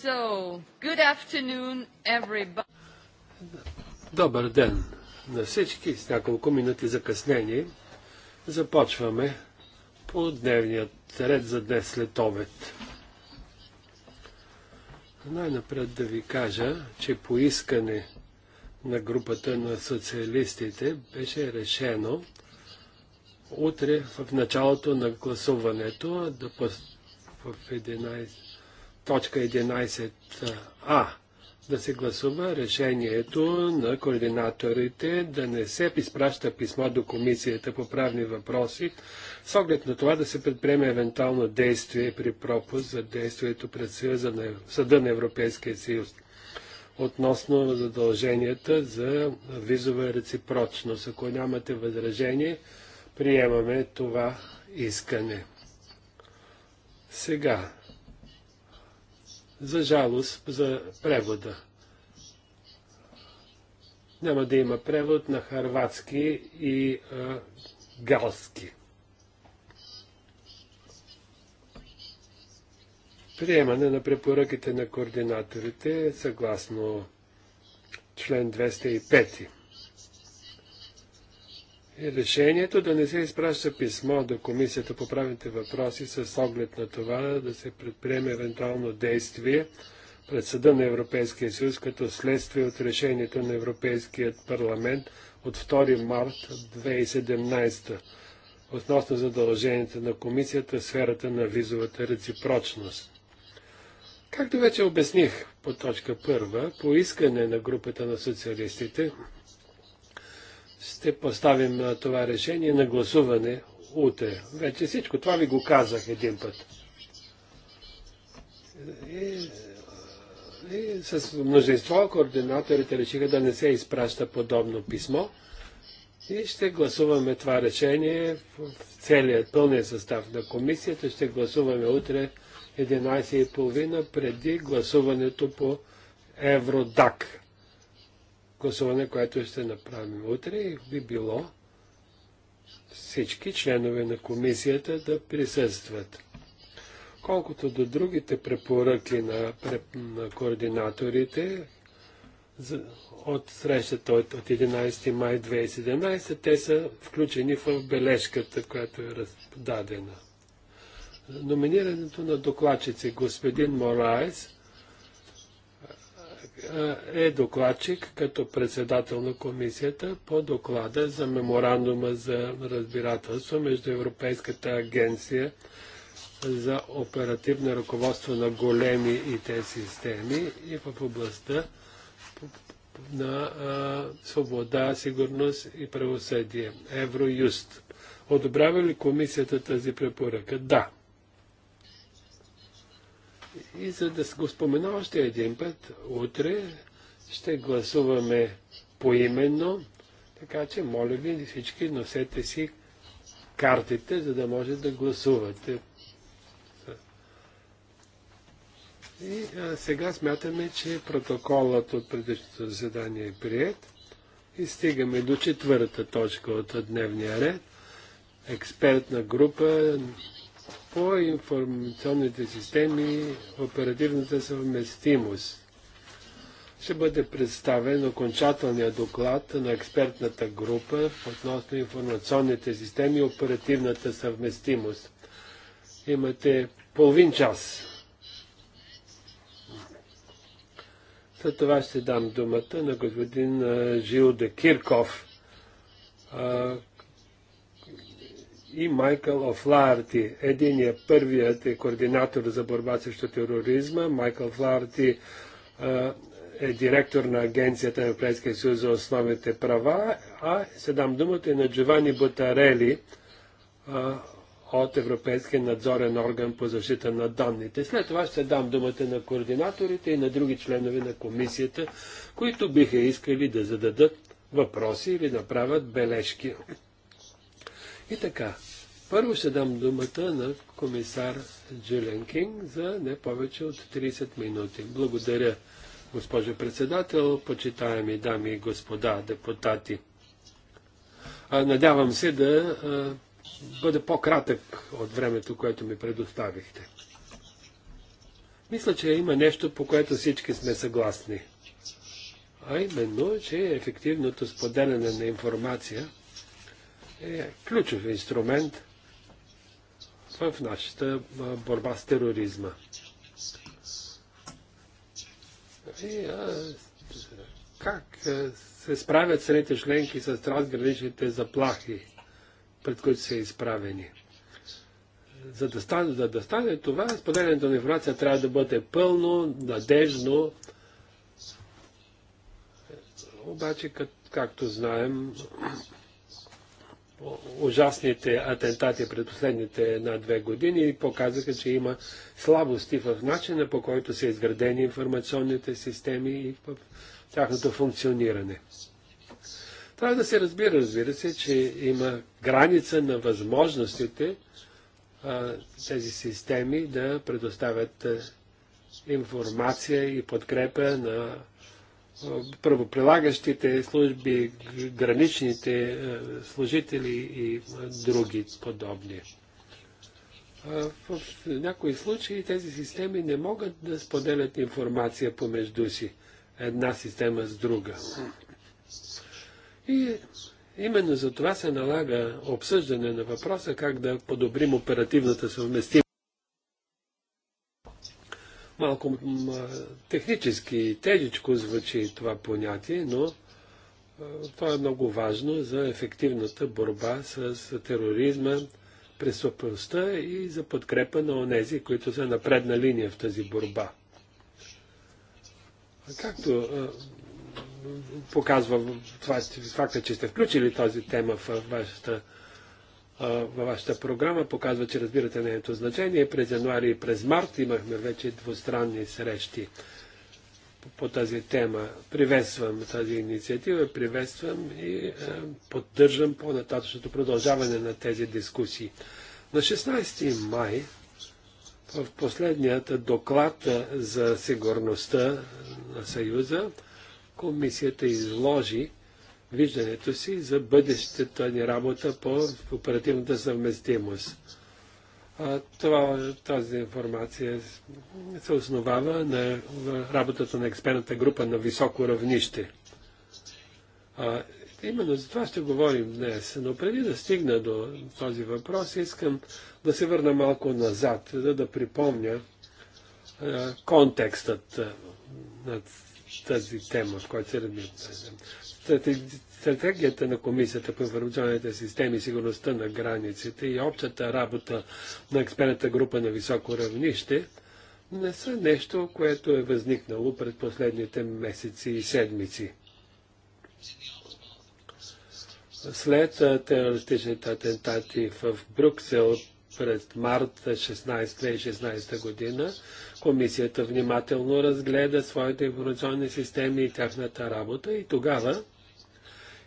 So, good afternoon, everybody. Добър ден на всички. С няколко минути закъснение започваме по дневният ред за днес след обед. Най-напред да ви кажа, че по искане на групата на социалистите беше решено утре в началото на гласуването да в 11 точка 11а да се гласува решението на координаторите да не се изпраща писмо до Комисията по правни въпроси, с оглед на това да се предприеме евентуално действие при пропуск за действието пред Съюза на, Съда на Европейския съюз относно задълженията за визова реципрочност. Ако нямате възражение, приемаме това искане. Сега за жалост за превода. Няма да има превод на харватски и а, галски. Приемане на препоръките на координаторите съгласно член 205. Е решението да не се изпраща писмо до Комисията по правните въпроси с оглед на това да се предприеме евентуално действие пред Съда на Европейския съюз като следствие от решението на Европейският парламент от 2 март 2017 относно задълженията на комисията в сферата на визовата реципрочност. Както вече обясних по точка първа, по искане на групата на социалистите, ще поставим това решение на гласуване утре. Вече всичко това ви го казах един път. И, и с множество координаторите решиха да не се изпраща подобно писмо и ще гласуваме това решение в целият пълния състав на комисията. Ще гласуваме утре 11.30 преди гласуването по Евродак гласуване, което ще направим утре, би било всички членове на комисията да присъстват. Колкото до другите препоръки на, на координаторите от срещата от, от 11 май 2017, те са включени в бележката, която е раздадена. Номинирането на докладчици господин Мораес – е докладчик като председател на комисията по доклада за меморандума за разбирателство между Европейската агенция за оперативно ръководство на големи ИТ системи и в областта на свобода, сигурност и правосъдие. Евроюст. Одобрява ли комисията тази препоръка? Да. И за да го спомена още един път, утре ще гласуваме поименно, така че моля ви всички носете си картите, за да може да гласувате. И а, сега смятаме, че протоколът от предишното заседание е прият и стигаме до четвърта точка от дневния ред. Експертна група по информационните системи оперативната съвместимост. Ще бъде представен окончателният доклад на експертната група относно информационните системи и оперативната съвместимост. Имате половин час. След това ще дам думата на господин Жил Декирков, Кирков, и Майкъл Офларти. Единият, е първият е координатор за борба срещу тероризма. Майкъл Фларти е, е директор на Агенцията на Европейския съюз за основните права, а се дам думата и на Джовани Бутарели е, от Европейския надзорен орган по защита на данните. След това ще дам думата на координаторите и на други членове на комисията, които биха искали да зададат въпроси или направят бележки. И така, първо ще дам думата на комисар Джулиан Кинг за не повече от 30 минути. Благодаря, госпожо председател, почитаеми дами и господа депутати. А, надявам се да а, бъде по-кратък от времето, което ми предоставихте. Мисля, че има нещо, по което всички сме съгласни. А именно, че ефективното споделяне на информация – е ключов инструмент в нашата борба с тероризма. И, а, как се справят страните членки с трансграничните заплахи, пред които са изправени? За да стане, за да стане това, споделянето на информация трябва да бъде пълно, надежно. Обаче, как, както знаем, ужасните атентати пред последните една-две години и показаха, че има слабости в начина по който са изградени информационните системи и в тяхното функциониране. Трябва да се разбира, разбира се, че има граница на възможностите а, тези системи да предоставят информация и подкрепа на правоприлагащите служби, граничните е, служители и е, други подобни. Е, в някои случаи тези системи не могат да споделят информация помежду си, една система с друга. И именно за това се налага обсъждане на въпроса как да подобрим оперативната съвместимост. Малко технически тежичко звучи това понятие, но това е много важно за ефективната борба с тероризма, престъпността и за подкрепа на онези, които са на предна линия в тази борба. Както показва факта, че сте включили тази тема в вашата във вашата програма показва, че разбирате нейното значение. През януари и през март имахме вече двустранни срещи по, тази тема. Приветствам тази инициатива, приветствам и е, поддържам по-нататъчното продължаване на тези дискусии. На 16 май в последният доклад за сигурността на Съюза комисията изложи виждането си за бъдещето ни работа по оперативната съвместимост. А, това, тази информация се основава на работата на експертната група на високо равнище. А, именно за това ще говорим днес. Но преди да стигна до този въпрос, искам да се върна малко назад, за да припомня а, контекстът на тази тема, в която се Стратегията на Комисията по информационните системи, и сигурността на границите и общата работа на експертната група на високо равнище не са нещо, което е възникнало пред последните месеци и седмици. След терористичните атентати в Брюксел през март 2016 година. Комисията внимателно разгледа своите информационни системи и тяхната работа и тогава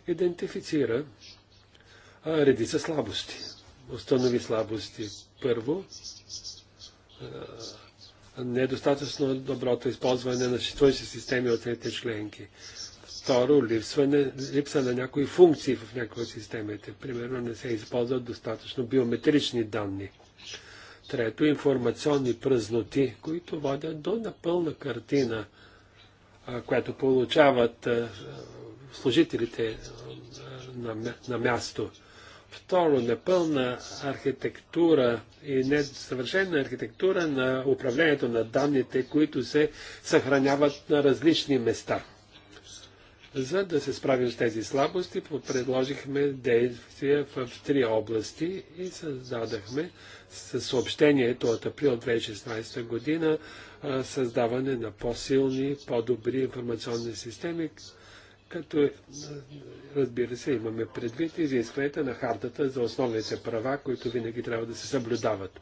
идентифицира редица слабости. Установи слабости. Първо, недостатъчно доброто използване на съществуващи системи от трети членки. Второ, липсване, липса на някои функции в някои от системите. Примерно не се използват достатъчно биометрични данни. Трето, информационни пръзноти, които водят до напълна картина, която получават служителите на, на място. Второ, непълна архитектура и несъвършена архитектура на управлението на данните, които се съхраняват на различни места. За да се справим с тези слабости, предложихме действия в три области и създадахме със съобщението от април 2016 година създаване на по-силни, по-добри информационни системи, като е, разбира се имаме предвид изискванията на хартата за основните права, които винаги трябва да се съблюдават.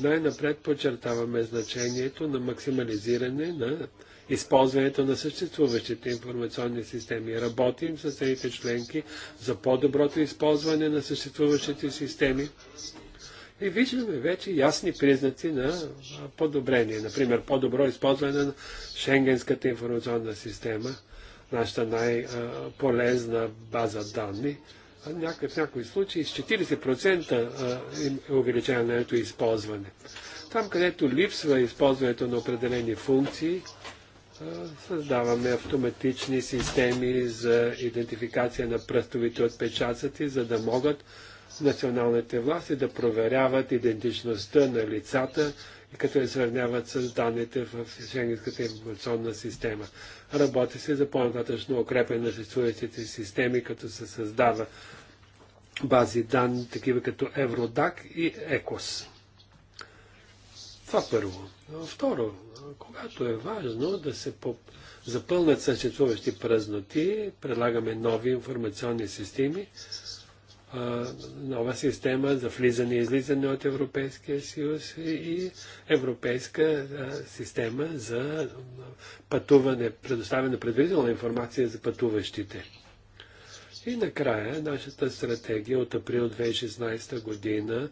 Най-напред подчертаваме значението на максимализиране на използването на съществуващите информационни системи. Работим с страните членки за по-доброто използване на съществуващите системи и виждаме вече ясни признаци на подобрение. Например, по-добро използване на Шенгенската информационна система, нашата най-полезна база данни. в някои случаи с 40% е увеличаването използване. Там, където липсва използването на определени функции, Създаваме автоматични системи за идентификация на пръстовите отпечатъци, за да могат националните власти да проверяват идентичността на лицата, като я сравняват с данните в Шенгенската информационна система. Работи се за по-нататъчно укрепване на съществуващите системи, като се създава бази данни, такива като Евродак и ЕКОС. Това първо. Второ, когато е важно да се поп... запълнат съществуващи празноти, предлагаме нови информационни системи, нова система за влизане и излизане от Европейския съюз и европейска система за пътуване, предоставяне предварителна информация за пътуващите. И накрая нашата стратегия от април 2016 година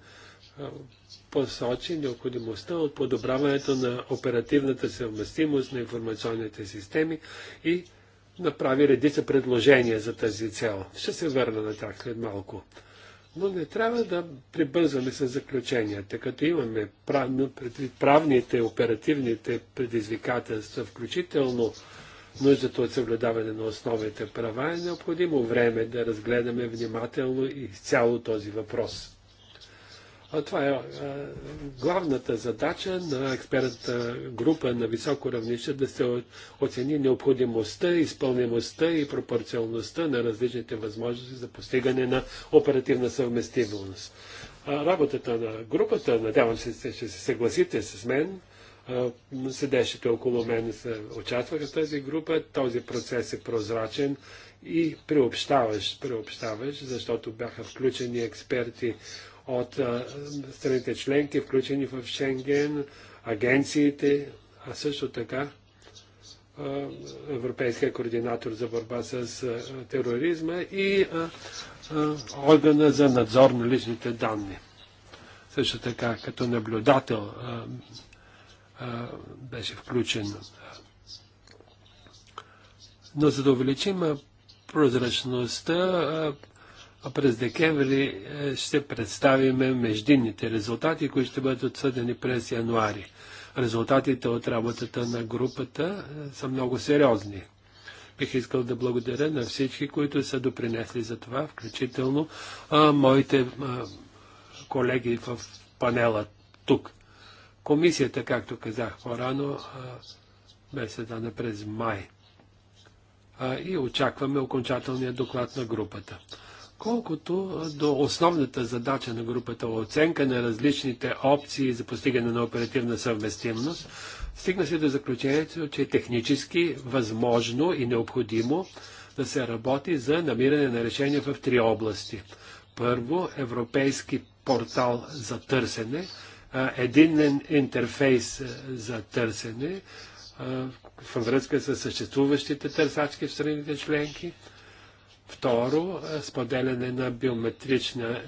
посочи необходимостта от подобряването на оперативната съвместимост на информационните системи и направи редица предложения за тази цел. Ще се върна на тях след малко. Но не трябва да прибързваме с заключенията, като имаме предвид правните, оперативните предизвикателства, включително нуждата от съблюдаване на основните права, е необходимо време да разгледаме внимателно и изцяло този въпрос. А това е главната задача на експертната група на високо равнище да се оцени необходимостта, изпълнимостта и пропорционалността на различните възможности за постигане на оперативна съвместимост. Работата на групата, надявам се, че се съгласите с мен, седещите около мен се участваха в тази група. Този процес е прозрачен и приобщаваш, приобщаваш, защото бяха включени експерти от а, страните членки, включени в Шенген, агенциите, а също така а, Европейския координатор за борба с а, тероризма и органа за надзор на личните данни. Също така, като наблюдател беше включен. Но за да увеличим прозрачността, през декември е, ще представиме междинните резултати, които ще бъдат отсъдени през януари. Резултатите от работата на групата е, са много сериозни. Бих искал да благодаря на всички, които са допринесли за това, включително а, моите а, колеги в панела тук. Комисията, както казах по-рано, бе създана през май. А, и очакваме окончателния доклад на групата. Колкото до основната задача на групата оценка на различните опции за постигане на оперативна съвместимост, стигна се до заключението, че е технически възможно и необходимо да се работи за намиране на решение в три области. Първо, европейски портал за търсене, единен интерфейс за търсене във връзка с съществуващите търсачки в страните членки – Второ, е, споделяне на биометрични е,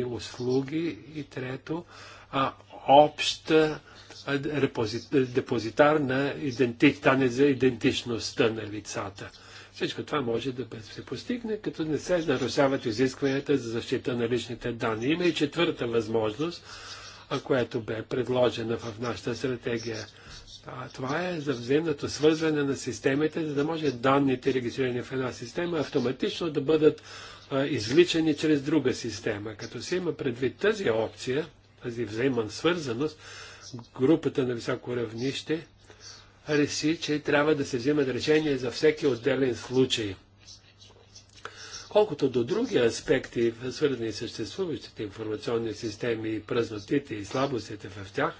е, услуги. И трето, а, обща депозитар на иденти... данни за идентичността на лицата. Всичко това може да се постигне, като не се нарушават изискванията за защита на личните данни. Има и четвърта възможност, която бе предложена в нашата стратегия а, това е за взаимното свързване на системите, за да може данните, регистрирани в една система, автоматично да бъдат а, изличани чрез друга система. Като се има предвид тази опция, тази взаимна свързаност, групата на високо равнище реши, че трябва да се взимат решения за всеки отделен случай. Колкото до други аспекти, свързани с съществуващите информационни системи и празнотите и слабостите в тях,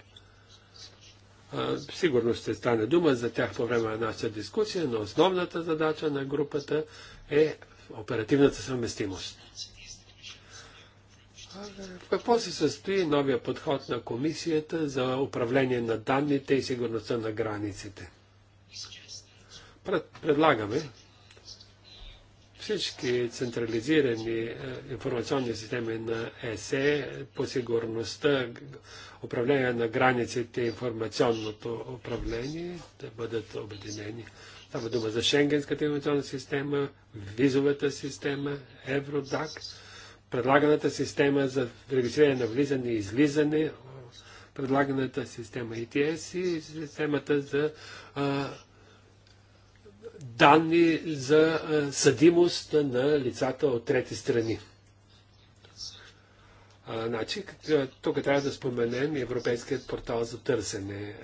сигурно ще стане дума за тях по време на нашата дискусия, но основната задача на групата е оперативната съвместимост. В какво се състои новия подход на комисията за управление на данните и сигурността на границите? Предлагаме всички централизирани е, информационни системи на ЕСЕ по сигурността, управление на границите, информационното управление да бъдат обединени. Става дума за Шенгенската информационна система, визовата система, Евродак, предлаганата система за регистриране на влизане и излизане, предлаганата система ETS и системата за а, данни за съдимост на лицата от трети страни значи, тук трябва да споменем Европейският портал за търсене.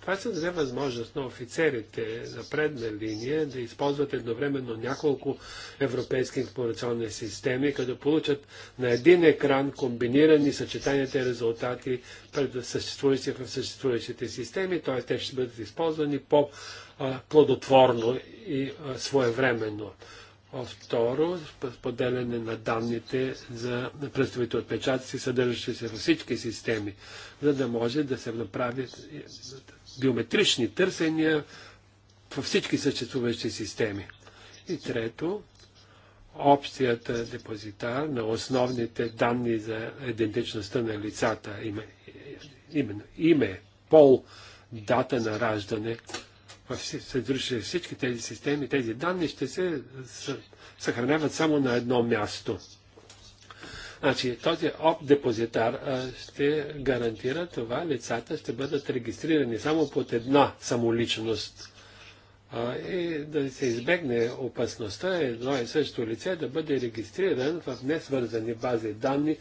това се даде възможност на офицерите на предна линия да използват едновременно няколко европейски информационни системи, като получат на един екран комбинирани съчетанията резултати пред съществуващи в съществуващите системи, т.е. те ще бъдат използвани по-плодотворно и своевременно. Второ, поделяне на данните за пръстовите отпечатъци, съдържащи се във всички системи, за да може да се направят биометрични търсения във всички съществуващи системи. И трето, опцията депозитар на основните данни за идентичността на лицата, име, име, име пол, дата на раждане, съдържа всички тези системи, тези данни ще се съхраняват само на едно място. Значи, този оп депозитар ще гарантира това, лицата ще бъдат регистрирани само под една самоличност. и да се избегне опасността едно и също лице да бъде регистриран в несвързани бази данни,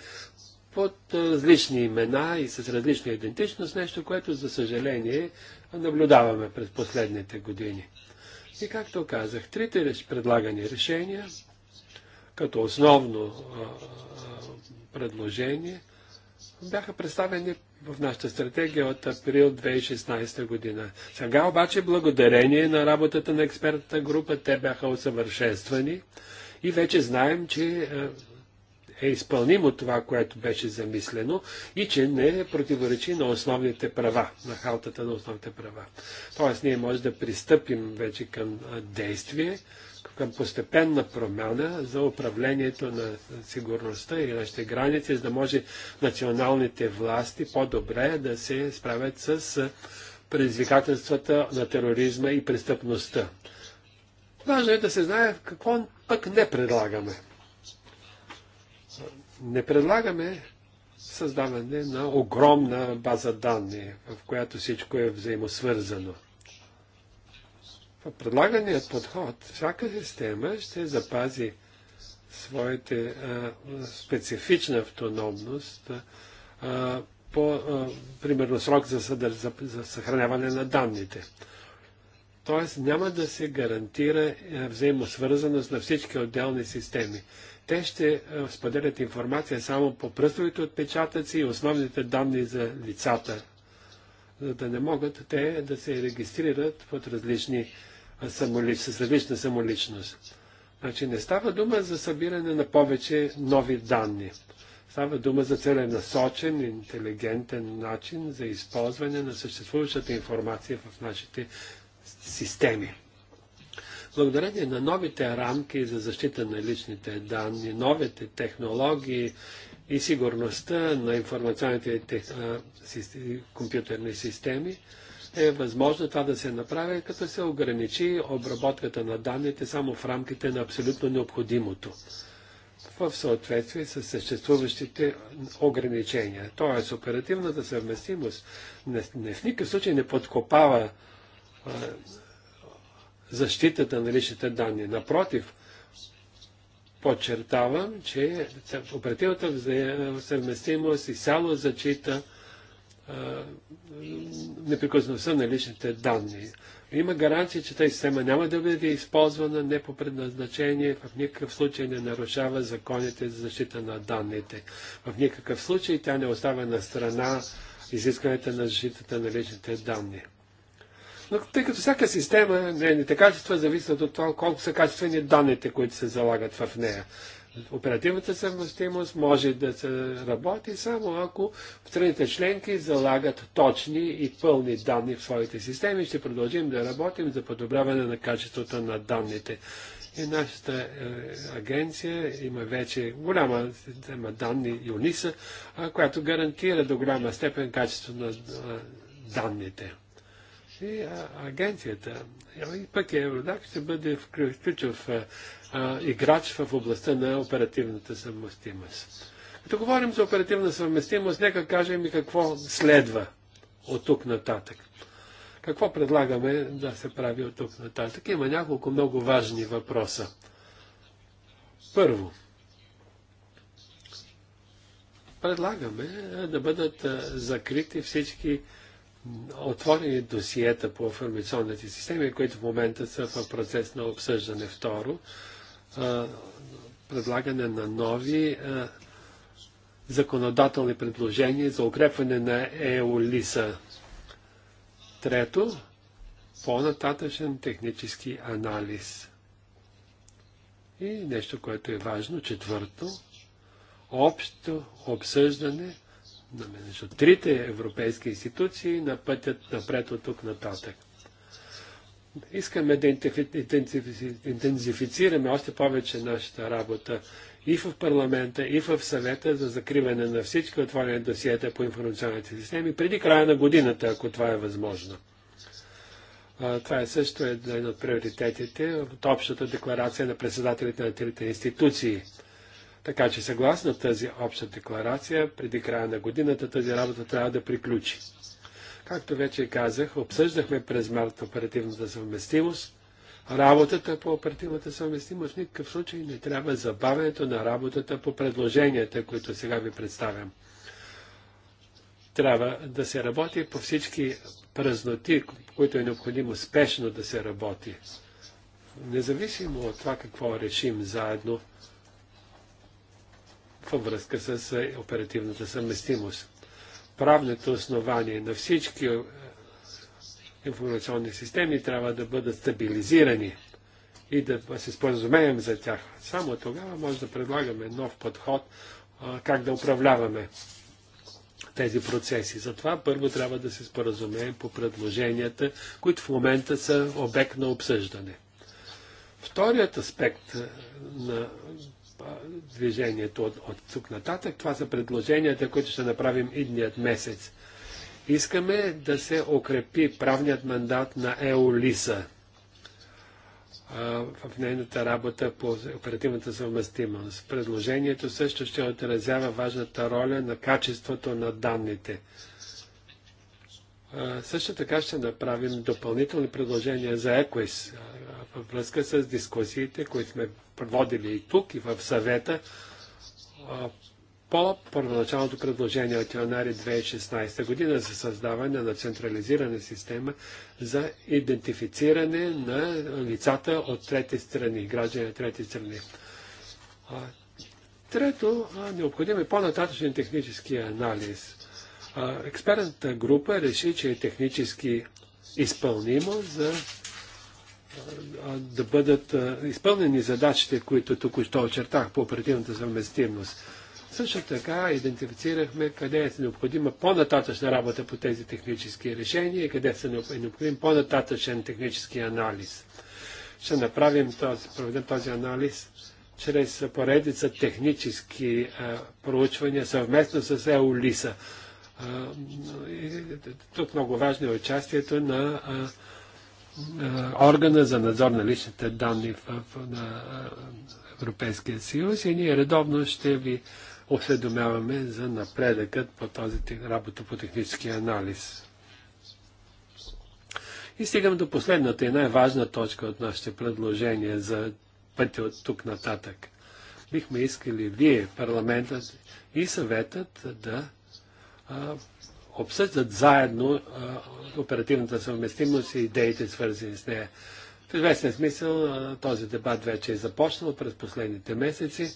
под различни имена и с различна идентичност, нещо, което за съжаление наблюдаваме през последните години. И както казах, трите предлагани решения, като основно предложение, бяха представени в нашата стратегия от април 2016 година. Сега обаче, благодарение на работата на експертната група, те бяха усъвършенствани и вече знаем, че е изпълнимо това, което беше замислено и че не противоречи на основните права, на халтата на основните права. Тоест, ние може да пристъпим вече към действие, към постепенна промяна за управлението на сигурността и нашите граници, за да може националните власти по-добре да се справят с предизвикателствата на тероризма и престъпността. Важно е да се знае какво пък не предлагаме. Не предлагаме създаване на огромна база данни, в която всичко е взаимосвързано. В предлаганият подход всяка система ще запази своите а, специфична автономност а, по, а, примерно, срок за, съдър... за, за съхраняване на данните. Тоест няма да се гарантира взаимосвързаност на всички отделни системи те ще споделят информация само по пръстовите отпечатъци и основните данни за лицата, за да не могат те да се регистрират под различни самолич... с различна самоличност. Значи не става дума за събиране на повече нови данни. Става дума за целенасочен, интелигентен начин за използване на съществуващата информация в нашите системи благодарение на новите рамки за защита на личните данни, новите технологии и сигурността на информационните тех... компютърни системи, е възможно това да се направи, като се ограничи обработката на данните само в рамките на абсолютно необходимото в съответствие с съществуващите ограничения. Тоест, оперативната съвместимост не, не в никакъв случай не подкопава защитата на личните данни. Напротив, подчертавам, че оперативната съвместимост цяло зачита неприкосновеността на личните данни. Има гаранция, че тази система няма да бъде използвана не по предназначение, в никакъв случай не нарушава законите за защита на данните. В никакъв случай тя не оставя на страна изискването на защитата на личните данни. Но тъй като всяка система, нейните качества зависят от това колко са качествени данните, които се залагат в нея. Оперативната съвместимост може да се работи само ако страните членки залагат точни и пълни данни в своите системи. Ще продължим да работим за подобряване на качеството на данните. И нашата е, агенция има вече голяма система данни ЮНИСА, която гарантира до голяма степен качеството на данните си агенцията. И пък Евродак ще бъде ключов играч в областта на оперативната съвместимост. Като говорим за оперативна съвместимост, нека кажем и какво следва от тук нататък. Какво предлагаме да се прави от тук нататък? Има няколко много важни въпроса. Първо, предлагаме да бъдат закрити всички отвори досиета по информационните системи, които в момента са в процес на обсъждане. Второ, предлагане на нови законодателни предложения за укрепване на ЕОЛИСа. Трето, по-нататъчен технически анализ. И нещо, което е важно, четвърто, общо обсъждане между трите европейски институции на пътят напред от тук нататък. Искаме да интензифицираме още повече нашата работа и в парламента, и в съвета за закриване на всички отворени досиета по информационните системи преди края на годината, ако това е възможно. Това е също един от приоритетите от общата декларация на председателите на трите институции – така че съгласно тази обща декларация, преди края на годината тази работа трябва да приключи. Както вече казах, обсъждахме през март оперативната съвместимост. Работата по оперативната съвместимост в никакъв случай не трябва забавянето на работата по предложенията, които сега ви представям. Трябва да се работи по всички празноти, които е необходимо спешно да се работи. Независимо от това какво решим заедно, във връзка с оперативната съвместимост. Правното основание на всички информационни системи трябва да бъдат стабилизирани и да се споразумеем за тях. Само тогава може да предлагаме нов подход как да управляваме тези процеси. Затова първо трябва да се споразумеем по предложенията, които в момента са обект на обсъждане. Вторият аспект на движението от, от тук нататък. Това са предложенията, които ще направим идният месец. Искаме да се укрепи правният мандат на ЕОЛИСА в нейната работа по оперативната съвместимост. Предложението също ще отразява важната роля на качеството на данните. също така ще направим допълнителни предложения за ЕКОИС във връзка с дискусиите, които сме водили и тук, и в съвета по първоначалното предложение от януари 2016 година за създаване на централизирана система за идентифициране на лицата от трети страни, граждани от трети страни. Трето, необходим е по-нататъчен технически анализ. Експертната група реши, че е технически изпълнимо за да бъдат изпълнени задачите, които тук още очертах по оперативната съвместимост. Също така идентифицирахме къде е необходима по-нататъчна работа по тези технически решения и къде е необходим по-нататъчен технически анализ. Ще направим този, проведем този анализ чрез поредица технически а, проучвания съвместно с ЕОЛИСа. А, и, тук много важно е участието на а, е, органа за надзор на личните данни в, в, на е, Европейския съюз и ние редовно ще ви осведомяваме за напредъкът по този работа по технически анализ. И стигам до последната и най-важна точка от нашите предложения за пътя от тук нататък. Бихме искали вие, парламентът и съветът да а, обсъждат заедно а, оперативната съвместимост и идеите свързани с нея. В известен смисъл този дебат вече е започнал през последните месеци.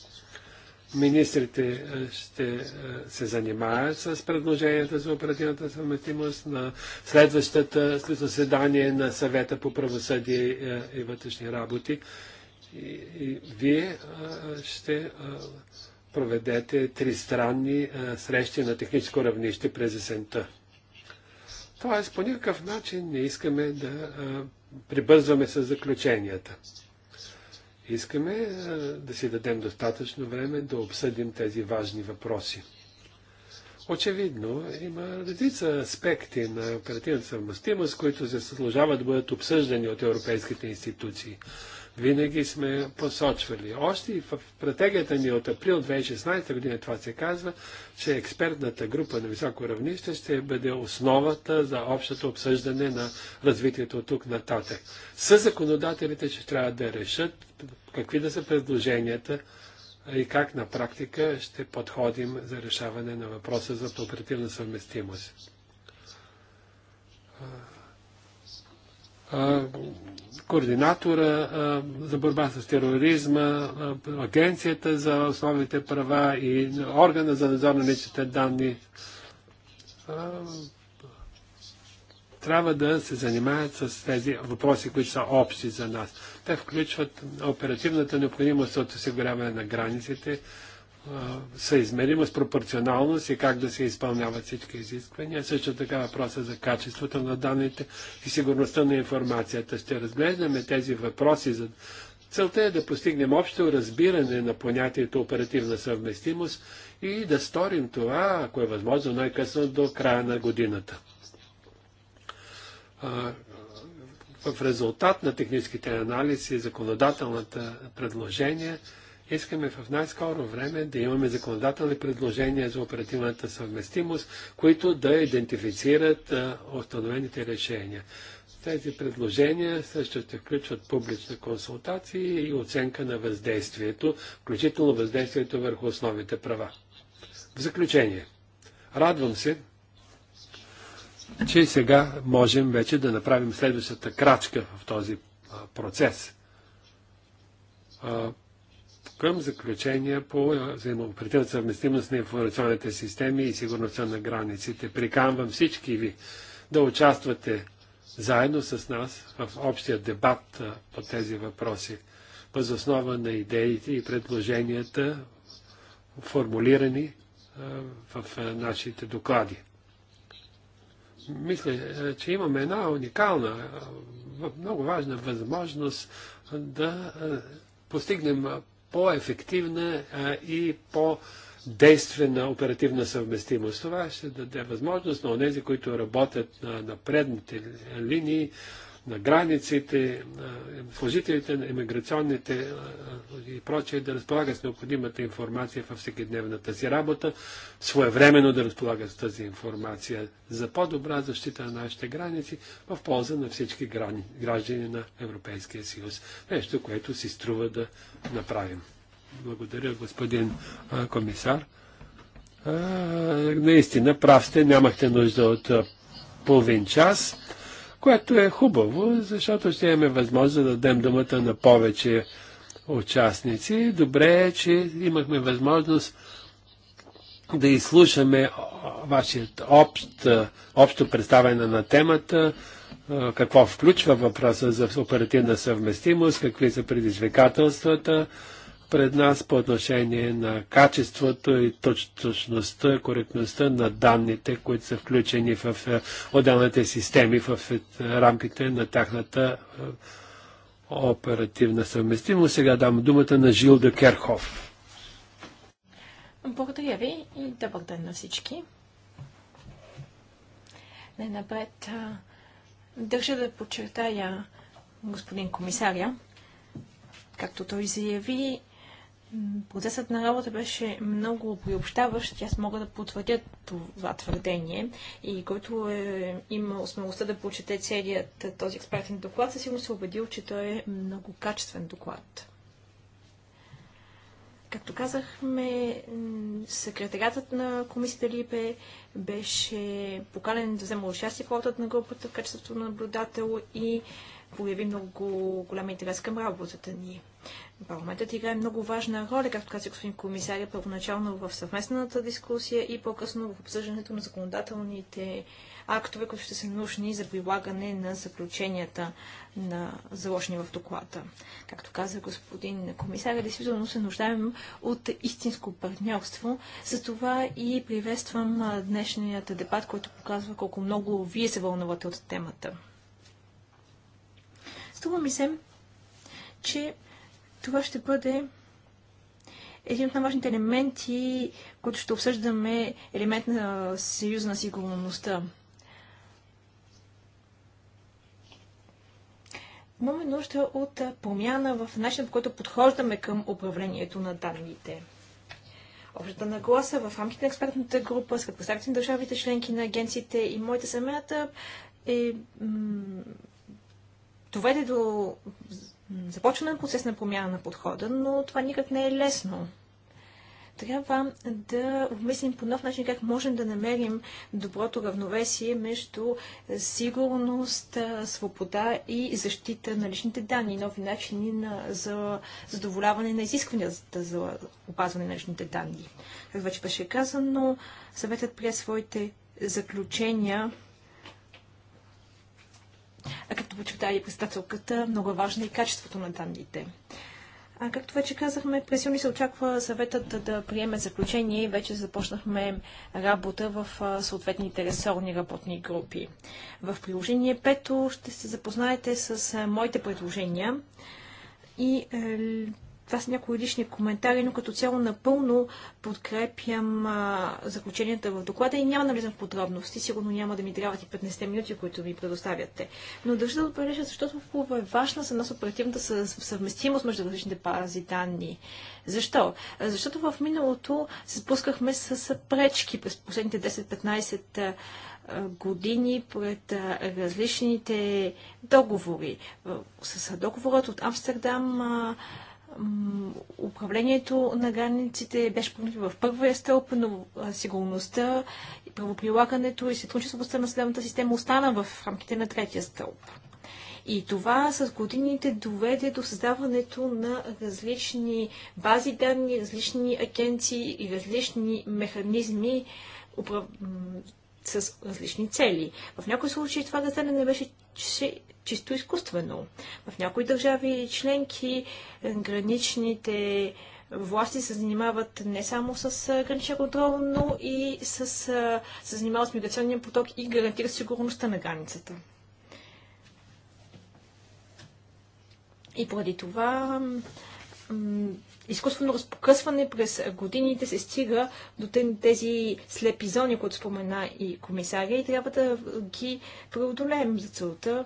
Министрите ще се занимаят с предложенията за оперативната съвместимост на следващата заседание на съвета по правосъдие и вътрешни работи. И, и вие ще проведете тристранни срещи на техническо равнище през есента. Тоест, по никакъв начин не искаме да а, прибързваме с заключенията. Искаме а, да си дадем достатъчно време да обсъдим тези важни въпроси. Очевидно, има редица аспекти на оперативната съвместимост, които се заслужават да бъдат обсъждани от европейските институции винаги сме посочвали. Още и в стратегията ни от април 2016 година това се казва, че експертната група на високо равнище ще бъде основата за общото обсъждане на развитието от тук нататък. С законодателите ще трябва да решат какви да са предложенията и как на практика ще подходим за решаване на въпроса за оперативна съвместимост координатора за борба с тероризма, Агенцията за основните права и органа за надзор на личните данни трябва да се занимаят с тези въпроси, които са общи за нас. Те включват оперативната необходимост от осигуряване на границите, съизмеримост, пропорционалност и как да се изпълняват всички изисквания. Също така въпроса за качеството на данните и сигурността на информацията. Ще разглеждаме тези въпроси. За... Целта е да постигнем общо разбиране на понятието оперативна съвместимост и да сторим това, ако е възможно, най-късно до края на годината. в резултат на техническите анализи и законодателната предложения, Искаме в най-скоро време да имаме законодателни предложения за оперативната съвместимост, които да идентифицират установените решения. Тези предложения също ще включват публични консултации и оценка на въздействието, включително въздействието върху основните права. В заключение, радвам се, че сега можем вече да направим следващата крачка в този процес към заключения по взаимоопределната съвместимост на информационните системи и сигурността на границите. Приканвам всички ви да участвате заедно с нас в общия дебат по тези въпроси, основа на идеите и предложенията, формулирани в нашите доклади. Мисля, че имаме една уникална, много важна възможност да постигнем по-ефективна и по-действена оперативна съвместимост. Това ще даде възможност на тези, които работят на, на предните линии, на границите, служителите на иммиграционните и прочие да разполагат с необходимата информация във всекидневната си работа, своевременно да разполагат с тази информация за по-добра защита на нашите граници в полза на всички грани, граждани на Европейския съюз. Нещо, което си струва да направим. Благодаря, господин комисар. А, наистина, прав сте, нямахте нужда от половин час което е хубаво, защото ще имаме възможност да дадем думата на повече участници. Добре е, че имахме възможност да изслушаме вашият общ, общо представяне на темата, какво включва въпроса за оперативна съвместимост, какви са предизвикателствата, пред нас по отношение на качеството и точността, коректността на данните, които са включени в е, отделните системи в е, рамките на тяхната е, оперативна съвместимост. Сега дам думата на Жил де Керхов. Благодаря ви и добър ден на всички. Не напред държа да подчертая господин комисаря, както той заяви, Процесът на работа беше много приобщаващ, аз мога да потвърдя това твърдение и който е имал смелостта да прочете целият е, този експертен доклад, със сигурност се е убедил, че той е много качествен доклад. Както казахме, секретарятът на комисията ЛИПЕ беше покален да взема участие в работата на групата в качеството на наблюдател и Появи много голям интерес към работата ни. Парламентът играе много важна роля, както каза господин комисаря, първоначално в съвместната дискусия и по-късно в обсъждането на законодателните актове, които ще са нужни за прилагане на заключенията на заложени в доклада. Както каза господин комисаря, действително се нуждаем от истинско партньорство. За това и приветствам днешният дебат, който показва колко много вие се вълнувате от темата. Струва ми се, че това ще бъде един от най-важните елементи, които ще обсъждаме, елемент на Съюза на сигурността. Имаме нужда от промяна в начинът по който подхождаме към управлението на данните. Общата нагласа в рамките на експертната група, с представители на държавите членки на агенциите и моята семената е доведе до започване на процес на промяна на подхода, но това никак не е лесно. Трябва да обмислим по нов начин как можем да намерим доброто равновесие между сигурност, свобода и защита на личните данни, нови начини на, за задоволяване на изискванията за опазване на личните данни. Как вече беше казано, съветът прие своите заключения а както почета и председателката, много е важно и качеството на данните. А както вече казахме, през юни се очаква съветът да, приеме заключение и вече започнахме работа в съответните ресорни работни групи. В приложение 5 ще се запознаете с моите предложения и е, това са някои лични коментари, но като цяло напълно подкрепям а, заключенията в доклада и няма да влизам в подробности. Сигурно няма да ми трябват и 15 минути, които ми предоставяте. Но държа да отбележа, защото е важна за нас оперативната съвместимост между различните бази данни. Защо? Защото в миналото се спускахме с пречки през последните 10-15 години пред различните договори. С договорът от Амстердам управлението на границите беше проникнато в първия стълб, но сигурността и правоприлагането и сътрудничеството на съдебната система остана в рамките на третия стълб. И това с годините доведе до създаването на различни бази данни, различни агенции и различни механизми, с различни цели. В някои случаи това газене не беше чисто изкуствено. В някои държави членки е, граничните власти се занимават не само с е, граничен контрол, но и с, е, се занимават с миграционния поток и гарантират сигурността на границата. И поради това изкуствено разпокъсване през годините се стига до тези слепи зони, които спомена и комисаря, и трябва да ги преодолеем за целта.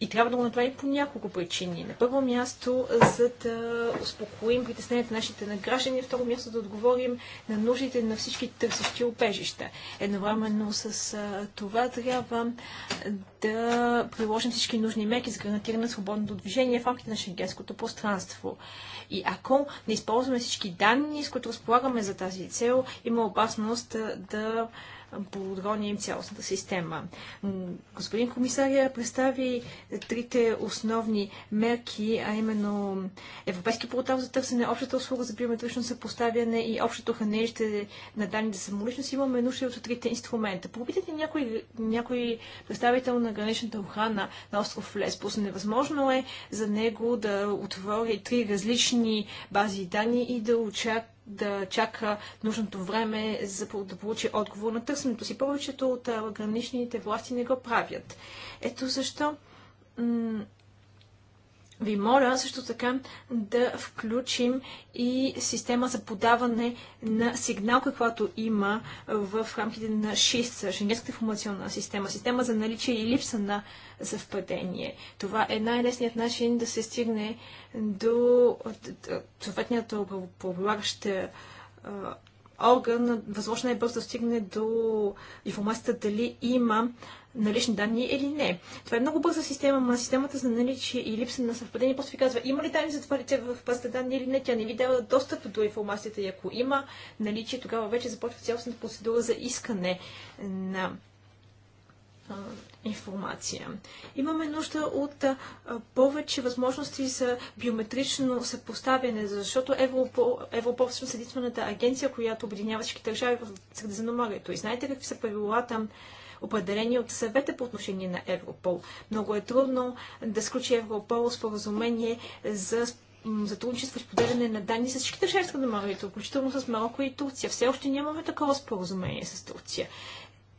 И трябва да го направим по няколко причини. На първо място, за да успокоим притесненията нашите на граждани, второ място да отговорим на нуждите на всички търсещи обежища. Едновременно с това трябва да приложим всички нужни мерки за гарантиране на свободното движение в рамките на шенгенското пространство. И ако не използваме всички данни, с които разполагаме за тази цел, има опасност да подгоним цялостната система. Господин комисария представи трите основни мерки, а именно Европейски портал за търсене, общата услуга за биометрично съпоставяне и общото хранилище на данни за самоличност. Имаме нужда от трите инструмента. Попитайте някой, някой представител на граничната охрана на остров Леспос. Невъзможно е за него да отвори три различни бази данни и да очаква да чака нужното време за да получи отговор на търсенето си. Повечето от граничните власти не го правят. Ето защо ви моля също така да включим и система за подаване на сигнал, каквато има в рамките на 6 Шенгенската информационна система, система за наличие и липса на съвпадение. Това е най-лесният начин да се стигне до съответният правополагащ орган възможно е бързо да стигне до информацията дали има налични данни или не. Това е много бърза система, но системата за наличие и липса на съвпадение просто ви казва има ли данни за това лице в базата данни или не. Тя не ви дава достъп до информацията и ако има наличие, тогава вече започва цялостната процедура за искане на информация. Имаме нужда от повече възможности за биометрично съпоставяне, защото Европол, Европол всъщност е единствената агенция, която обединява всички държави в Средиземноморието. И знаете какви са правилата определени от съвета по отношение на Европол. Много е трудно да сключи Европол споразумение за сътрудничество и споделяне на данни с всички държави на Марокко, включително с Марокко и Турция. Все още нямаме такова споразумение с Турция.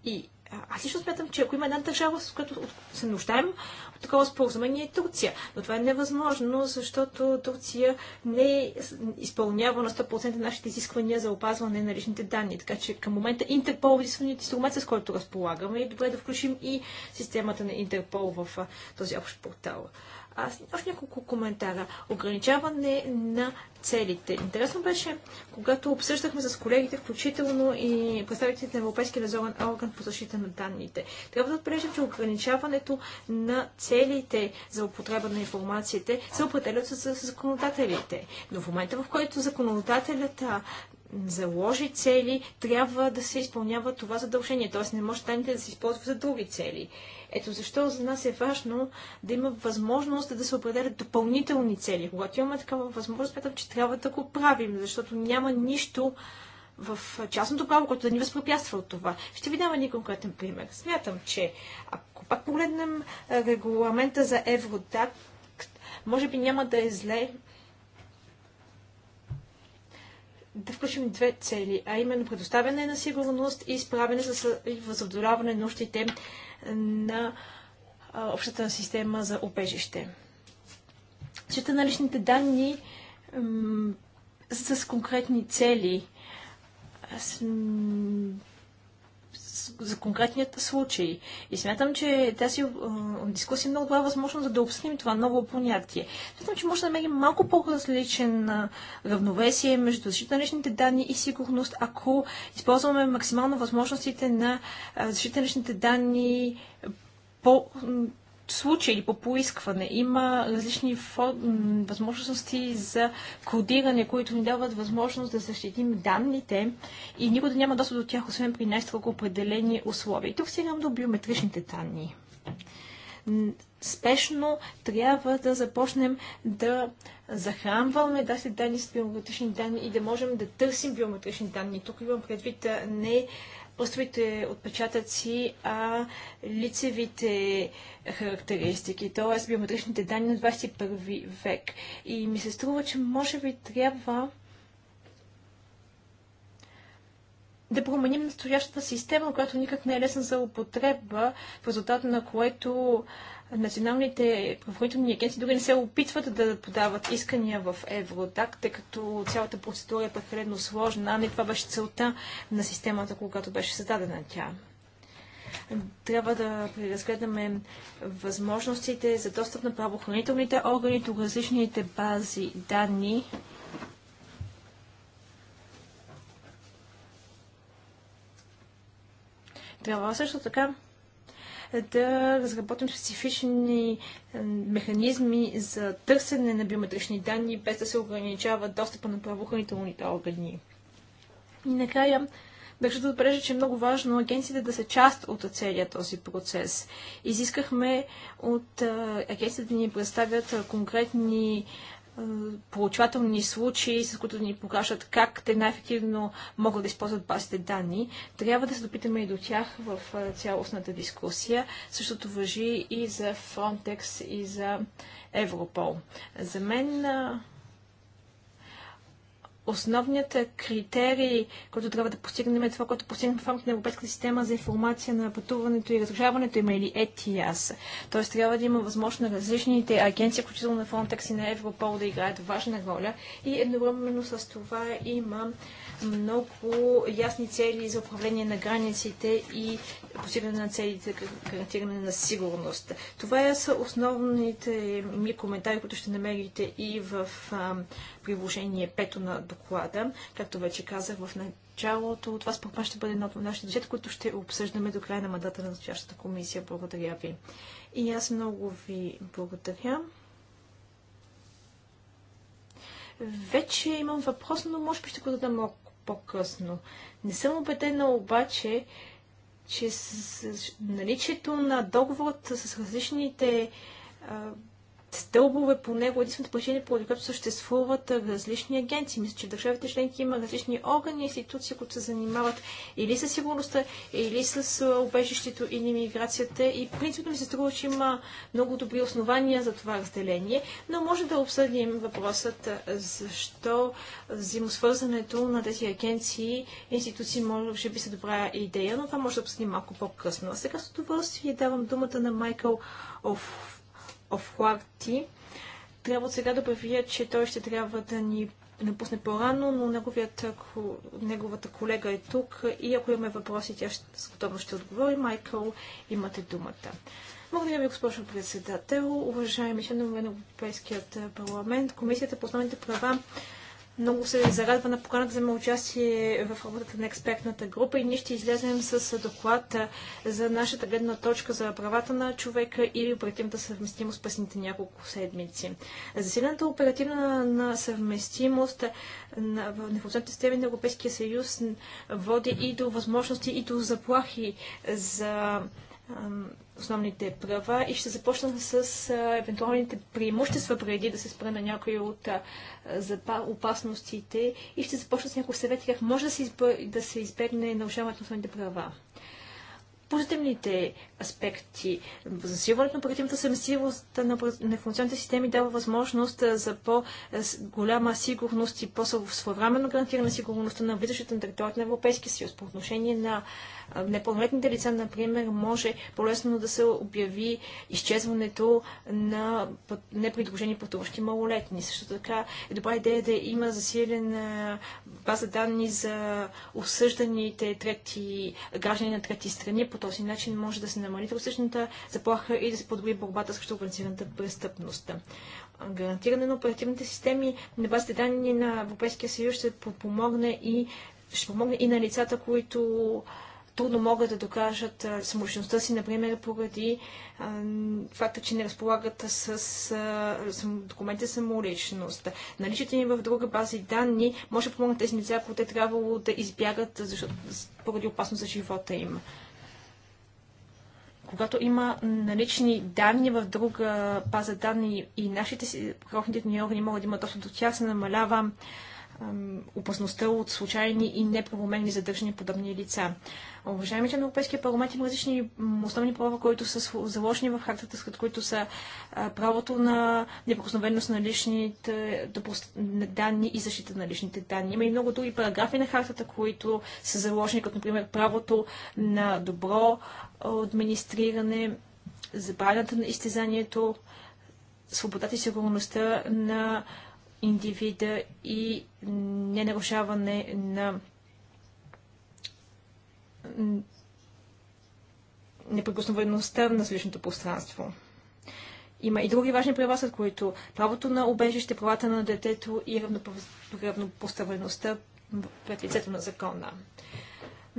И аз лично смятам, че ако има една държава, с която се нуждаем от такова споразумение, е Турция. Но това е невъзможно, защото Турция не изпълнява на 100% нашите изисквания за опазване на личните данни. Така че към момента Интерпол е единственият инструмент, с който разполагаме и добре да включим и системата на Интерпол в този общ портал. Аз още няколко коментара. Ограничаване на целите. Интересно беше, когато обсъждахме с колегите, включително и представителите на Европейския надзорен орган по защита на данните. Трябва да отбележим, че ограничаването на целите за употреба на информациите се определят с законодателите. Но в момента, в който законодателят заложи цели, трябва да се изпълнява това задължение. Т.е. не може тайните да се използва за други цели. Ето защо за нас е важно да има възможност да се определят допълнителни цели. Когато имаме такава възможност, смятам, че трябва да го правим, защото няма нищо в частното право, което да ни възпрепятства от това. Ще ви дам един конкретен пример. Смятам, че ако пак погледнем регламента за Евродак, може би няма да е зле да включим две цели, а именно предоставяне на сигурност и справяне с на нуждите на общата система за обежище. Защита на личните данни с конкретни цели. Аз за конкретният случай. И смятам, че тази дискусия е много добра възможност да обсъдим това ново понятие. Смятам, че може да намерим малко по-различен равновесие между защита на личните данни и сигурност, ако използваме максимално възможностите на защита на личните данни по случай или по поискване. Има различни възможности за кодиране, които ни дават възможност да защитим данните и никога да няма достъп до тях, освен при най-строго определени условия. И тук стигам до биометричните данни. Спешно трябва да започнем да захранваме да се данни с биометрични данни и да можем да търсим биометрични данни. Тук имам предвид не пръстовите отпечатъци, а лицевите характеристики, т.е. биометричните данни на 21 век. И ми се струва, че може би трябва да променим настоящата система, която никак не е лесна за употреба, в резултат на което националните правоохранителни агенции дори не се опитват да подават искания в Евротак, тъй като цялата процедура е прекалено сложна, а не това беше целта на системата, когато беше създадена тя. Трябва да преразгледаме възможностите за достъп на правоохранителните органи до различните бази данни, Трябва също така да разработим специфични е, механизми за търсене на биометрични данни, без да се ограничава достъпа на правоохранителните органи. И накрая, държа да отбележа, че е много важно агенциите да са част от целия този процес. Изискахме от е, агенциите да ни представят е, конкретни получателни случаи, с които ни покажат как те най-ефективно могат да използват базите данни. Трябва да се допитаме и до тях в цялостната дискусия. Същото въжи и за Frontex, и за Европол. За мен основният критерий, който трябва да постигнем е това, което постигнем в рамките на Европейската система за информация на пътуването и разрешаването им или ETIAS. Е Тоест трябва да има възможност на различните агенции, включително на Frontex и на Европол да играят важна роля и едновременно с това има много ясни цели за управление на границите и постигане на целите гарантиране на сигурност. Това са основните ми коментари, които ще намерите и в приложение 5 на доклада. Както вече казах в началото, това според мен ще бъде едно от нашите дължета, които ще обсъждаме до края на мандата на настоящата комисия. Благодаря ви. И аз много ви благодаря. Вече имам въпрос, но може би ще го дадам малко по-късно. Не съм убедена обаче, че с наличието на договорът с различните стълбове по него. Единственото положение, по което съществуват различни агенции. Мисля, че в държавите членки има различни органи и институции, които се занимават или с сигурността, или с обежището или миграцията. И принципно ми се струва, че има много добри основания за това разделение, но може да обсъдим въпросът защо взаимосвързането на тези агенции и институции може би са добра идея, но това може да обсъдим малко по-късно. А сега с удоволствие давам думата на Майкъл Оф Офларти. Трябва от сега да обявя, че той ще трябва да ни напусне по-рано, но неговият, неговата колега е тук и ако имаме въпроси, тя с готовност ще отговори. Майкъл, имате думата. Благодаря ви, госпожо председател, уважаеми членове на Европейският парламент, Комисията по основните права много се зарадва на поканата за участие в работата на експертната група и ние ще излезем с доклад за нашата гледна точка за правата на човека и оперативната съвместимост пасните няколко седмици. Засилената оперативна на съвместимост на, в информационните системи на Европейския съюз води и до възможности, и до заплахи за основните права и ще започна с а, евентуалните преимущества преди да се спра на някои от а, запа, опасностите и ще започна с някои съвети как може да се, избър... да се избегне нарушаването на основните права. Позитивните аспекти. Засилването на оперативната съвместимост на, на информационните системи дава възможност за по-голяма сигурност и по-своевременно гарантирана сигурността на влизащите на територията на Европейския съюз по отношение на непълнолетните лица, например, може по-лесно да се обяви изчезването на непредложени пътуващи малолетни. Също така е добра идея да има засилена база данни за осъжданите трети граждани на трети страни. По този начин може да се намали трусичната заплаха и да се подобри борбата срещу организираната престъпност гарантиране на оперативните системи на базите данни на Европейския съюз ще подпомогне и ще помогне и на лицата, които трудно могат да докажат самоличността си, например, поради а, факта, че не разполагат с а, сам, документи самоличност. Наличието им в друга база и данни може да помогнат тези лица, ако те трябвало да избягат защото, поради опасност за живота им. Когато има налични данни в друга база данни и нашите си правните ни органи могат да имат достъп до тях, се намалява а, опасността от случайни и неправомерни задържани подобни лица. Уважаеми на Европейския парламент има различни основни права, които са заложени в хартата, с които са правото на неприкосновеност на личните данни и защита на личните данни. Има и много други параграфи на хартата, които са заложени, като например правото на добро администриране, забраната на изтезанието, свободата и сигурността на индивида и ненарушаване на неприкосновеността на личното пространство. Има и други важни права, с които правото на обежище, правата на детето и равнопоставеността пред лицето на закона.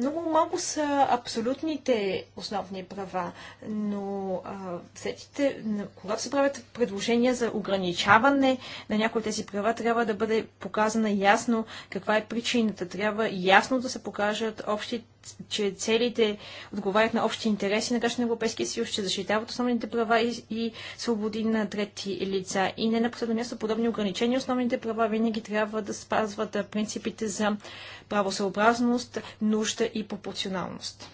Много малко са абсолютните основни права, но а, сетите, когато се правят предложения за ограничаване на някои от тези права, трябва да бъде показана ясно каква е причината. Трябва ясно да се покажат общите че целите отговарят на общи интереси на граждани на Европейския съюз, че защитават основните права и, и свободи на трети лица. И не на последно място подобни ограничения. Основните права винаги трябва да спазват принципите за правосъобразност, нужда и пропорционалност.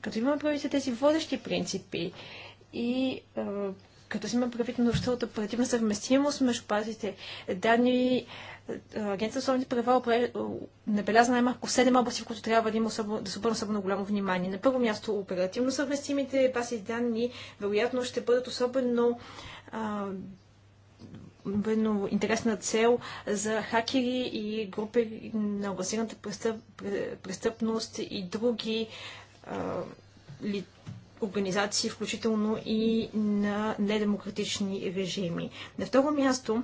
Като имаме правите тези водещи принципи и е, като си има на нужда от оперативна съвместимост между базите данни, Агенцията за основните права набеляза най-малко 7 области, в които трябва да, има особено, да се обърне особено голямо внимание. На първо място, оперативно съвместимите бази данни вероятно ще бъдат особено а, интересна цел за хакери и групи на организираната престъп, престъпност и други а, ли, организации, включително и на недемократични режими. На второ място,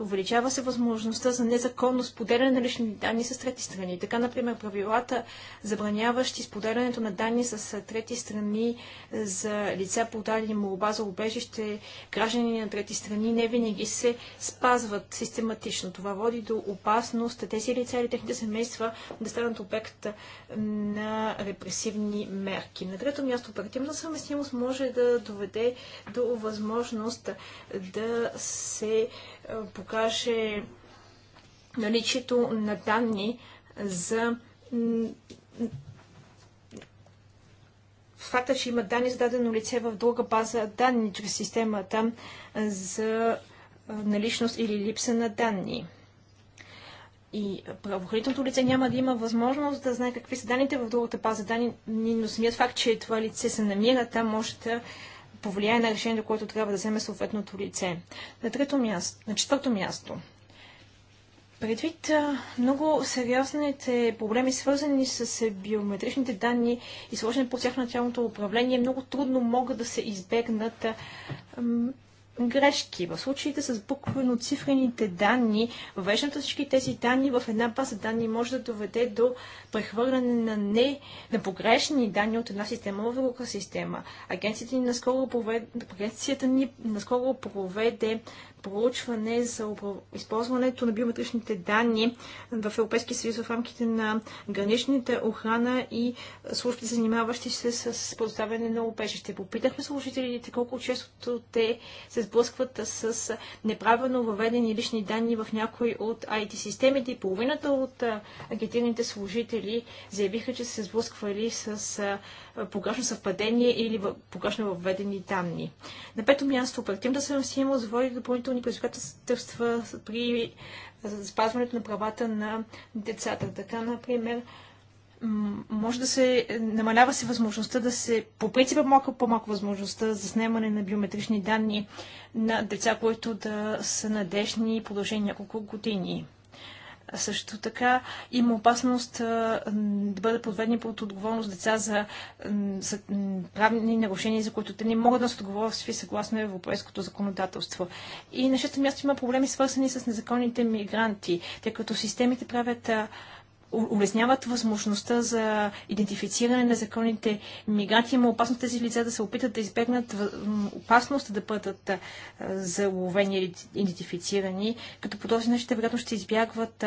Увеличава се възможността за незаконно споделяне на лични данни с трети страни. Така, например, правилата, забраняващи споделянето на данни с трети страни е, за лица, подали молба за убежище, граждани на трети страни, не винаги се спазват систематично. Това води до опасност тези лица или техните семейства да станат обект на репресивни мерки. На трето място, оперативна съвместимост може да доведе до възможност да се покаже наличието на данни за факта, че има данни за дадено лице в друга база данни чрез системата за наличност или липса на данни. И правоохранителното лице няма да има възможност да знае какви са данните в другата база данни, но самият факт, че това лице се намира там, може да повлияе на решението, което трябва да вземе съответното лице. На, трето място, на четвърто място. Предвид много сериозните проблеми, свързани с биометричните данни и сложени по тях тялното управление, много трудно могат да се избегнат грешки. В случаите с буквено-цифрените данни, въвеждането всички тези данни в една база данни може да доведе до прехвърляне на, не, на погрешни данни от една система в друга система. Агенцията ни наскоро проведе, агенцията ни наскоро проведе проучване за използването на биометричните данни в Европейския съюз в рамките на граничната охрана и службите, занимаващи се с предоставяне на обежище. Попитахме служителите колко често те се сблъскват с неправилно въведени лични данни в някои от IT системите и половината от агитираните служители заявиха, че се сблъсквали с погрешно съвпадение или погрешно въведени данни. На пето място, оперативната съвместимост води допълнителни предизвикателства при спазването на правата на децата. Така, например, може да се е, намалява се възможността да се, по принцип е малко по-малко възможността за снимане на биометрични данни на деца, които да са надежни и продължени няколко години. Също така има опасност да бъде подведени под отговорност деца за, за правни нарушения, за които те не могат да се отговорят отговорности съгласно европейското законодателство. И на шесто място има проблеми свързани с незаконните мигранти, тъй като системите правят улесняват възможността за идентифициране на законните мигранти. Има опасност тези лица да се опитат да избегнат опасност да бъдат заловени или идентифицирани, като по този начин те вероятно ще избягват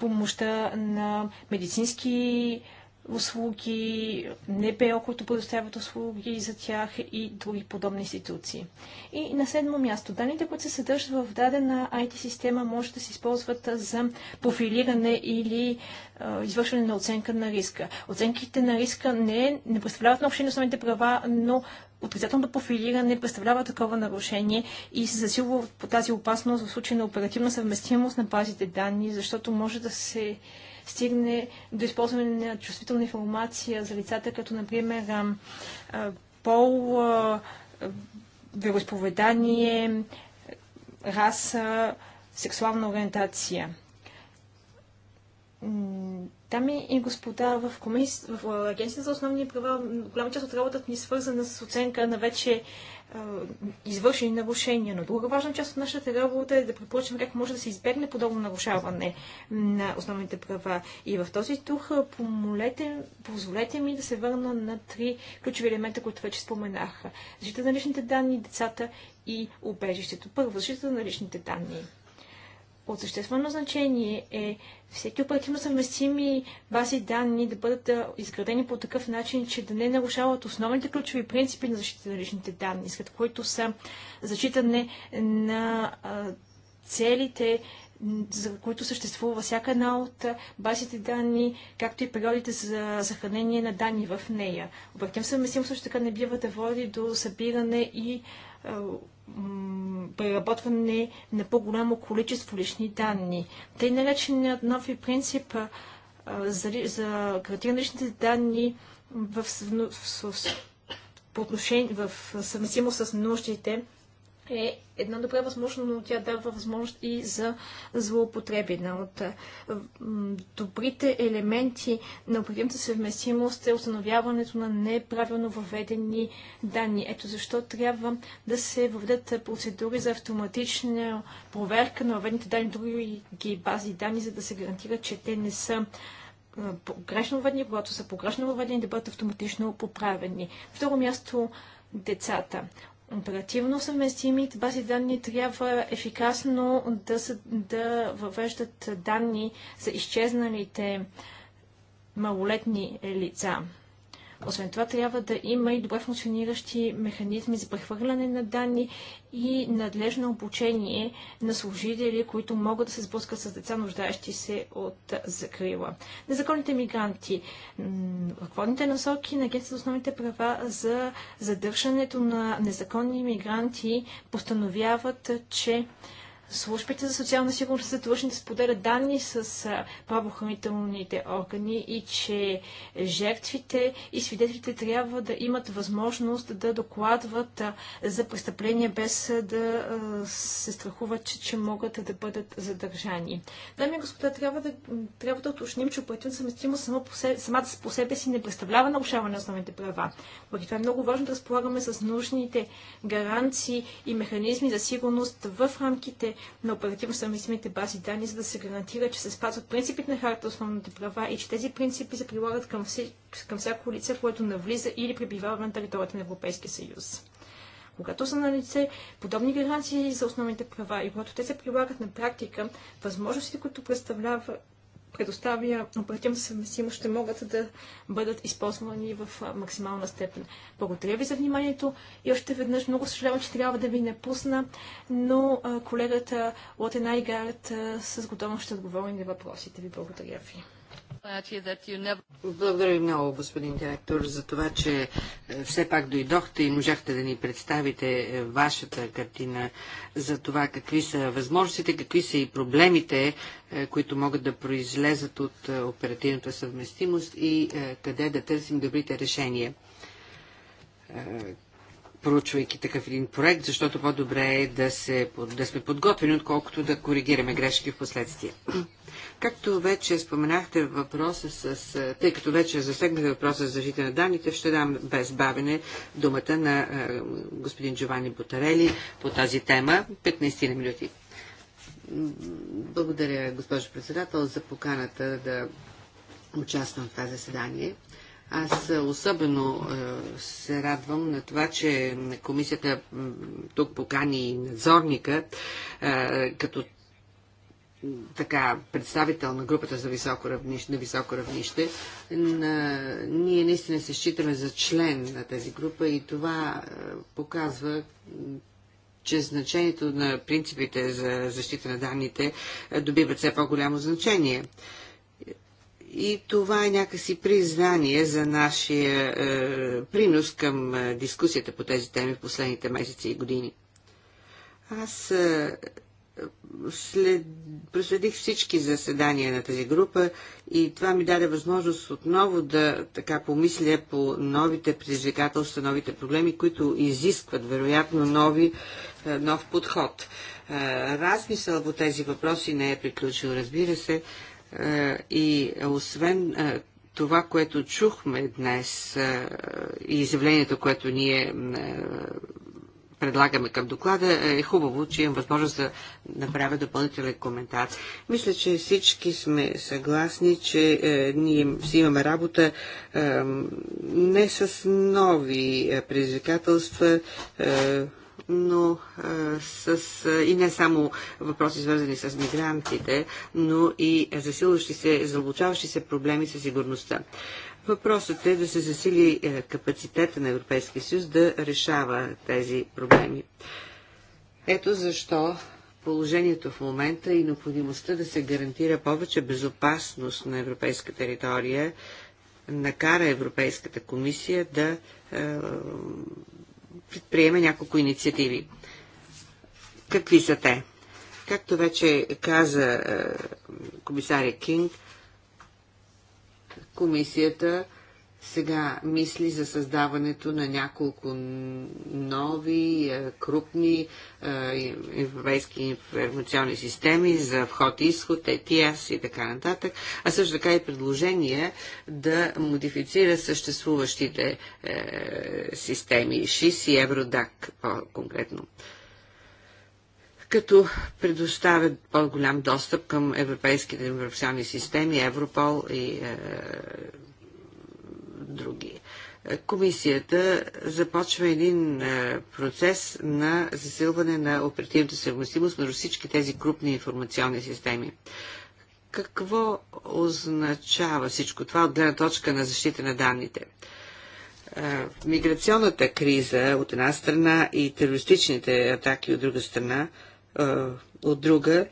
помощта на медицински услуги, НПО, които предоставят услуги за тях и други подобни институции. И на седмо място, данните, които се съдържат в дадена IT-система, може да се използват за профилиране или а, извършване на оценка на риска. Оценките на риска не, не представляват на общини основните права, но отрицателното профилиране представлява такова нарушение и се засилва по тази опасност в случай на оперативна съвместимост на базите данни, защото може да се стигне до използване на чувствителна информация за лицата, като например пол, вероисповедание, раса, сексуална ориентация. Дами и господа, в, комис... в Агенцията за основни права голяма част от работата ни е свързана с оценка на вече е, извършени нарушения. Но друга важна част от нашата работа е да препоръчам как може да се избегне подобно нарушаване на основните права. И в този дух е, помолете, позволете ми да се върна на три ключови елемента, които вече споменаха: Защита на личните данни, децата и убежището. Първо, защита на личните данни. От съществено значение е всеки оперативно съвместими бази данни да бъдат изградени по такъв начин, че да не нарушават основните ключови принципи на защита на личните данни, след които са зачитане на целите, за които съществува всяка една от базите данни, както и периодите за съхранение на данни в нея. Обратим съвместимо също така не бива да води до събиране и преработване на по-голямо количество лични данни. Тъй нареченият нови принцип за, за гарантиране личните данни в, в, в, в, в съвместимост с нуждите е една добра възможност, но тя дава възможност и за злоупотреби. Една от добрите елементи на оперативната съвместимост е установяването на неправилно въведени данни. Ето защо трябва да се въведат процедури за автоматична проверка на въведените данни, други бази данни, за да се гарантира, че те не са погрешно въведени, когато са погрешно въведени, да бъдат автоматично поправени. Второ място, децата оперативно съвместими. Бази данни трябва ефикасно да, са, да въвеждат данни за изчезналите малолетни лица. Освен това, трябва да има и добре функциониращи механизми за прехвърляне на данни и надлежно обучение на служители, които могат да се сблъскат с деца, нуждаещи се от закрила. Незаконните мигранти. Ръководните насоки на Агенцията за основните права за задържането на незаконни мигранти постановяват, че Службите за социална сигурност са длъжни да споделят данни с правоохранителните органи и че жертвите и свидетелите трябва да имат възможност да докладват за престъпления без да се страхуват, че, могат да бъдат задържани. Дами и господа, трябва да, трябва да уточним, че оперативната съвместимост сама по себе, самата по себе си не представлява нарушаване на основните права. Въпреки това е много важно да разполагаме с нужните гаранции и механизми за сигурност в рамките на оперативно съвместимите бази данни, за да се гарантира, че се спазват принципите на харта основните права и че тези принципи се прилагат към, вси, към всяко лице, което навлиза или пребивава на територията на Европейския съюз. Когато са на лице подобни гаранции за основните права и когато те се прилагат на практика, възможностите, които представлява, предоставя оперативна съвместимост, ще могат да бъдат използвани в максимална степен. Благодаря ви за вниманието и още веднъж много съжалявам, че трябва да ви напусна, но колегата Лотен Айгард с готовност ще отговори на въпросите ви. Благодаря ви. Благодаря ви много, господин директор, за това, че е, все пак дойдохте и можахте да ни представите е, вашата картина за това какви са възможностите, какви са и проблемите, е, които могат да произлезат от оперативната съвместимост и къде да търсим добрите решения проучвайки такъв един проект, защото по-добре е да, се, да сме подготвени, отколкото да коригираме грешки в последствие. Както вече споменахте въпроса с... Тъй като вече засегнахте въпроса за защита на данните, ще дам без бавене думата на господин Джовани Ботарели по тази тема. 15 на минути. Благодаря, госпожо председател, за поканата да участвам в това заседание. Аз особено се радвам на това, че комисията тук покани надзорника като така, представител на групата за високо равнище, на високо равнище, на, ние наистина се считаме за член на тази група и това е, показва че значението на принципите за защита на данните е, добиват все по-голямо значение. И това е някакси признание за нашия е, принос към е, дискусията по тези теми в последните месеци и години. Аз е, след, проследих всички заседания на тази група и това ми даде възможност отново да така помисля по новите предизвикателства, новите проблеми, които изискват вероятно нови, е, нов подход. Е, размисъл по тези въпроси не е приключил, разбира се, е, и освен това, което чухме днес и изявлението, което ние предлагаме към доклада, е хубаво, че имам възможност да направя допълнителен коментар. Мисля, че всички сме съгласни, че е, ние си имаме работа е, не с нови е, предизвикателства, е, но а, е, с, а, е, и не само въпроси свързани с мигрантите, но и засилващи се, залучаващи се проблеми със сигурността. Въпросът е да се засили е, капацитета на Европейския съюз да решава тези проблеми. Ето защо положението в момента и необходимостта да се гарантира повече безопасност на европейска територия накара Европейската комисия да е, предприеме няколко инициативи. Какви са те? Както вече каза е, комисаря Кинг, е, комисията сега мисли за създаването на няколко нови е, крупни е, европейски информационни системи за вход и изход, ETS и така нататък, а също така и предложение да модифицира съществуващите е, системи ШИС и Евродак по-конкретно като предоставят по-голям достъп към европейските информационни системи, Европол и е, други. Комисията започва един е, процес на засилване на оперативната съвместимост между всички тези крупни информационни системи. Какво означава всичко това от гледна точка на защита на данните? Е, миграционната криза от една страна и терористичните атаки от друга страна от друга,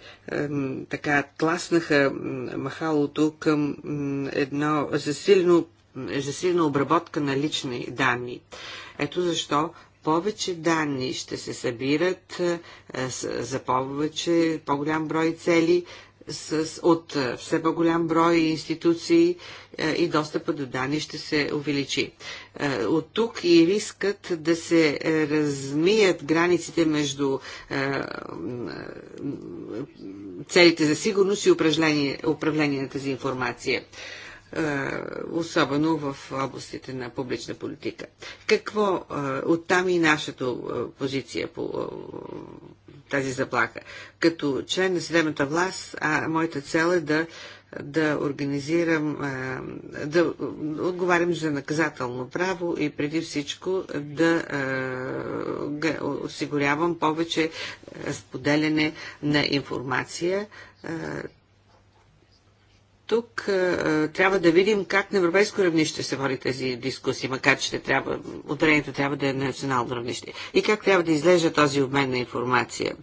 така тласнаха махалото към едно засилено, засилена обработка на лични данни. Ето защо повече данни ще се събират за повече, по-голям брой цели, с, от е, все по-голям брой институции е, и достъпа до данни ще се увеличи. Е, от тук и рискът да се размият границите между целите за сигурност и управление, управление на тази информация особено в областите на публична политика. Какво оттам и нашата позиция по тази заплаха. Като член на съдебната власт, а моята цел е да да организирам, да отговарям за наказателно право и преди всичко да осигурявам повече споделяне на информация тук а, трябва да видим как на европейско равнище се води тези дискусии, макар че трябва, ударението трябва да е на национално равнище. И как трябва да изглежда този обмен на информация.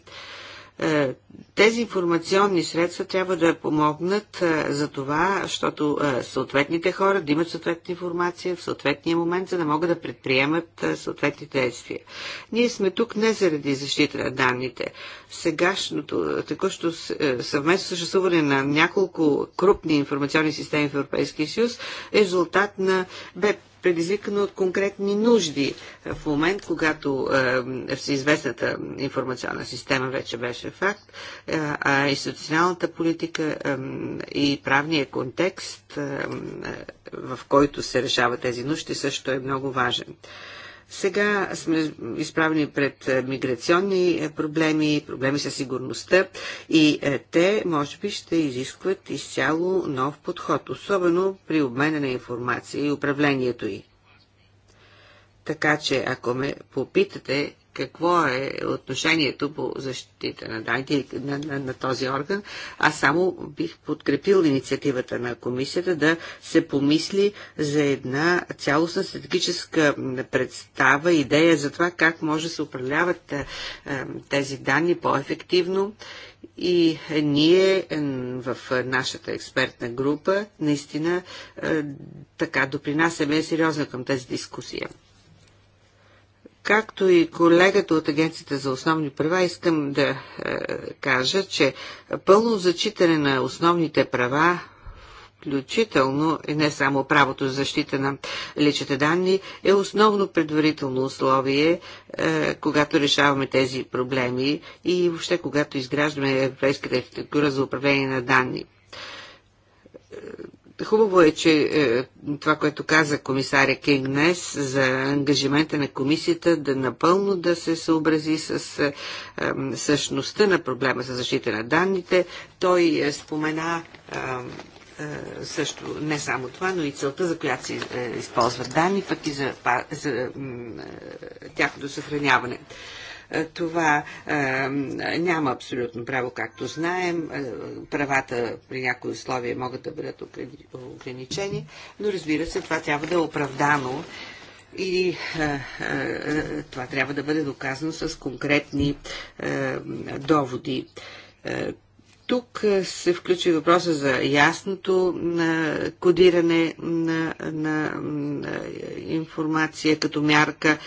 Е, тези информационни средства трябва да помогнат е, за това, защото е, съответните хора да имат съответна информация в съответния момент, за да могат да предприемат съответните действия. Ние сме тук не заради защита на данните. Сегашното, текущо съвместно съществуване на няколко крупни информационни системи в Европейския съюз е резултат на бе предизвикано от конкретни нужди. В момент, когато е, всеизвестната информационна система вече беше факт, е, а институционалната политика е, и правния контекст, е, е, в който се решава тези нужди, също е много важен. Сега сме изправени пред е, миграционни е, проблеми, проблеми със сигурността и е, те, може би, ще изискват изцяло нов подход, особено при обмена на информация и управлението й. Така че, ако ме попитате какво е отношението по защита на данните на, на, на този орган, аз само бих подкрепил инициативата на комисията да се помисли за една цялостна стратегическа представа, идея за това как може да се управляват е, е тези данни по-ефективно и ние е, в нашата експертна група наистина е, така допринасяме сериозно към тази дискусия. Както и колегата от Агенцията за основни права, искам да е, кажа, че пълно зачитане на основните права включително и не само правото за защита на личните данни, е основно предварително условие, е, когато решаваме тези проблеми и въобще когато изграждаме европейската архитектура за управление на данни Хубаво е, че е, това, което каза комисаря Кинг днес за ангажимента на комисията да напълно да се съобрази с е, е, същността на проблема за защита на данните, той спомена също не само това, но и целта, за която се използват данни, пък и за, за тяхното съхраняване. Е, това е, няма абсолютно право, както знаем. Е, правата при някои условия могат да бъдат ограничени, но разбира се, това трябва да е оправдано и а, а, това трябва да бъде доказано с конкретни а, доводи. А, тук е, се включи въпроса за ясното кодиране на, на, на информация като мярка. Е,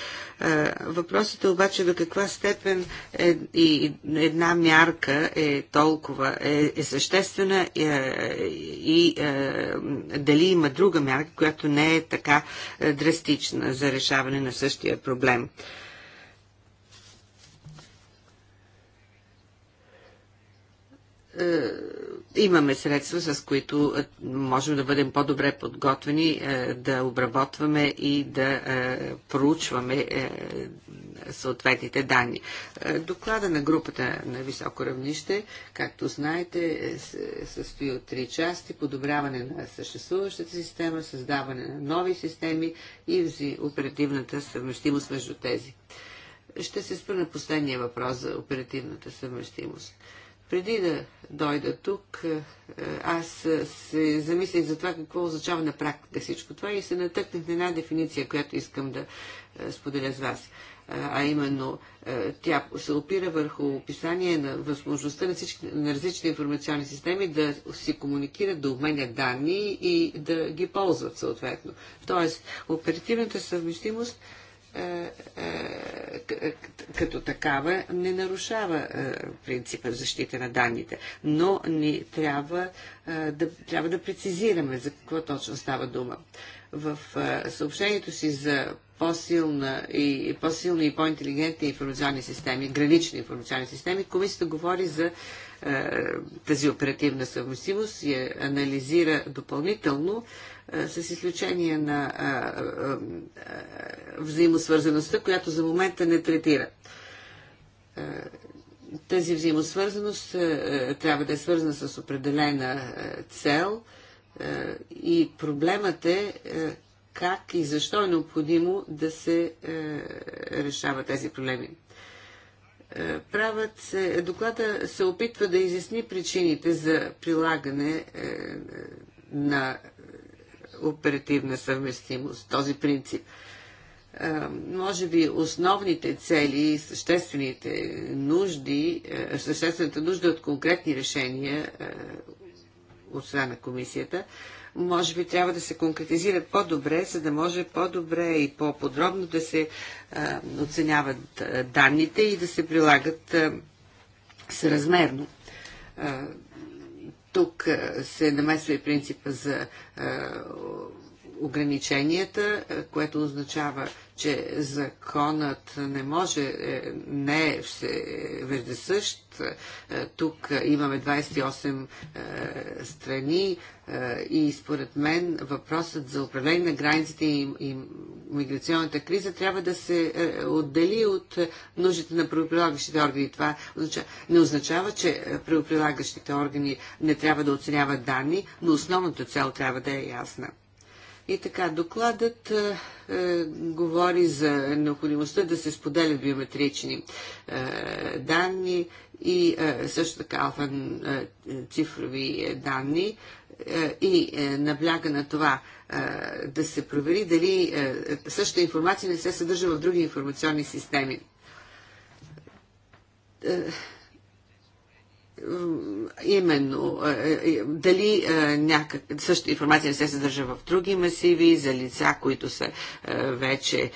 въпросът е обаче до каква степен е, и една мярка е толкова е, е съществена и, е, и е, дали има друга мярка, която не е така драстична за решаване на същия проблем. Е, имаме средства, с които е, можем да бъдем по-добре подготвени, е, да обработваме и да проучваме съответните данни. Доклада на групата на високо равнище, както знаете, състои от три части. Подобряване на съществуващата система, създаване на нови системи и оперативната съвместимост между тези. Ще се спра на последния въпрос за оперативната съвместимост. Преди да дойда тук, е, аз се замислих за това какво означава на практика всичко това и се натъкнах на една дефиниция, която искам да е, споделя с вас. Е, а именно, тя се опира върху описание на възможността на, всички, на различни информационни системи да си комуникират, да обменят данни и да ги ползват съответно. Тоест, оперативната съвместимост е, е, е, като такава не нарушава принципа за защита на данните, но ни трябва да, трябва да прецизираме за какво точно става дума. В съобщението си за по-силна и, по-силни и по-интелигентни информационни системи, гранични информационни системи, комисията говори за тази оперативна съвместимост и анализира допълнително с изключение на взаимосвързаността, която за момента не третира. Тази взаимосвързаност трябва да е свързана с определена цел и проблемът е как и защо е необходимо да се решава тези проблеми правят се, доклада се опитва да изясни причините за прилагане на оперативна съвместимост, този принцип. Може би основните цели, и съществените нужди, съществената нужда от конкретни решения от страна на комисията, може би трябва да се конкретизират по-добре, за да може по-добре и по-подробно да се оценяват данните и да се прилагат съразмерно. Тук е, се намесва и принципа за е, ограниченията, е, което означава че законът не може, е, не е вездесъщ. Е, тук имаме 28 е, страни и според мен въпросът за управление на границите и миграционната криза трябва да се отдели от нуждите на правоприлагащите органи. Това не означава, че правоприлагащите органи не трябва да оценяват данни, но основната цел трябва да е ясна. И така, докладът е, е, говори за необходимостта да се споделят биометрични е, данни и е, също така алфан, е, цифрови е, данни е, и е, набляга на това е, да се провери дали е, същата информация не се съдържа в други информационни системи е, именно е, е, е, дали някак, същата информация не се съдържа в други масиви за лица, които са вече,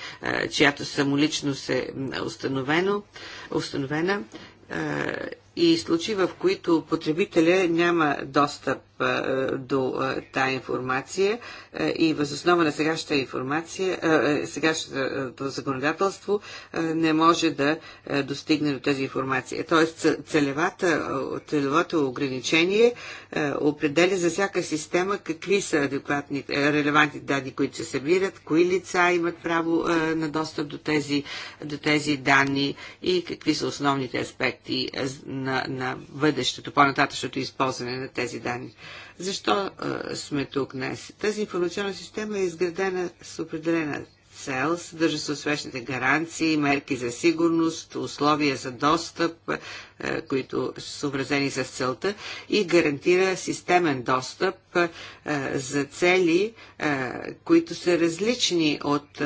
чиято самоличност е установено, установена и случаи, в които потребителя няма достъп е, до е, тая информация е, и възоснова на сегашната информация, сегашното законодателство не може да достигне до тази информация. Тоест целевата, целевото ограничение определя за всяка система какви са адекватни, релевантни данни, които се събират, кои лица имат право на достъп до тези, до тези данни и какви са основните аспекти на, на бъдещето, по-нататъчното използване на тези данни. Защо а, сме тук днес? Тази информационна система е изградена с определена цел, съдържа се съответните гаранции, мерки за сигурност, условия за достъп, е, които са съобразени с целта и гарантира системен достъп е, за цели, е, които са различни от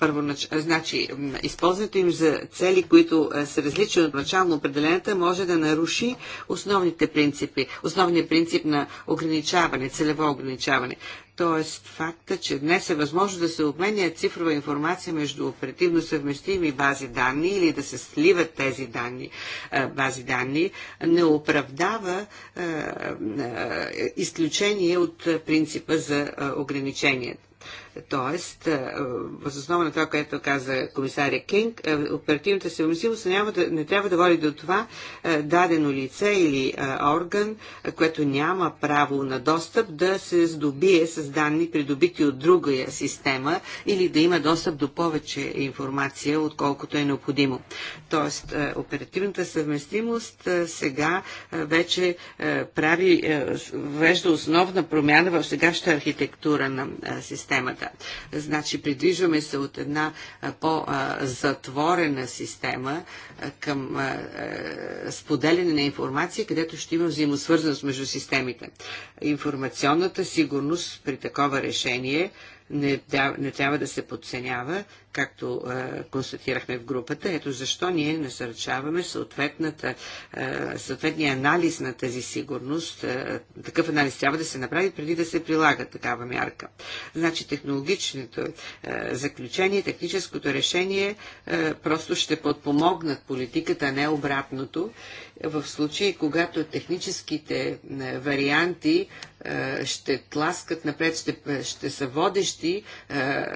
първонач... Значи, използването им за цели, които са различни от начално определената, може да наруши основните принципи, основния принцип на ограничаване, целево ограничаване Тоест, факта, че днес е възможно да се обменя цифрова информация между оперативно съвместими бази данни или да се сливат тези данни бази данни, не оправдава изключение от принципа за ограниченията. Тоест, е, основа на това, което каза комисаря Кинг, е, оперативната съвместимост няма да, не трябва да води до това е, дадено лице или орган, което няма право на достъп, да се здобие с данни, придобити от друга система или да има достъп до повече информация, отколкото е необходимо. Тоест, оперативната съвместимост сега вече прави, вежда основна промяна в сегашната архитектура на системата системата. Значи придвижваме се от една по-затворена система към споделяне на информация, където ще има взаимосвързаност между системите. Информационната сигурност при такова решение не, не трябва да се подценява както е, констатирахме в групата. Ето защо ние насърчаваме съответната, е, съответния анализ на тази сигурност. Е, такъв анализ трябва да се направи преди да се прилага такава мярка. Значи технологичното е, заключение, техническото решение е, просто ще подпомогнат политиката, а не обратното. В случай, когато техническите варианти ще тласкат напред, ще, ще са водещи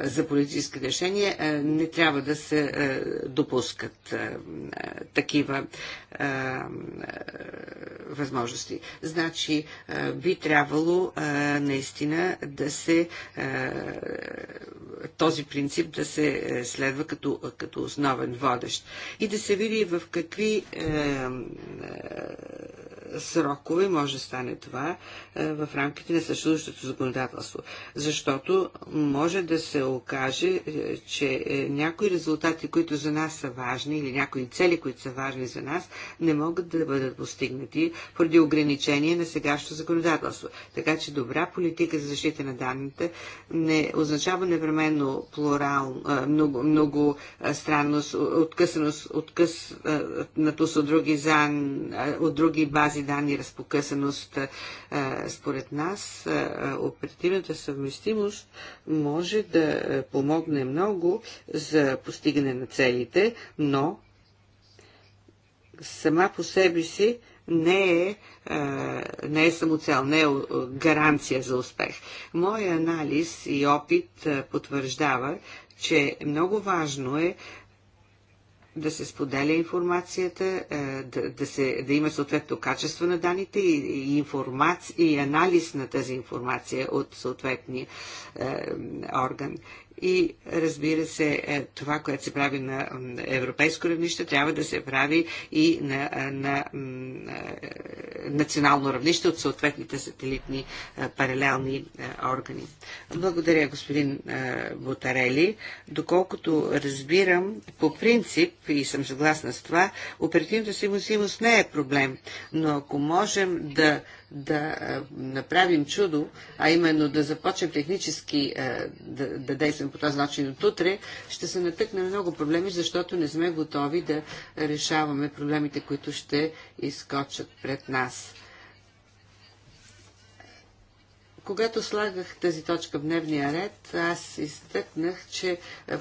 за политически решения, е, не трябва да се е, допускат е, такива възможности. Значи би трябвало наистина да се този принцип да се следва като, като основен водещ и да се види в какви срокове, може да стане това е, в рамките на съществуващото законодателство. Защото може да се окаже, е, че е, някои резултати, които за нас са важни или някои цели, които са важни за нас, не могат да бъдат постигнати поради ограничение на сегашното законодателство. Така че добра политика за защита на данните не означава непременно плурал, много, много странност, откъсаност, откъснатост от други, зан, от други бази данни и разпокъсаност. Според нас оперативната съвместимост може да помогне много за постигане на целите, но сама по себе си не е, не е самоцел, не е гаранция за успех. Моя анализ и опит потвърждава, че много важно е да се споделя информацията, е, да, да, се, да има съответно качество на данните и, и, информация, и анализ на тази информация от съответния е, орган и разбира се, е, това, което се прави на европейско равнище, трябва да се прави и на, е, на, на, на е, национално равнище от съответните сателитни паралелни органи. Благодаря, господин Бутарели. Доколкото разбирам, по принцип, и съм съгласна с това, оперативната сигурност не е проблем, но ако можем да да направим чудо, а именно да започнем технически да, да действаме по този начин от утре, ще се натъкне много проблеми, защото не сме готови да решаваме проблемите, които ще изкочат пред нас. Когато слагах тази точка в дневния ред, аз изтъкнах, че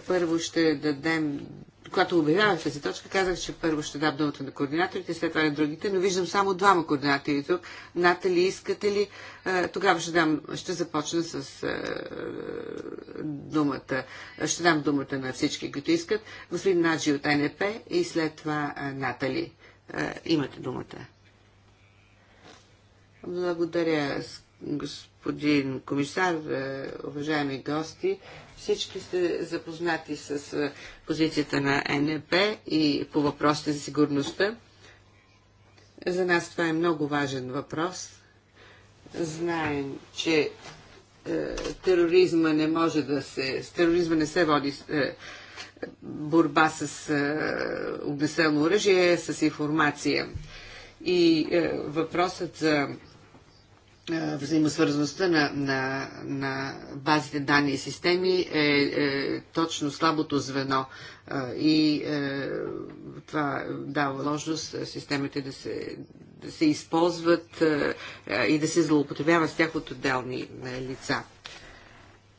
първо ще дадем когато обявявах тази точка, казах, че първо ще дам думата на координаторите, след това на другите, но виждам само двама координатори тук. Натали, искате ли? Е, тогава ще, дам, ще започна с е, думата. Ще дам думата на всички, които искат. Господин Наджи от НП и след това е, Натали. Имате думата. Благодаря, господин комисар, уважаеми гости. Всички сте запознати с позицията на НЕП и по въпросите за сигурността. За нас това е много важен въпрос. Знаем, че е, тероризма не може да се... С тероризма не се води е, борба с е, огнеселно оръжие, с информация. И е, въпросът за е, взаимосвързаността на, на, на базите данни и системи е, е точно слабото звено е, и е, това дава възможност е, системите да се, да се използват е, е и да се злоупотребяват с тях от отделни е, лица.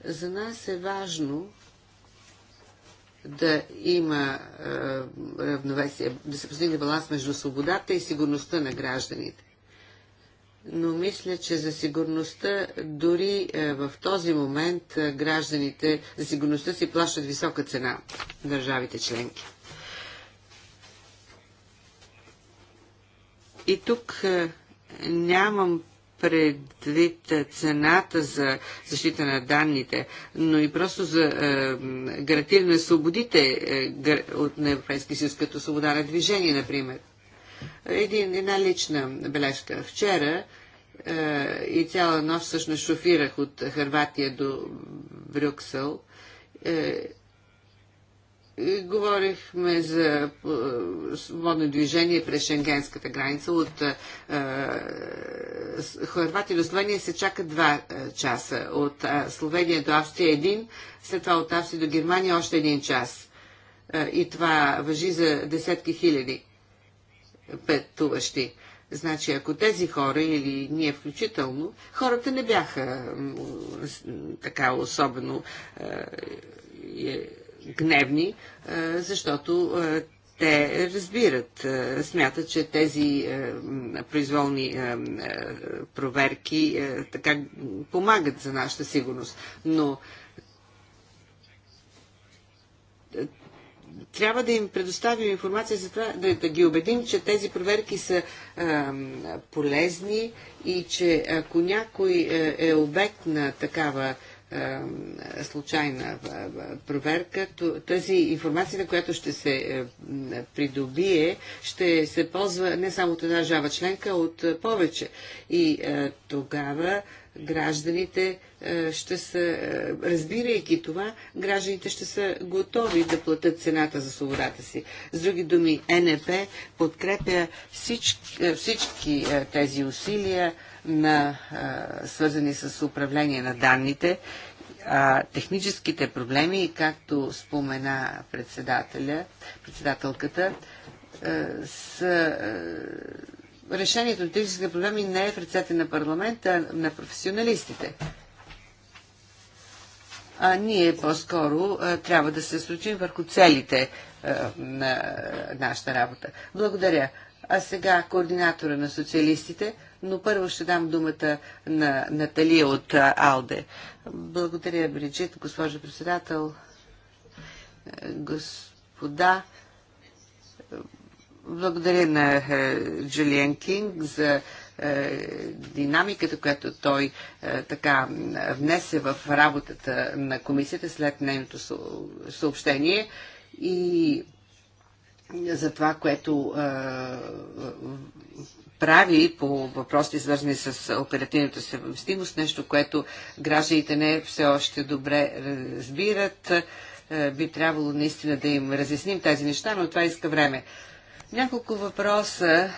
За нас е важно да има е, равновесие, да се постигне баланс между свободата и сигурността на гражданите но мисля, че за сигурността дори е, в този момент е, гражданите за сигурността си плащат висока цена държавите членки. И тук е, нямам предвид цената за защита на данните, но и просто за гарантиране на свободите от на Европейския съюз, като свобода на движение, например. Един, една лична бележка. Вчера е, и цяла нощ всъщност шофирах от Харватия до Брюксел. Е, говорихме за е, свободно движение през шенгенската граница. От е, е Хорватия до Словения се чака е, часа. От е, Словения до Австрия един, след това от Австрия до Германия още един час. Е, и това въжи за десетки хиляди пътуващи. Значи, ако тези хора или ние включително, хората не бяха така особено е, гневни, е, защото е, те разбират, смятат, че тези произволни проверки така помагат за нашата сигурност. Но трябва да им предоставим информация за това, да, да ги убедим, че тези проверки са а, полезни и че ако някой е, е обект на такава а, случайна проверка, тази информация, на която ще се е, придобие, ще се ползва не само от една жава членка, а от повече. И а, е, тогава гражданите е, ще са, е, разбирайки това, гражданите ще са готови да платят цената за свободата си. С други думи, НП подкрепя е, всички, всички тези усилия на, свързани с управление на данните а, техническите проблеми, както спомена председателя, председателката, са решението на техническите проблеми не е в ръцете на парламента, а на професионалистите. А ние по-скоро трябва да се случим върху целите а, на нашата работа. Благодаря. А сега координатора на социалистите, но първо ще дам думата на Наталия от Алде. Благодаря, Бриджит, госпожо председател, е, господа благодаря на е, Джулиан Кинг за е, динамиката, която той е, така внесе в работата на комисията след нейното съобщение и за това, което прави по въпроси, свързани с оперативната съвместимост, нещо, което гражданите не все още добре разбират. Би трябвало наистина да им разясним тези неща, но това иска време. Няколко въпроса,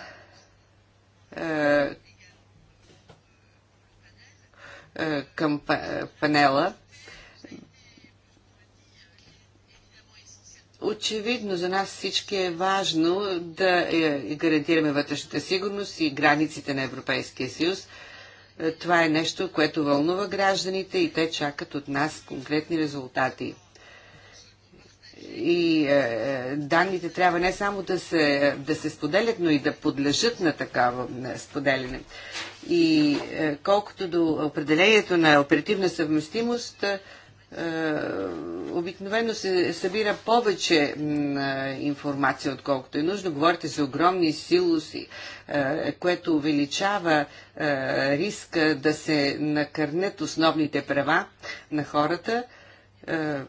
е, е, към панела. Очевидно за нас всички е важно да е, гарантираме вътрешната сигурност и границите на Европейския съюз. Това е нещо, което вълнува гражданите и те чакат от нас конкретни резултати и е, данните трябва не само да се, да се споделят, но и да подлежат на такава е, споделяне. И е, колкото до определението на оперативна съвместимост, е, обикновено се събира повече е, информация, отколкото е нужно. Говорите за огромни силуси, е, което увеличава риска да се накърнят основните права на хората е, е,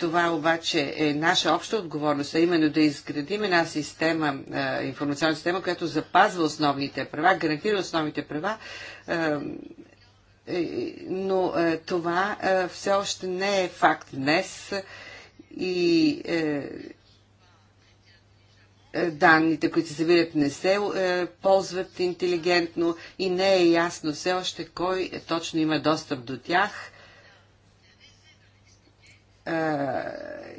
това обаче е наша обща отговорност, а именно да изградим една система, е, информационна система, която запазва основните права, гарантира основните права, но това все още не е факт днес и данните, които се събират, не се ползват интелигентно и не е ясно все още кой точно има достъп до тях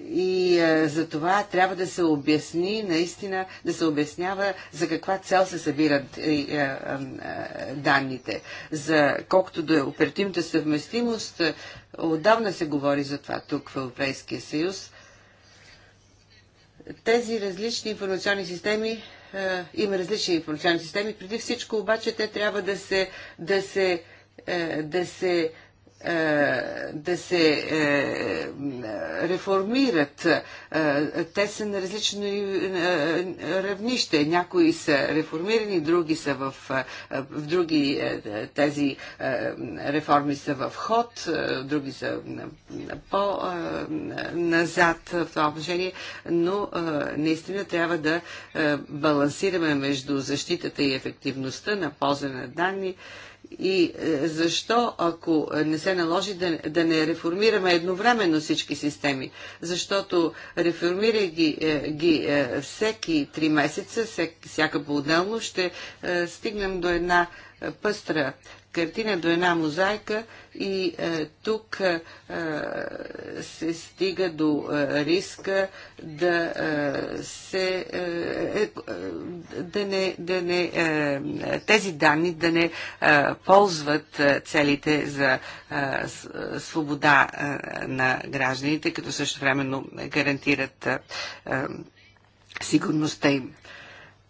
и за това трябва да се обясни, наистина да се обяснява за каква цел се събират е, е, е, данните. За колкото до оперативната съвместимост, отдавна се говори за това тук в Европейския съюз. Тези различни информационни системи има различни информационни системи. Преди всичко обаче те трябва да се, да се, да се е, да се е, реформират. Е, те са на различно равнище. Някои са реформирани, други са в, в други тези реформи са в ход, други са по-назад в това отношение, но наистина трябва да балансираме между защитата и ефективността на ползване на данни и е, защо, ако не се наложи да, да не реформираме едновременно всички системи? Защото реформирай ги, е, ги е, всеки три месеца, всяка по-отделно, ще стигнем до една пъстра картина, до една мозайка и е, тук е, е, се стига до е, риска да е, се е, е, е, да не, да не е, тези данни да не е, ползват целите за е, свобода е, на гражданите, като също времено гарантират е, сигурността им.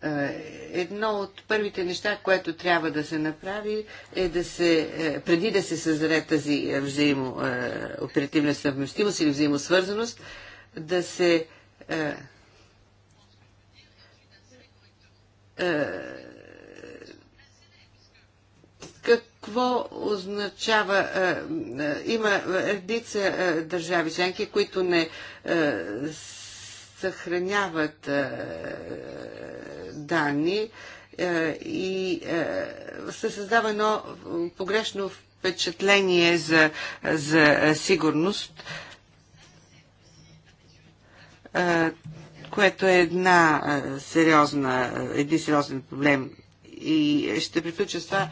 Е, едно от първите неща, което трябва да се направи, е да се, е, преди да се създаде тази е, взаимо, оперативна съвместимост или взаимосвързаност, да се какво означава? има редица държави членки, които не съхраняват данни е, и е, се създава едно погрешно впечатление за, за сигурност, е, което е една сериозна, един сериозен проблем. И ще приключа с това,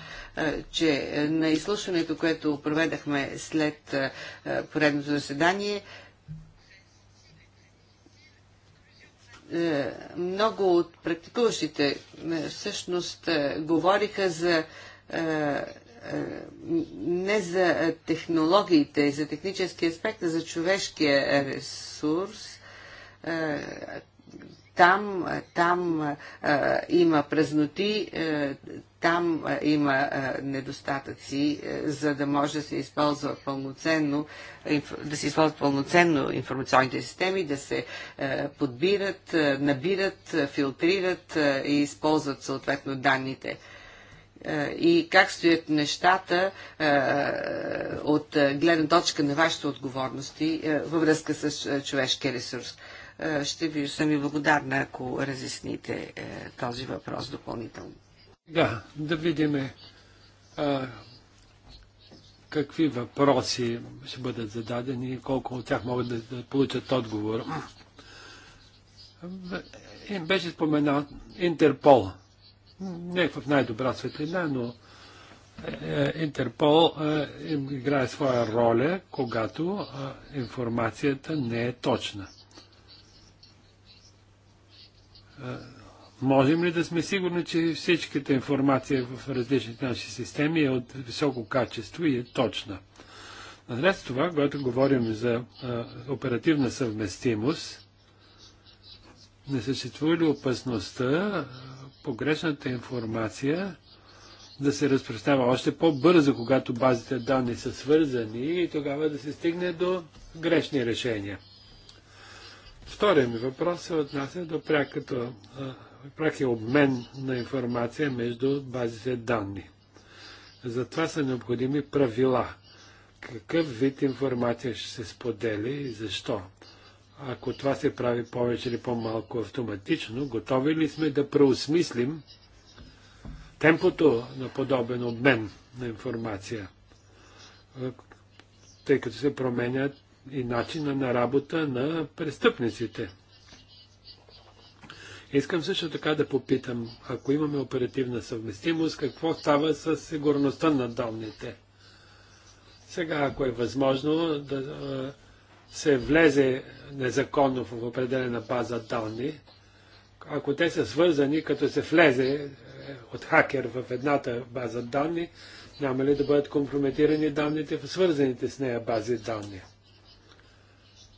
че на изслушването, което проведахме след поредното заседание, Е, много от практикуващите е, всъщност е, говориха за не за технологиите, за технически аспект, а за човешкия ресурс, там, е, там а, е, е, има празноти, а, там а, има а, недостатъци, а, за да може да се използва пълноценно, инф, да се използват пълноценно информационните системи, да се а, подбират, а, набират, а, филтрират а, и използват съответно данните и как стоят нещата от гледна точка на вашите отговорности във връзка с човешкия ресурс. Е, ще ви съм и благодарна, ако разясните е, този въпрос допълнително. Да, да видим е, какви въпроси ще бъдат зададени и колко от тях могат да, да получат отговор. Беше споменал Интерпол. Не в най-добра светлина, но Интерпол играе своя роля, когато информацията не е точна. Е, можем ли да сме сигурни, че всичката информация в различните наши системи е от високо качество и е точна? Наред с това, когато говорим за е, оперативна съвместимост, не съществува ли опасността е, погрешната информация да се разпространява още по-бързо, когато базите данни са свързани и тогава да се стигне до грешни решения? Втория ми въпрос се отнася до пряката, прякия обмен на информация между базите данни. Затова са необходими правила. Какъв вид информация ще се споделя и защо? Ако това се прави повече или по-малко автоматично, готови ли сме да преосмислим темпото на подобен обмен на информация, тъй като се променят и начина на работа на престъпниците. Искам също така да попитам, ако имаме оперативна съвместимост, какво става с сигурността на данните? Сега, ако е възможно да се влезе незаконно в определена база данни, ако те са свързани, като се влезе е, от хакер в едната база данни, няма ли да бъдат компрометирани данните в свързаните с нея бази данни?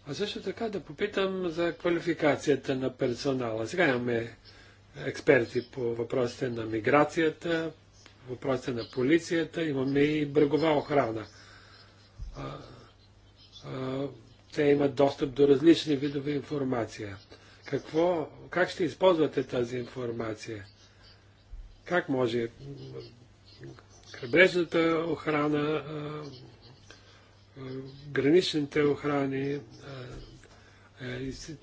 А също така да попитам за квалификацията на персонала. Сега имаме експерти по въпросите на миграцията, въпросите на полицията, имаме и брегова охрана. А, а, те имат достъп до различни видове информация. Какво, как ще използвате тази информация? Как може крайбрежната охрана а, граничните охрани, и е,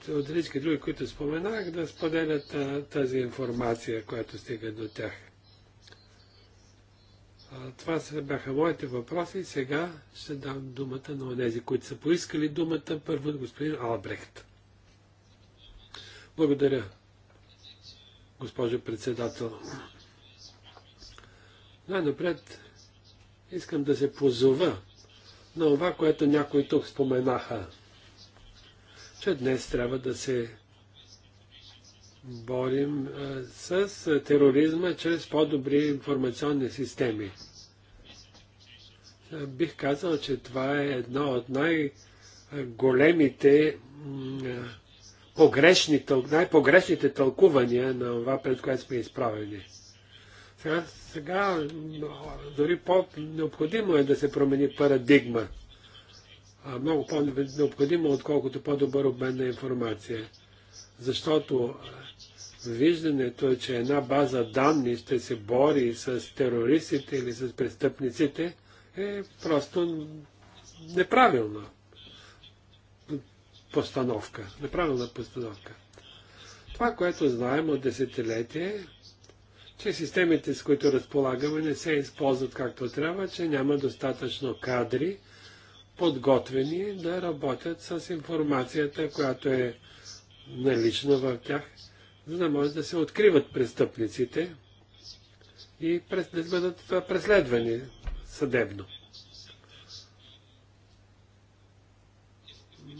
е, от всички други, които споменах, да споделят е, тази информация, която стига до тях. това бяха моите въпроси. и Сега ще дам думата на тези, които са поискали думата. Първо господин Албрехт. Благодаря, госпожо председател. Най-напред искам да се позова на това, което някои тук споменаха, че днес трябва да се борим а, с тероризма чрез по-добри информационни системи. А, бих казал, че това е едно от най-големите погрешни, най-погрешните тълкувания на това, пред което сме изправени. Сега, сега дори по-необходимо е да се промени парадигма. А, много по-необходимо, отколкото по-добър обмен на информация. Защото виждането е, че една база данни ще се бори с терористите или с престъпниците е просто неправилна постановка. Неправилна постановка. Това, което знаем от десетилетие, че системите, с които разполагаме, не се използват както трябва, че няма достатъчно кадри, подготвени да работят с информацията, която е налична в тях, за да може да се откриват престъпниците и да бъдат преследвани съдебно.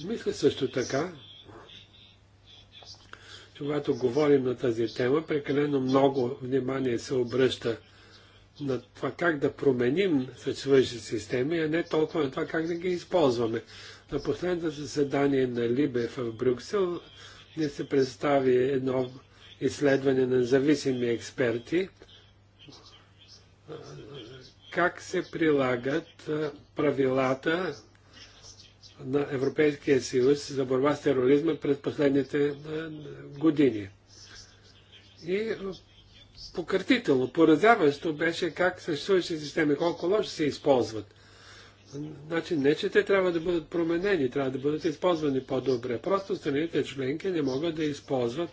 Мисля също така, когато говорим на тази тема, прекалено много внимание се обръща на това как да променим съществуващите системи, а не толкова на това как да ги използваме. На последното заседание на Либе в Брюксел ни се представи едно изследване на зависими експерти, как се прилагат правилата на Европейския съюз за борба с тероризма през последните е, години. И е, пократително, поразяващо беше как съществуващи системи, колко лошо се използват. Значи не, че те трябва да бъдат променени, трябва да бъдат използвани по-добре. Просто страните членки не могат да използват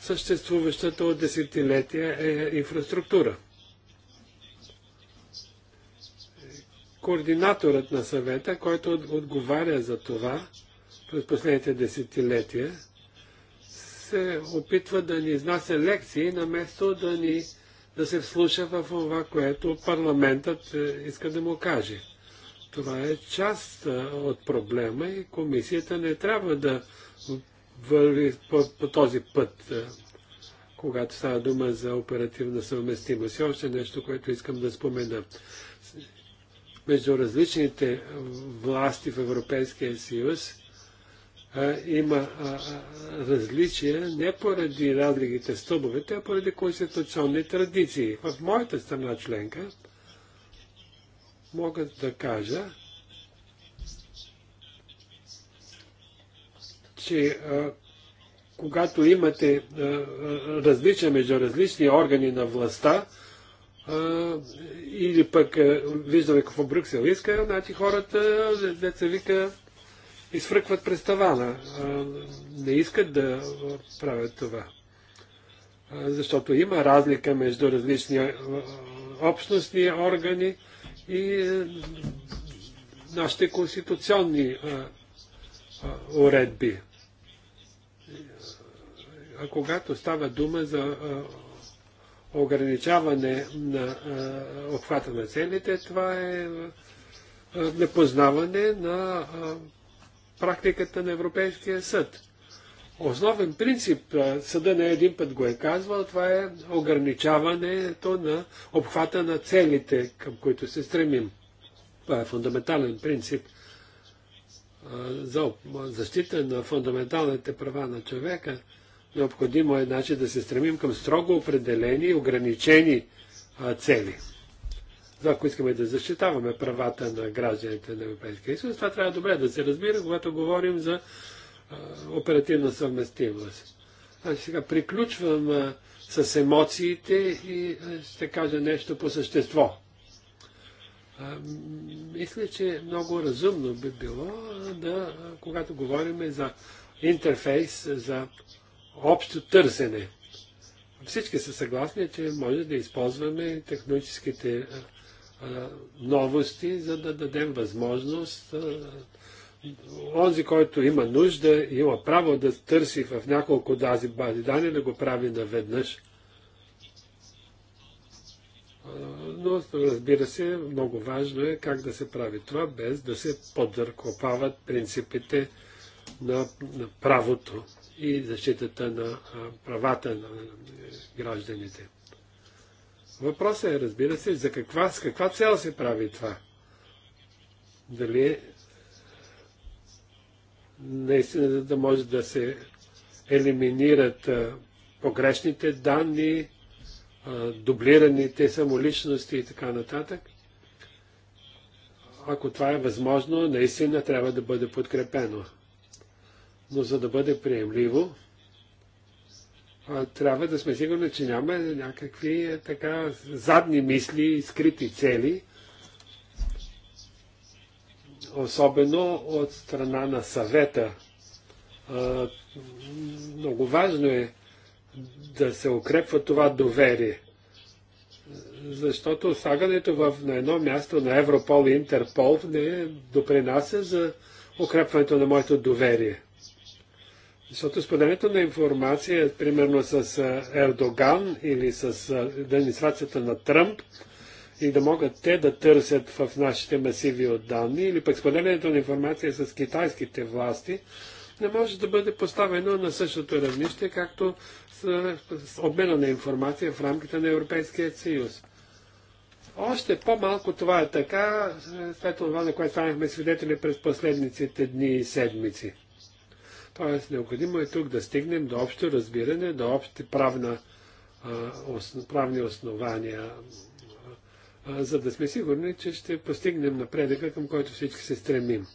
съществуващата от десетилетия е инфраструктура. координаторът на съвета, който отговаря за това през последните десетилетия, се опитва да ни изнася лекции, наместо да ни да се вслуша в това, което парламентът е, иска да му каже. Това е част е, от проблема и комисията не трябва да върви по, по този път, е, когато става дума за оперативна съвместимост. И още нещо, което искам да спомена между различните власти в Европейския съюз има различия не поради разликите стълбовете, а поради конституционни традиции. В моята страна членка мога да кажа, че когато имате различия между различни органи на властта, или пък виждаме какво Брюксел иска, значи хората, деца вика, изфръкват през тавана. Не искат да правят това. Защото има разлика между различни общностни органи и нашите конституционни уредби. А когато става дума за ограничаване на обхвата на целите, това е непознаване на практиката на Европейския съд. Основен принцип, съда не един път го е казвал, това е ограничаването на обхвата на целите, към които се стремим. Това е фундаментален принцип за защита на фундаменталните права на човека Необходимо е значи, да се стремим към строго определени и ограничени а, цели. За ако искаме да защитаваме правата на гражданите на Европейския съюз, това трябва добре да се разбира, когато говорим за а, оперативна съвместимост. Значи сега приключвам а, с емоциите и а, ще кажа нещо по същество. А, мисля, че много разумно би било да, когато говорим за интерфейс за общо търсене. Всички са съгласни, че може да използваме техническите а, новости, за да дадем възможност а, онзи, който има нужда, има право да търси в няколко дази бази данни, да го прави наведнъж. Но, разбира се, много важно е как да се прави това, без да се подъркопават принципите на, на правото и защитата на правата на гражданите. Въпросът е, разбира се, за каква, с каква цел се прави това. Дали наистина да може да се елиминират погрешните данни, дублираните самоличности и така нататък. Ако това е възможно, наистина трябва да бъде подкрепено. Но за да бъде приемливо, трябва да сме сигурни, че няма някакви е, така задни мисли, скрити цели, особено от страна на съвета. Много важно е да се укрепва това доверие, защото слагането в, на едно място на Европол и Интерпол не допринася за укрепването на моето доверие. Защото споделянето на информация, примерно с Ердоган или с администрацията на Тръмп, и да могат те да търсят в нашите масиви от данни, или пък споделянето на информация с китайските власти, не може да бъде поставено на същото равнище, както с, с обмена на информация в рамките на Европейския съюз. Още по-малко това е така, след това, на което станахме свидетели през последниците дни и седмици. Тоест, необходимо е тук да стигнем до общо разбиране, до общи правна, правни основания, за да сме сигурни, че ще постигнем напредъка, към който всички се стремим.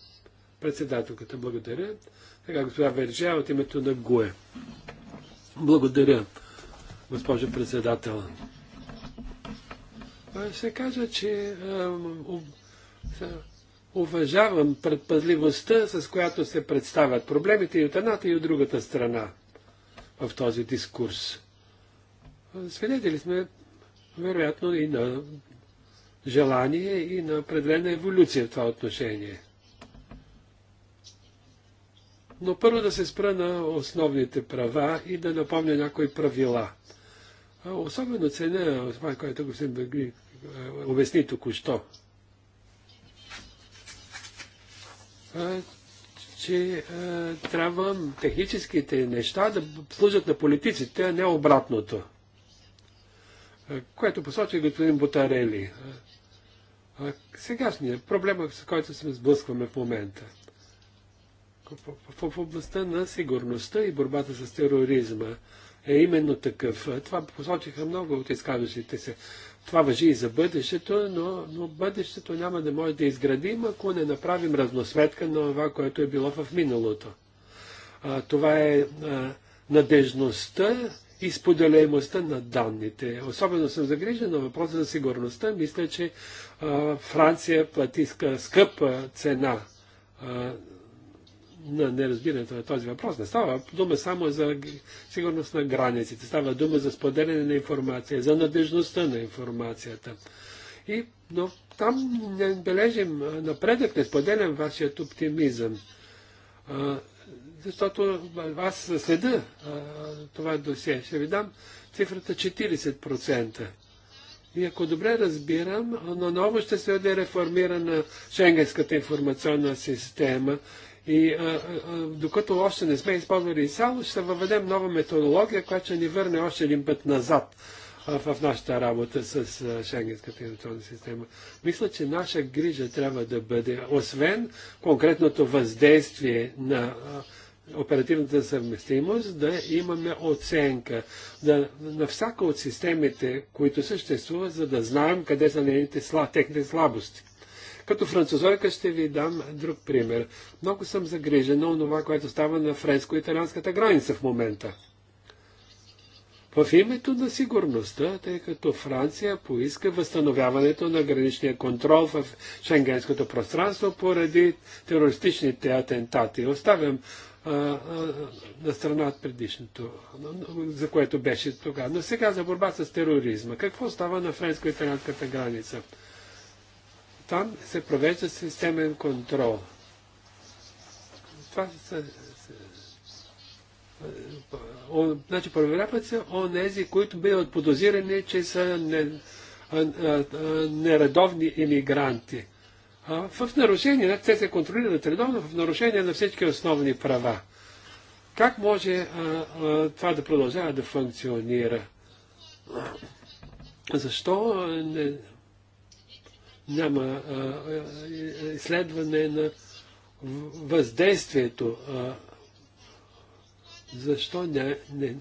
Председателката, благодаря. Така, госпожа Вержа, от името на ГУЕ. Благодаря, госпожо председател. Се каза, че уважавам предпазливостта, с която се представят проблемите и от едната, и от другата страна в този дискурс. Свидетели сме, вероятно, и на желание, и на определена еволюция в това отношение. Но първо да се спра на основните права и да напомня някои правила. Особено ценя това, което го обясни току-що. че трябва техническите неща да служат на политиците, а не обратното. Което посочи господин Бутарели. Сегашният проблем, с който се сблъскваме в момента. В областта на сигурността и борбата с тероризма е именно такъв. Това посочиха много от изказващите се. Това въжи и за бъдещето, но, но бъдещето няма да може да изградим, ако не направим разносметка на това, което е било в миналото. А, това е а, надежността и споделяемостта на данните. Особено съм загрижен на въпроса за сигурността. Мисля, че а, Франция плати скъпа цена на неразбирането на този въпрос. Не става дума само за сигурност на границите, става дума за споделяне на информация, за надежността на информацията. И, но там не бележим напредък, не споделям вашият оптимизъм. А, защото аз следа а, това досие. Ще ви дам цифрата 40%. И ако добре разбирам, наново ще се бъде реформирана Шенгенската информационна система и а, а, докато още не сме използвали изцяло, ще въведем нова методология, която ще ни върне още един път назад а, в нашата работа с а, Шенгенската инвестиционна система. Мисля, че наша грижа трябва да бъде, освен конкретното въздействие на а, оперативната съвместимост, да имаме оценка да, на всяка от системите, които съществуват, за да знаем къде са нейните, техните слабости. Като французойка ще ви дам друг пример. Много съм загрижена от това, което става на френско-италианската граница в момента. В името на сигурността, тъй като Франция поиска възстановяването на граничния контрол в шенгенското пространство поради терористичните атентати. Оставям а, а, на страна от предишното, за което беше тогава. Но сега за борба с тероризма. Какво става на френско-италианската граница? Там се провежда системен контрол. Това са значи проверяват се онези, които биват подозирани, че са не, а, а, а, нередовни иммигранти. А, в нарушение, те се контролират редовно, в нарушение на всички основни права. Как може а, а, това да продължава да функционира? Защо не, няма изследване на въздействието. А, защо не, не,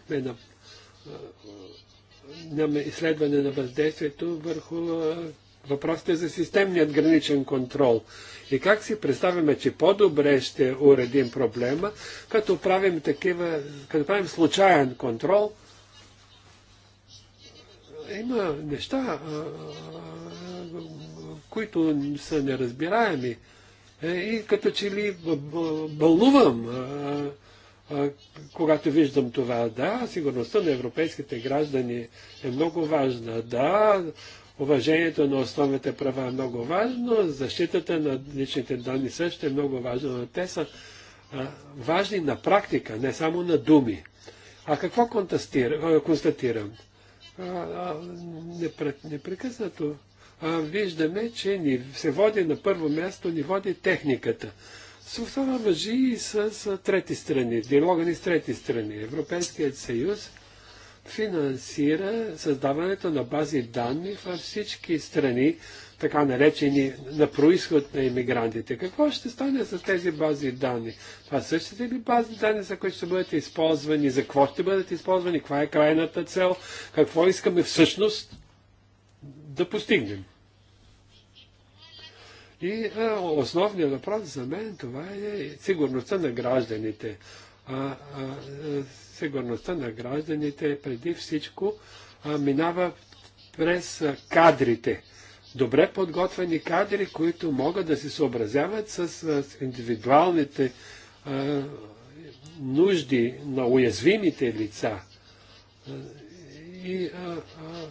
няма изследване на въздействието върху а, въпросите за системният граничен контрол? И как си представяме, че по-добре ще уредим проблема, като правим такива, като правим случайен контрол? Има неща, които са неразбираеми. Е, и като че ли балувам, когато виждам това. Да, сигурността на европейските граждани е много важна. Да, уважението на основните права е много важно, защитата на личните данни също е много важна, но те са важни на практика, не само на думи. А какво констатирам? непрекъснато виждаме, че ни се води на първо място, ни води техниката. Това въжи и с, с трети страни, диалога ни с трети страни. Европейският съюз финансира създаването на бази данни във всички страни, така наречени на происход на иммигрантите. Какво ще стане с тези бази данни? Това същите ли бази данни, за които ще бъдат използвани? За какво ще бъдат използвани? Каква е крайната цел? Какво искаме всъщност да постигнем. И а, основният въпрос за мен това е сигурността на гражданите. А, а, сигурността на гражданите преди всичко а, минава през кадрите. Добре подготвени кадри, които могат да се съобразяват с, с индивидуалните а, нужди на уязвимите лица. И а, а,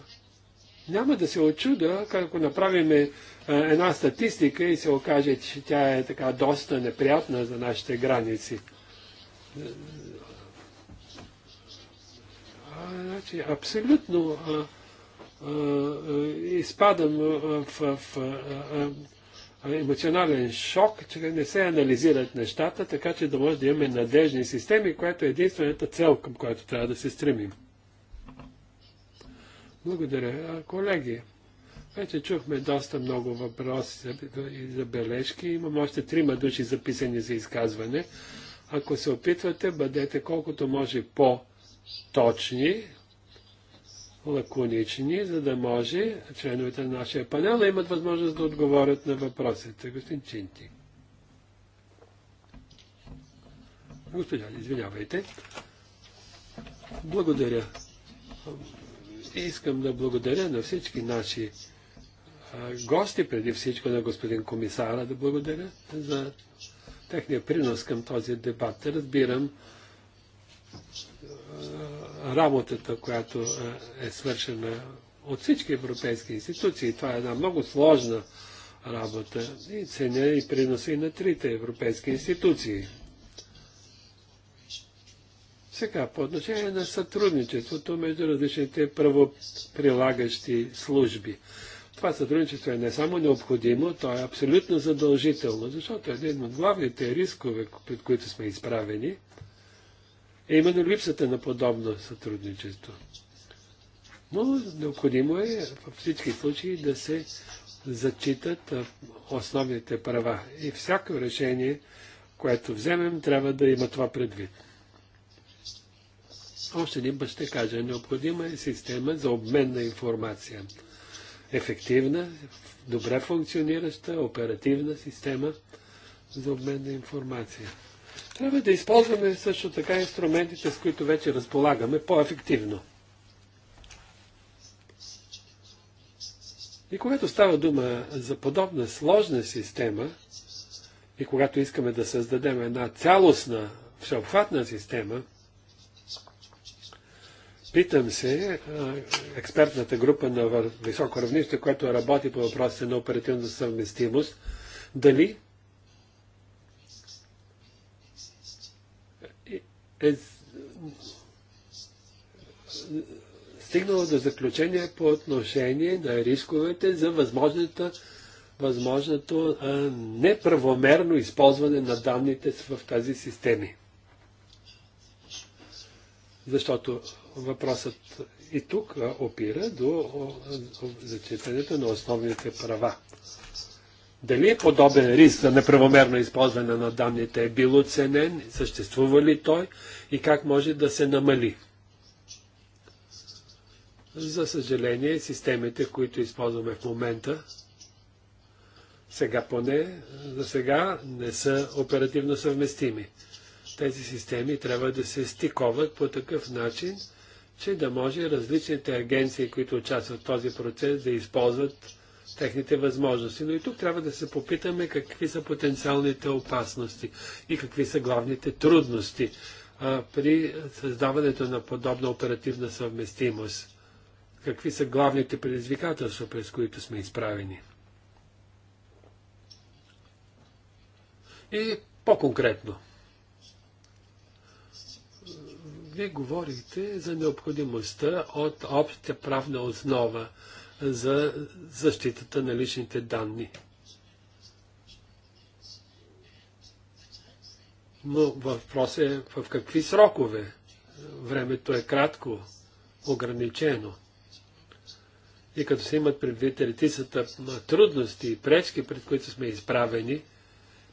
няма да се очуда, ако направим е, една статистика и се окаже, че тя е така доста неприятна за нашите граници. А, значи, абсолютно а, а, е, изпадам в, в, в а, емоционален шок, че не се анализират нещата, така че да може да имаме надежни системи, което е единствената цел, към която трябва да се стремим. Благодаря. Колеги, вече чухме доста много въпроси и забележки. Имам още трима души записани за изказване. Ако се опитвате, бъдете колкото може по-точни, лаконични, за да може членовете на нашия панел да имат възможност да отговорят на въпросите. Господин Чинти. Господин, извинявайте. Благодаря. Искам да благодаря на всички наши гости, преди всичко на господин комисара, да благодаря за техния принос към този дебат. Разбирам работата, която е свършена от всички европейски институции. Това е една много сложна работа и ценя и приноса и на трите европейски институции. Сега, по отношение на сътрудничеството между различните правоприлагащи служби. Това сътрудничество е не само необходимо, то е абсолютно задължително, защото един от главните рискове, пред които сме изправени, е именно липсата на подобно сътрудничество. Но необходимо е във всички случаи да се зачитат основните права. И всяко решение, което вземем, трябва да има това предвид. Още един път ще кажа, необходима е система за обмен на информация. Ефективна, добре функционираща, оперативна система за обмен на информация. Трябва да използваме също така инструментите, с които вече разполагаме по-ефективно. И когато става дума за подобна сложна система, и когато искаме да създадем една цялостна, всеобхватна система, Питам се, експертната група на високо равнище, която работи по въпросите на оперативна съвместимост, дали е, е стигнало до заключение по отношение на рисковете за възможната, възможното а, неправомерно използване на данните в тази системи. Защото въпросът и тук опира до зачитането на основните права. Дали е подобен риск за неправомерно използване на данните е бил оценен, съществува ли той и как може да се намали? За съжаление, системите, които използваме в момента, сега поне, за сега не са оперативно съвместими. Тези системи трябва да се стиковат по такъв начин, че да може различните агенции, които участват в този процес, да използват техните възможности. Но и тук трябва да се попитаме какви са потенциалните опасности и какви са главните трудности а, при създаването на подобна оперативна съвместимост. Какви са главните предизвикателства, през които сме изправени. И по-конкретно. Вие говорите за необходимостта от общата правна основа за защитата на личните данни. Но въпрос е в какви срокове. Времето е кратко, ограничено. И като се имат предвид редицата трудности и пречки, пред които сме изправени,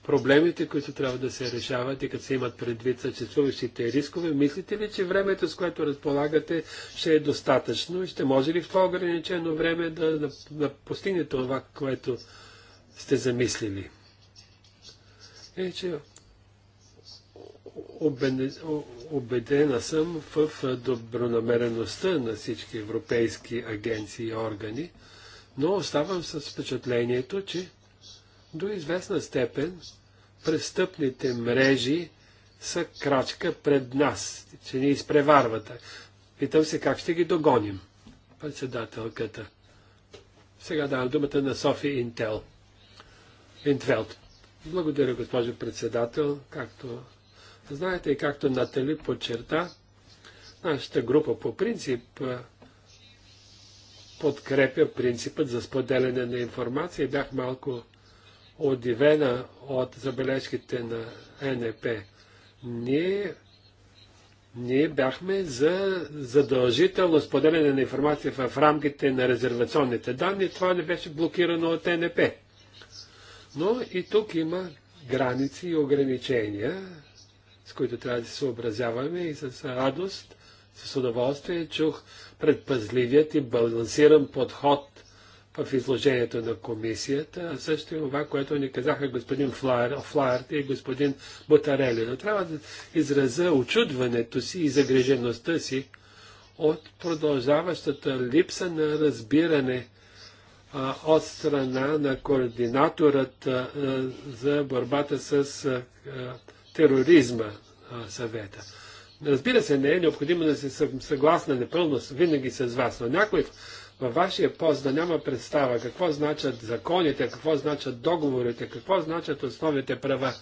проблемите, които трябва да се решават и като се имат предвид съществуващите рискове, мислите ли, че времето, с което разполагате, ще е достатъчно и ще може ли в това ограничено време да, да, да постигнете това, което сте замислили? Е, че убедена съм в добронамереността на всички европейски агенции и органи, но оставам с впечатлението, че до известна степен престъпните мрежи са крачка пред нас, че ни изпреварвате. Питам се как ще ги догоним, председателката. Сега давам думата на Софи Интел. Интвелт. Благодаря, госпожо председател. Както знаете и както Натали подчерта, нашата група по принцип подкрепя принципът за споделяне на информация. Бях малко удивена от забележките на НП. Ние, ние бяхме за задължително споделяне на информация в рамките на резервационните данни. Това не беше блокирано от НП. Но и тук има граници и ограничения, с които трябва да се съобразяваме и с радост, с удоволствие чух предпазливият и балансиран подход в изложението на комисията, а също и това, което ни казаха господин Фларт и господин Бутарели. Но трябва да израза очудването си и загрежеността си от продължаващата липса на разбиране а, от страна на координаторът а, за борбата с а, тероризма съвета. Разбира се, не е необходимо да се съгласна непълно винаги с вас, но някои във вашия пост да няма представа какво значат законите, какво значат договорите, какво значат основните права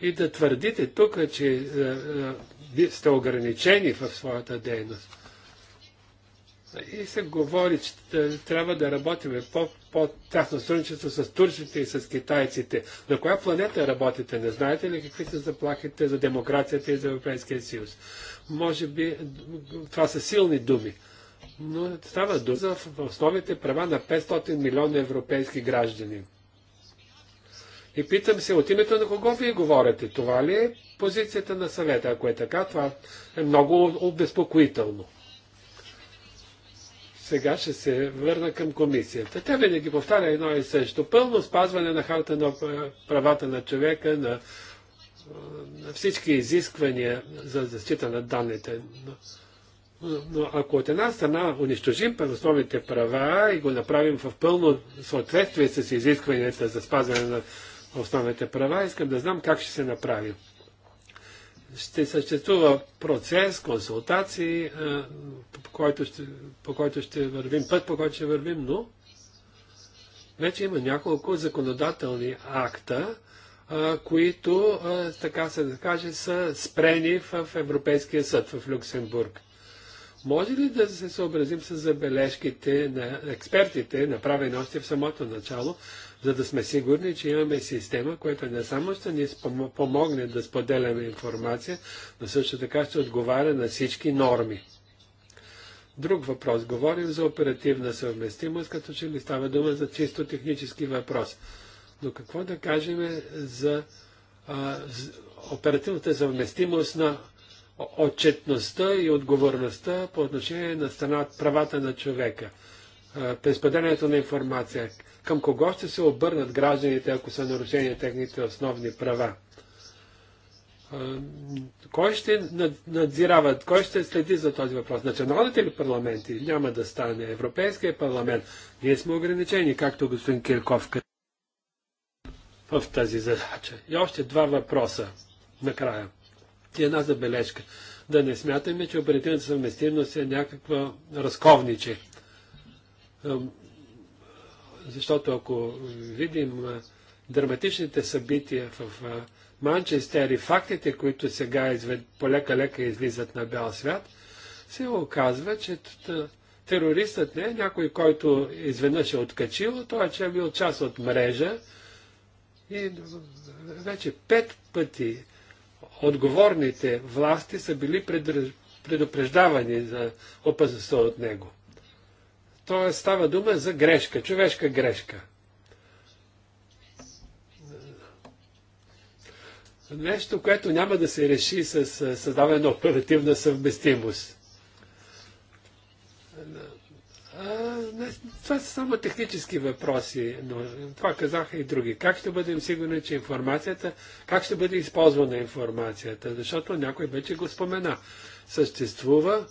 и да твърдите тук, че е, е, сте ограничени в своята дейност. И се говори, че е, трябва да работим по-тясно по сътрудничество с турците и с китайците. На коя планета работите? Не знаете ли какви са заплахите за демокрацията и за Европейския съюз? Може би това са силни думи но става дума за основните права на 500 милиона европейски граждани. И питам се, от името на кого вие говорите? Това ли е позицията на съвета? Ако е така, това е много обезпокоително. Сега ще се върна към комисията. Тя винаги повтаря едно и също. Пълно спазване на харта на правата на човека, на, на всички изисквания за защита на данните. Но ако от една страна унищожим основните права и го направим в пълно съответствие с изискванията за спазване на основните права, искам да знам как ще се направи. Ще съществува процес, консултации, по който ще, по който ще вървим, път по който ще вървим, но вече има няколко законодателни акта, които, така се да каже, са спрени в Европейския съд в Люксембург. Може ли да се съобразим с забележките на експертите, направени още в самото начало, за да сме сигурни, че имаме система, която не само ще ни помогне да споделяме информация, но също така ще отговаря на всички норми? Друг въпрос. Говорим за оперативна съвместимост, като че ли става дума за чисто технически въпрос. Но какво да кажем за а, оперативната съвместимост на отчетността и отговорността по отношение на страна, правата на човека, пресподелянето на информация, към кого ще се обърнат гражданите, ако са нарушени техните основни права. Кой ще надзирава, кой ще следи за този въпрос? Националните ли парламенти? Няма да стане. Европейския парламент. Ние сме ограничени, както господин Кирков в тази задача. И още два въпроса накрая. И една забележка. Да не смятаме, че оперативната съвместимост е някаква разковниче. Защото ако видим драматичните събития в Манчестер и фактите, които сега полека-лека излизат на бял свят, се оказва, че терористът не е някой, който изведнъж е откачил, той че е бил част от мрежа и вече пет пъти отговорните власти са били предупреждавани за опасността от него. Тоест става дума за грешка, човешка грешка. Нещо, което няма да се реши с създаване на оперативна съвместимост това са само технически въпроси, но това казаха и други. Как ще бъдем сигурни, че информацията, как ще бъде използвана информацията, защото някой вече го спомена. Съществува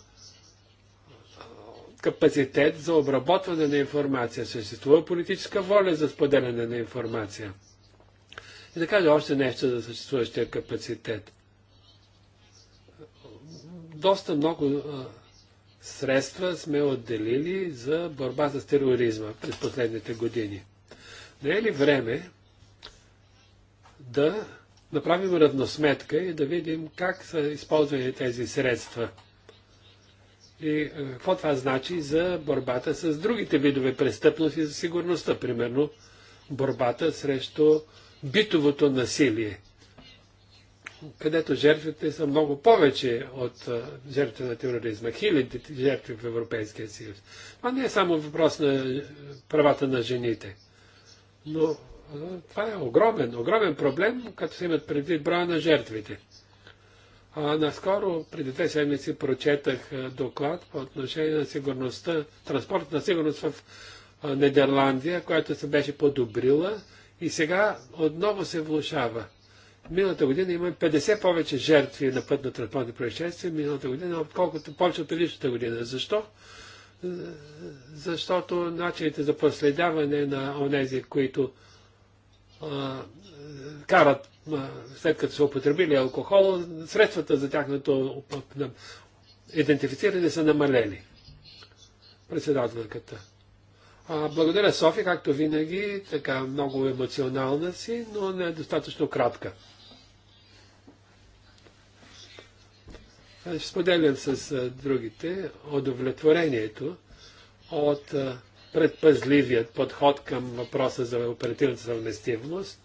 капацитет за обработване на информация, съществува политическа воля за споделяне на информация. И да кажа още нещо за съществуващия капацитет. Доста много средства сме отделили за борба с тероризма през последните години. Не е ли време да направим равносметка и да видим как са използвани тези средства? И е, какво това значи за борбата с другите видове престъпност и за сигурността, примерно борбата срещу битовото насилие където жертвите са много повече от жертвите на тероризма, хилядите жертви в Европейския съюз. Това не е само въпрос на е, правата на жените. Но това е огромен, огромен проблем, като се имат предвид броя на жертвите. А, наскоро, преди две седмици, прочетах доклад по отношение на сигурността, транспортна сигурност в Нидерландия, която се беше подобрила и сега отново се влушава. Миналата година има 50 повече жертви на пътно-транспортни происшествия, миналата година, отколкото повече от предишната година. Защо? Защото начините за проследяване на онези, които а, карат, а, след като са употребили алкохол, средствата за тяхното идентифициране са намалени. Председателката. А, благодаря Софи, както винаги, така много емоционална си, но не е достатъчно кратка. Ще споделям с другите удовлетворението от предпазливият подход към въпроса за оперативната съвместимост.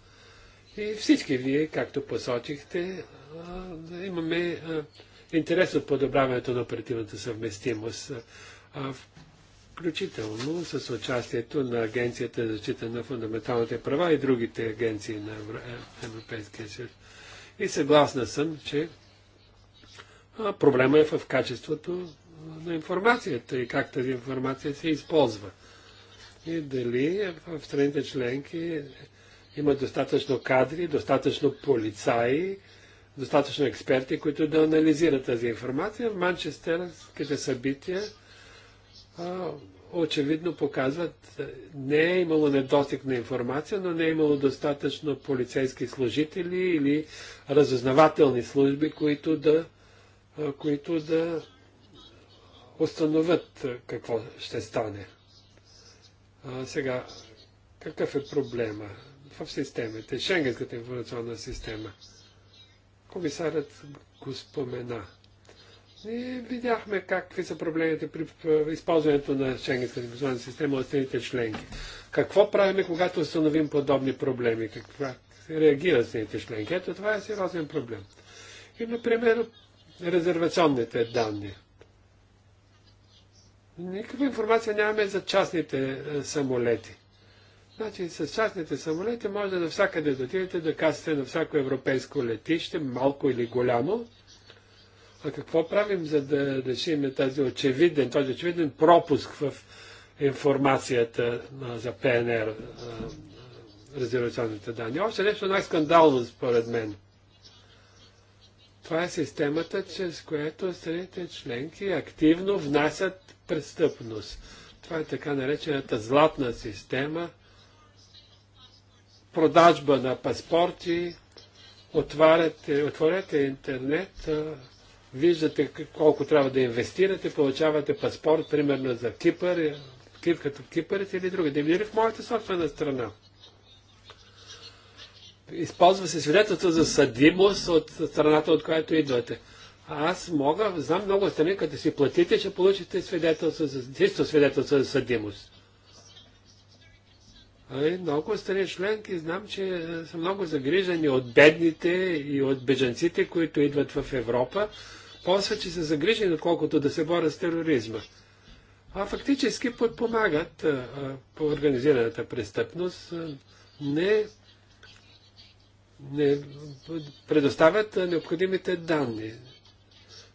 И всички вие, както посочихте, имаме интерес от подобряването на оперативната съвместимост, включително с участието на Агенцията за защита на фундаменталните права и другите агенции на Европейския съюз. И съгласна съм, че Проблема е в качеството на информацията и как тази информация се използва. И дали в страните членки има достатъчно кадри, достатъчно полицаи, достатъчно експерти, които да анализират тази информация. В Манчестерските събития очевидно показват, не е имало недостиг на информация, но не е имало достатъчно полицейски служители или разузнавателни служби, които да които да установят какво ще стане. А, сега, какъв е проблема в системите, Шенгенската информационна система? Комисарят го спомена. И видяхме какви са проблемите при използването на Шенгенската информационна система от страните членки. Какво правим, когато установим подобни проблеми? Каква реагира страните членки? Ето това е сериозен проблем. И, например, резервационните данни. Никаква информация нямаме за частните е, самолети. Значи с частните самолети може да всякъде да отидете, да касате на всяко европейско летище, малко или голямо. А какво правим, за да решим тази очевиден, този очевиден пропуск в информацията а, за ПНР, резервационните данни? Още нещо най-скандално според мен – това е системата, чрез която страните членки активно внасят престъпност. Това е така наречената златна система, продажба на паспорти, отваряте, отворете интернет, виждате колко трябва да инвестирате, получавате паспорт, примерно за Кипър, е, като Кипър или други. Да в моята собствена страна използва се свидетелство за съдимост от страната, от която идвате. А аз мога, знам много страни, като си платите, ще получите свидетелство за, чисто свидетелство за съдимост. И много страни членки знам, че е, са много загрижени от бедните и от бежанците, които идват в Европа. После, че са загрижени, отколкото да се борят с тероризма. А фактически подпомагат а, е, е, по организираната престъпност, а, не не предоставят необходимите данни.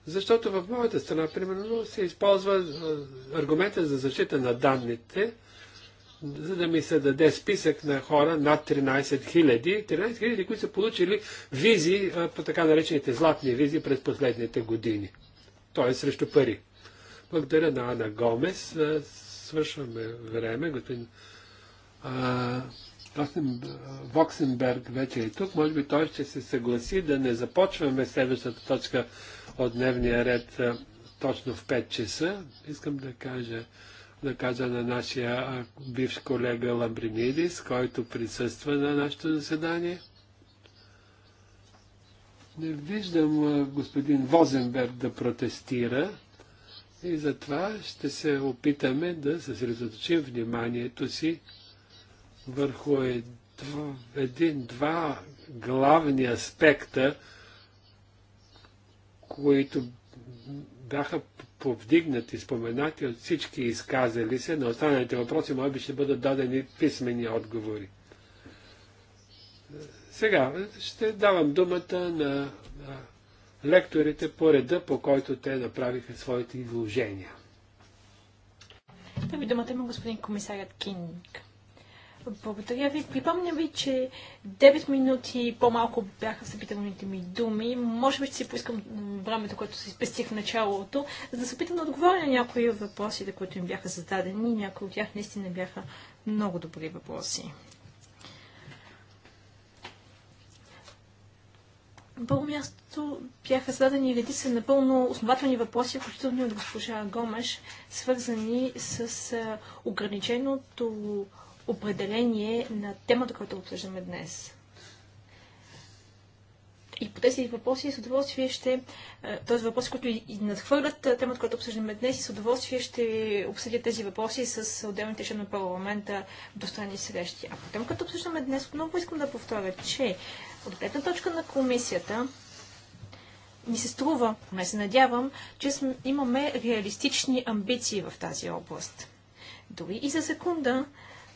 Защото в моята страна, примерно, се използва аргумента за защита на данните, за да ми се даде списък на хора над 13 000, 13 000, които са получили визи по така наречените златни визи през последните години. Тоест срещу пари. Благодаря на Ана Гомес. Свършваме време, господин. Воксенберг вече е тук. Може би той ще се съгласи да не започваме следващата точка от дневния ред точно в 5 часа. Искам да кажа, да кажа на нашия бивш колега Ламбринидис, който присъства на нашето заседание. Не виждам господин Возенберг да протестира и затова ще се опитаме да съсредоточим вниманието си върху един-два главни аспекта, които бяха повдигнати, споменати от всички изказали се. На останалите въпроси, може би, ще бъдат дадени писмени отговори. Сега ще давам думата на лекторите по реда, по който те направиха своите изложения. Първи думата има господин комисарят Кинг. Благодаря ви. Припомням ви, че 9 минути по-малко бяха съпитаните ми думи. Може би ще си поискам времето, което се спестих в началото, за да се опитам да отговоря на някои от въпросите, които им бяха зададени. Някои от тях наистина бяха много добри въпроси. На първо място бяха зададени редица напълно основателни въпроси, включително от госпожа Гомеш, свързани с ограниченото определение на темата, която обсъждаме днес. И по тези въпроси с удоволствие ще... Е, т.е. въпроси, които и надхвърлят е, темата, която обсъждаме днес и с удоволствие ще обсъдя тези въпроси с отделните членове на парламента в достойни срещи. А по темата, която обсъждаме днес, отново искам да повторя, че от гледна точка на комисията ми се струва, поне се надявам, че имаме реалистични амбиции в тази област. Дори и за секунда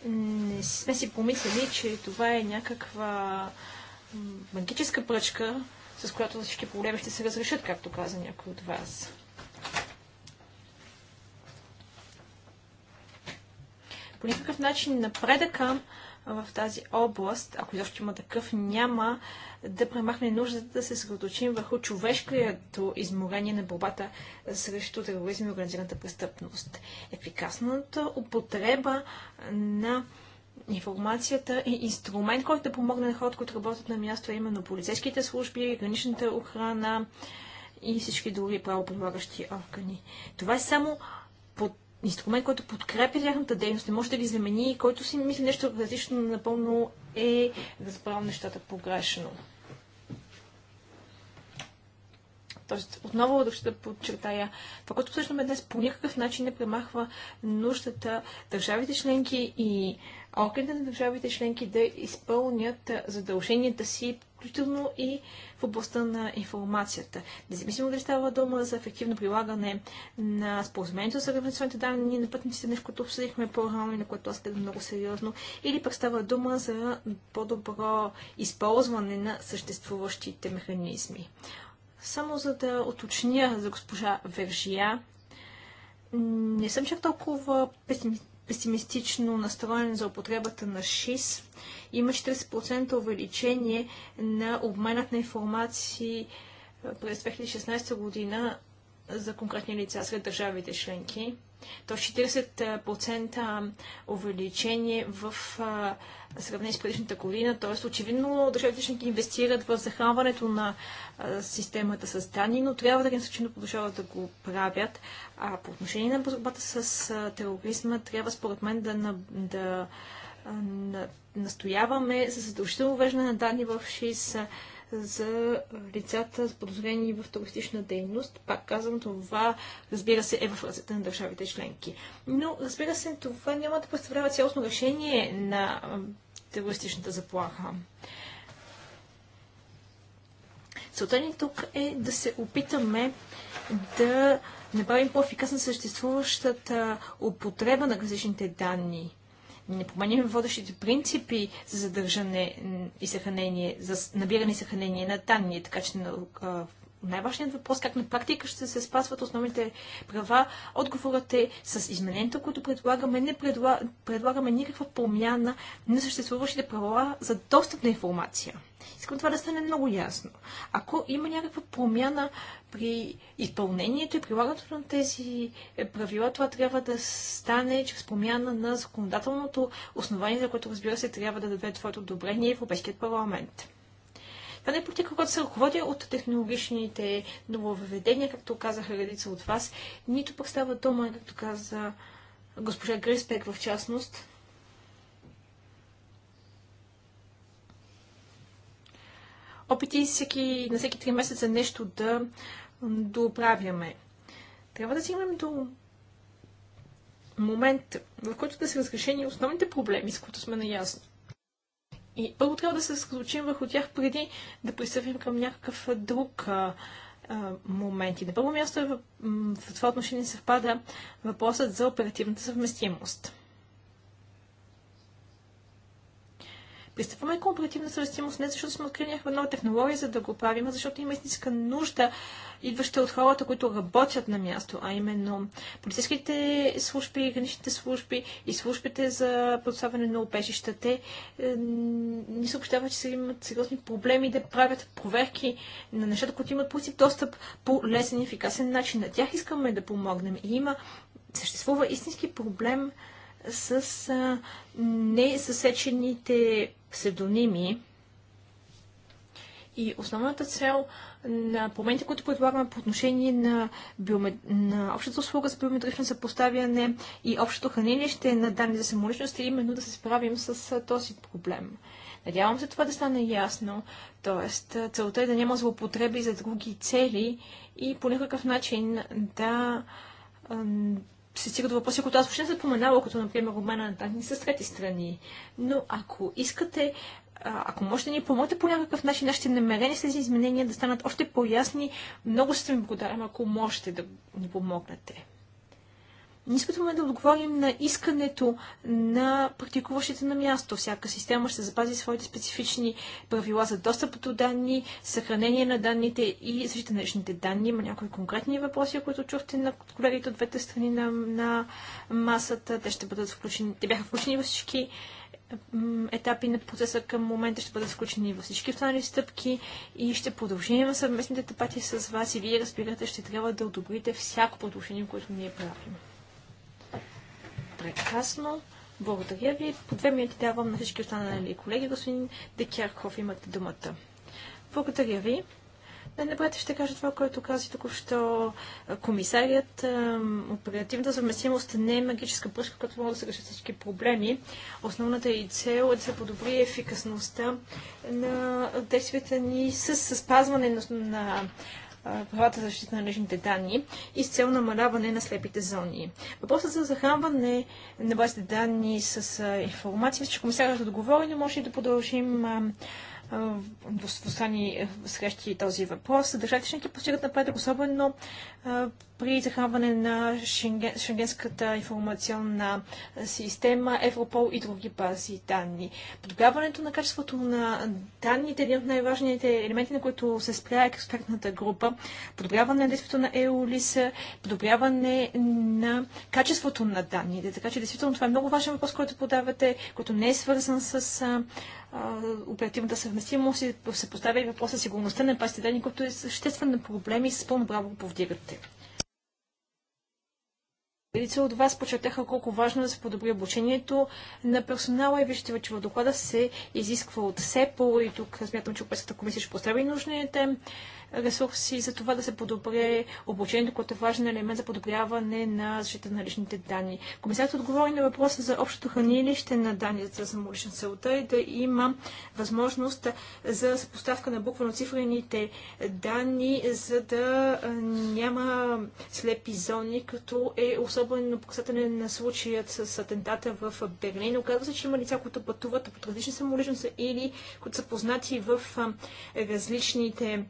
не сме си помислили, че това е някаква магическа пръчка, с която всички проблеми ще се разрешат, както каза някой от вас. По никакъв начин напредъка в тази област, ако изобщо има такъв, няма да премахне нуждата да се съсредоточим върху човешкото изморение на борбата срещу тероризъм и организираната престъпност. Ефикасната употреба на информацията и е инструмент, който да помогне на хората, които работят на място, именно полицейските служби, граничната охрана и всички други правоприлагащи органи. Това е само под инструмент, който подкрепя тяхната дейност, не може да ги замени и който си мисли нещо различно, напълно е да справя нещата погрешно. Тоест, отново ще подчертая, това, което всъщност днес по никакъв начин не премахва нуждата държавите членки и органите на държавите членки да изпълнят задълженията си включително и в областта на информацията. Независимо дали става дума за ефективно прилагане на споразумението за гравитационните данни на пътниците, нещо, което обсъдихме по-рано и на което аз гледам много сериозно, или пък става дума за по-добро използване на съществуващите механизми. Само за да уточня за госпожа Вержия, не съм чак толкова песимистична песимистично настроен за употребата на ШИС. Има 40% увеличение на обменът на информации през 2016 година за конкретни лица сред държавите членки. То 40% е увеличение в сравнение с предишната година. Т.е. очевидно държавите членки инвестират в захранването на системата с данни, но трябва да насочено продължават да го правят. А по отношение на борбата с тероризма, трябва според мен да, на, да на, настояваме за задължително веждане на данни в 6 за лицата с подозрени в туристична дейност. Пак казвам, това разбира се е в ръцете на държавите членки. Но разбира се, това няма да представлява цялостно решение на терористичната заплаха. Целта ни тук е да се опитаме да направим по-ефикасна съществуващата употреба на различните данни не променим водещите принципи за задържане и съхранение, за набиране и съхранение на данни, така че най-важният въпрос как на практика ще се спазват основните права, отговорът е с измененията, които предлагаме, не предла... предлагаме никаква промяна на съществуващите права за достъп на информация. Искам това да стане много ясно. Ако има някаква промяна при изпълнението и прилагането на тези правила, това трябва да стане чрез промяна на законодателното основание, за което разбира се трябва да даде твоето одобрение Европейският парламент. Това не е политика, която се ръководи от технологичните нововведения, както казаха редица от вас, нито пък става дума, както каза госпожа Гриспек в частност, опити всеки, на всеки три месеца нещо да доправяме. Трябва да стигнем до момент, в който да се разрешени основните проблеми, с които сме наясно. И първо трябва да се сключим върху тях преди да пристъпим към някакъв друг а, а, момент. И на първо място е в, в това отношение съвпада въпросът за оперативната съвместимост. Пристъпваме към оперативна съвестимост не защото сме открили някаква нова технология, за да го правим, а защото има истинска нужда, идваща от хората, които работят на място, а именно полицейските служби, граничните служби и службите за подставяне на обежища. Те е, ни съобщават, че се имат сериозни проблеми да правят проверки на нещата, които имат принцип достъп по лесен и ефикасен начин. На тях искаме да помогнем. И има, съществува истински проблем с а, несъсечените псевдоними. И основната цел на промените, които предлагаме по отношение на, биомет... на общата услуга за биометрично съпоставяне и общото хранилище на данни за самоличност е именно да се справим с този проблем. Надявам се това да стане ясно, т.е. целта е да няма злоупотреби за други цели и по някакъв начин да се стига до въпроси, които аз въобще не се поменала, като, например, обмена на данни с трети страни. Но ако искате, ако можете да ни помогнете по някакъв начин, нашите намерения с тези изменения да станат още по-ясни, много ще ви благодарим, ако можете да ни помогнете. Ние искаме да отговорим на искането на практикуващите на място. Всяка система ще запази своите специфични правила за достъп до данни, съхранение на данните и защита на личните данни. Има някои конкретни въпроси, които чухте на колегите от двете страни на, на масата. Те ще бъдат включени, те бяха включени във всички етапи на процеса към момента ще бъдат включени във всички останали стъпки и ще продължим съвместните дебати с вас и вие, разбирате, ще трябва да одобрите всяко продължение, което ние правим. Прекрасно. Благодаря ви. По две минути давам на всички останали колеги. Господин Декярков, имате думата. Благодаря ви. Най-напред ще кажа това, което каза тук, що комисарият. оперативната съвместимост не е магическа пръчка, която може да се решат всички проблеми. Основната и цел е да се подобри ефикасността на действията ни с спазване на, на правата за защита на личните данни и с цел намаляване на слепите зони. Въпросът за захранване на базите данни с информация, че комисарът отговори, но може и да продължим в двустранни срещи този въпрос. Държавите членки постигат напредък, особено при захранване на шенген, Шенгенската информационна система, Европол и други бази данни. Подобряването на качеството на данните е един от най-важните елементи, на които се спря експертната група. Подобряване на действието на EOLIS, подобряване на качеството на данните. Така че, действително, това е много важен въпрос, който подавате, който не е свързан с оперативната съвместимост и се поставя и въпроса сигурността на пасите данни, който е съществен проблем и с пълно право го повдигате. Редица от вас почетаха колко важно е да се подобри обучението на персонала и виждате, че в доклада се изисква от СЕПО и тук смятам, че Европейската комисия ще постави нужните ресурси за това да се подобре обучението, което е важен елемент за подобряване на защита на личните данни. Комисарът отговори на въпроса за общото хранилище на данните за самолична целта и да има възможност за съпоставка на буквено-цифрените данни, за да няма слепи зони, като е особено показателен на случаят с атентата в Берлин. Оказва се, че има лица, които пътуват по различни самоличности или които са познати в различните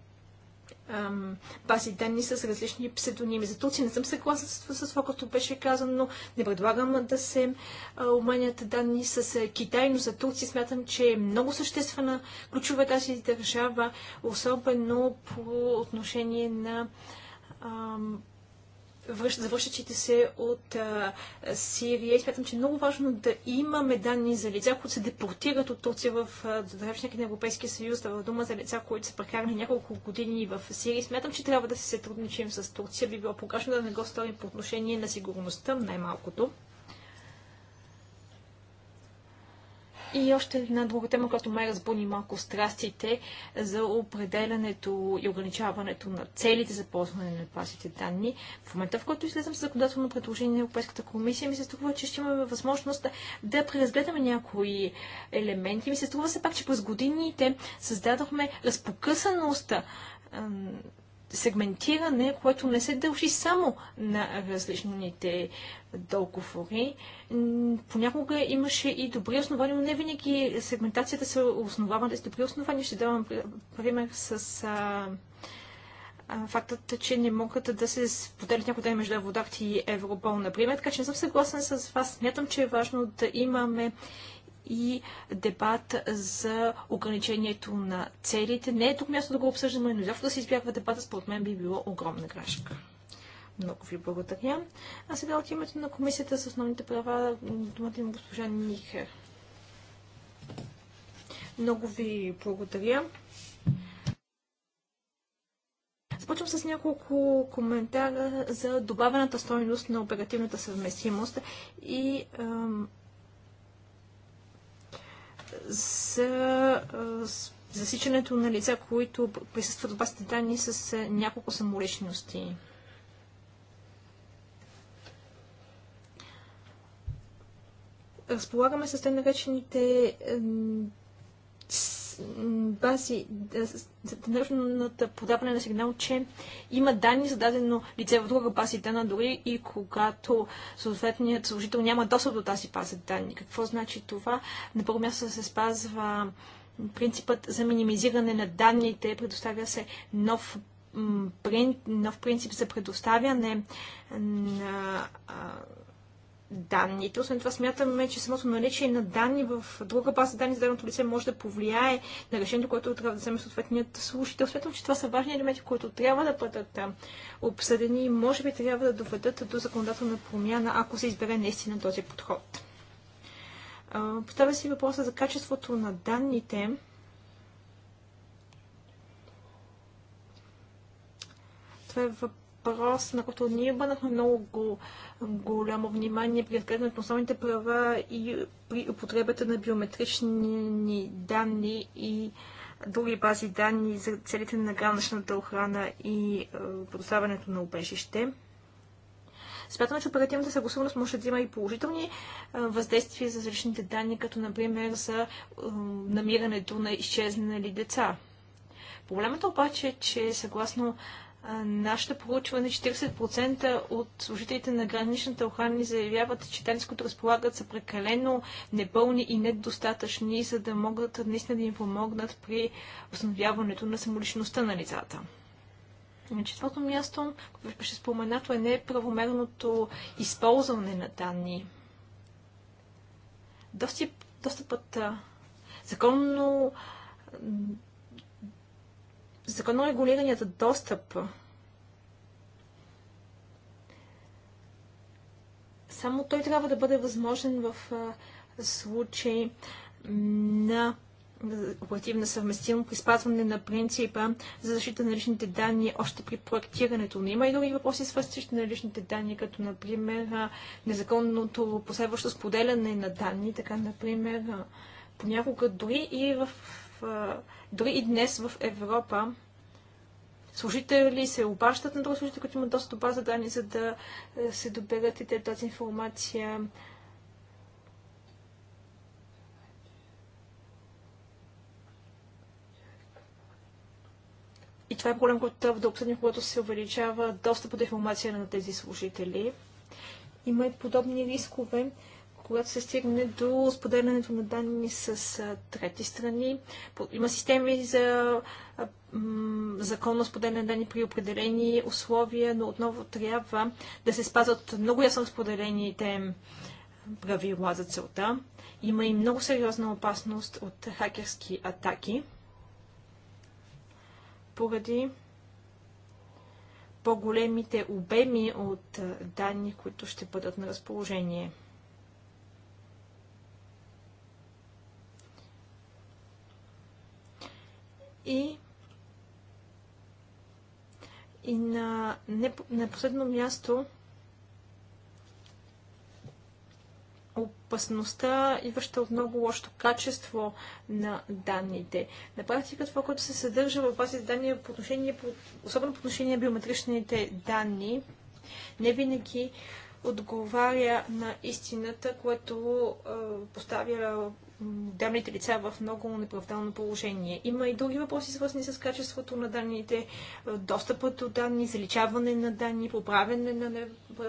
ам, бази данни с различни псевдоними. За Турци не съм съгласна с, с това, което беше казано. Не предлагам да се обменят данни с Китай, но за Турция смятам, че е много съществена ключова тази държава, особено по отношение на ам, завършачите се от а, Сирия. И смятам, че е много важно да имаме данни за лица, които се депортират от Турция в държавите на Европейския съюз. да дума за лица, които са прекарали няколко години в Сирия. И смятам, че трябва да се сътрудничим с Турция. Би било погашно да не го ставим по отношение на сигурността, най-малкото. И още една друга тема, която ме разбуни малко страстите за определянето и ограничаването на целите за ползване на пасите данни. В момента, в който излезем с законодателно предложение на Европейската комисия, ми се струва, че ще имаме възможност да преразгледаме някои елементи. Ми се струва се пак, че през годините създадохме разпокъсаността сегментиране, което не се дължи само на различните договори. Понякога имаше и добри основания, но не винаги сегментацията се основава с добри основания. Ще давам пример с а, а, фактът, че не могат да се споделят някои данни между Евродакт и Европол, например. Така че не съм съгласен с вас. Смятам, че е важно да имаме и дебат за ограничението на целите. Не е тук място да го обсъждаме, но изобщо да се избягва дебата, според мен би било огромна грешка. Много ви благодаря. А сега от името на комисията с основните права, думата има госпожа Нихер. Много ви благодаря. Започвам с няколко коментара за добавената стойност на оперативната съвместимост и ам, за засичането на лица, които присъстват в базите данни с няколко самоличности. разполагаме с те наречените бази за подаване на сигнал, че има данни за дадено лице в друга база данни, дори и когато съответният служител няма достъп до тази база данни. Какво значи това? На първо място се спазва принципът за минимизиране на данните, предоставя се нов нов принцип за предоставяне на данните. Освен това смятаме, че самото наличие на данни в друга база данни за даденото лице може да повлияе на решението, което трябва да вземе съответният служител. Смятам, че това са важни елементи, които трябва да бъдат обсъдени и може би трябва да доведат до законодателна промяна, ако се избере наистина този подход. Поставя си въпроса за качеството на данните. Това е въпрос въпрос, на който ние бъдахме много голямо внимание при разглеждането на основните права и при употребата на биометрични данни и други бази данни за целите на граничната охрана и е, предоставянето на убежище. Смятаме, че оперативната съгласуваност може да има и положителни е, въздействия за различните данни, като например за е, намирането на изчезнали деца. Проблемът обаче е, че съгласно нашето проучване 40% от служителите на граничната охрана ни заявяват, че тези, които разполагат, са прекалено непълни и недостатъчни, за да могат наистина да им помогнат при установяването на самоличността на лицата. На четвърто място, което беше споменато, е неправомерното използване на данни. Достъп, достъпът, законно законно регулираният достъп само той трябва да бъде възможен в случай на оперативна съвместимост при спазване на принципа за защита на личните данни още при проектирането. Но има и други въпроси, свързани на личните данни, като например незаконното последващо споделяне на данни, така например понякога дори и в дори и днес в Европа служители се обащат на други служители, които имат доста добра база за да се доберат и те тази информация. И това е проблем, който трябва да обсъдим, когато се увеличава достъп до информация на тези служители. Има и подобни рискове когато се стигне до споделянето на данни с трети страни. Има системи за законно споделяне на данни при определени условия, но отново трябва да се спазват много ясно споделените правила за целта. Има и много сериозна опасност от хакерски атаки поради по-големите обеми от данни, които ще бъдат на разположение. и и на, не, на последно място опасността, идваща от много лошо качество на данните. На практика това, което се съдържа в базите данни, е по отношение, по, особено по отношение на биометричните данни, не винаги отговаря на истината, което е, поставя данните лица в много неправдално положение. Има и други въпроси, свързани с качеството на данните, достъпът до данни, заличаване на данни, поправяне на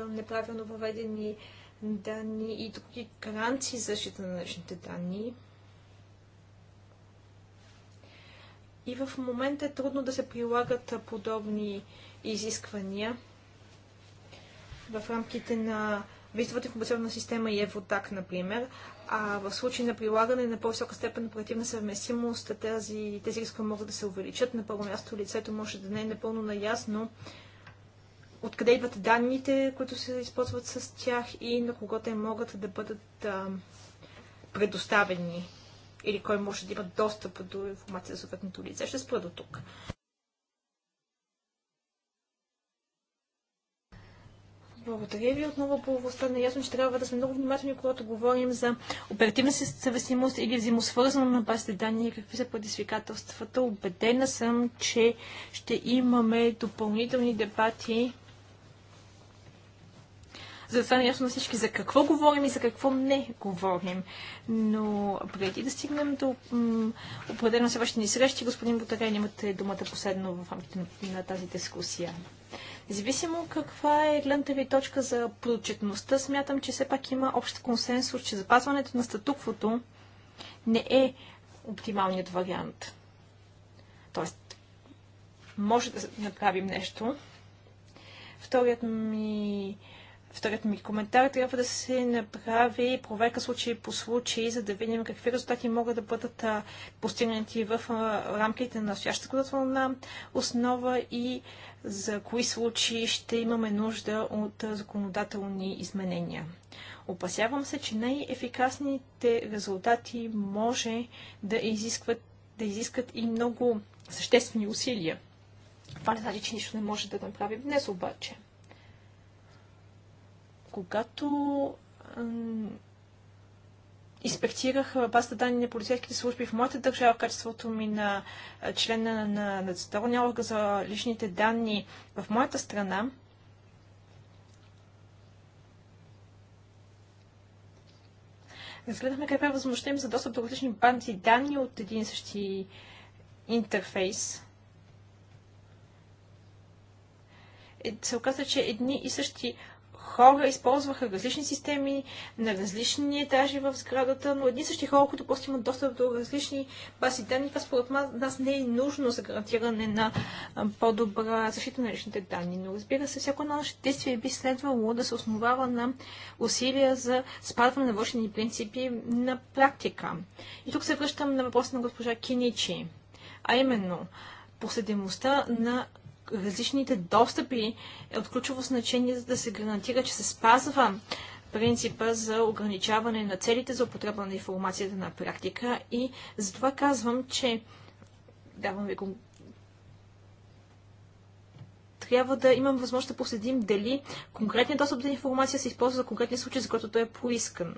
неправилно въведени данни и други гаранции за защита на личните данни. И в момента е трудно да се прилагат подобни изисквания в рамките на визовата информационна система и Евротак, например а в случай на прилагане на по-висока степен на оперативна съвместимост, тези, тези рискове могат да се увеличат. На първо място лицето може да не е напълно наясно откъде идват данните, които се използват с тях и на кого те могат да бъдат а, предоставени или кой може да има достъп до информация за съответното лице. Ще спра до тук. Благодаря ви отново по областта. Наясно, че трябва да сме много внимателни, когато говорим за оперативна съвестимост или взаимосвързано на базите данни и какви са предизвикателствата. Обедена съм, че ще имаме допълнителни дебати за да стане ясно на всички за какво говорим и за какво не говорим. Но преди да стигнем до определено следващите ни срещи, господин Бутарен, имате думата последно в рамките на тази дискусия. Зависимо каква е гледната ви точка за прочетността, смятам, че все пак има общ консенсус, че запазването на статуквото не е оптималният вариант. Тоест, може да направим нещо. Вторият ми Вторият ми коментар трябва да се направи проверка случай по случай, за да видим какви резултати могат да бъдат постигнати в рамките на настоящата законодателна основа и за кои случаи ще имаме нужда от законодателни изменения. Опасявам се, че най-ефикасните резултати може да изискват, да изискат и много съществени усилия. Това не значи, че нищо не може да направим днес обаче. Когато инспектирах базата данни на полицейските служби в моята държава в качеството ми на члена на националния орган за личните данни в моята страна, разгледахме как е възможността им за достъп до различни банци данни от един и същи интерфейс. Е, се оказа, че едни и същи хора използваха различни системи на различни етажи в сградата, но едни същи хора, които просто имат достъп до различни бази данни, това според нас не е нужно за гарантиране на по-добра защита на личните данни. Но разбира се, всяко едно наше действие би следвало да се основава на усилия за спазване на външни принципи на практика. И тук се връщам на въпроса на госпожа Киничи, а именно последимостта на различните достъпи е от ключово значение, за да се гарантира, че се спазва принципа за ограничаване на целите за употреба на информацията на практика и затова казвам, че давам ви го трябва да имам възможност да последим дали конкретният достъп до информация се използва за конкретния случай, за който той е поискан.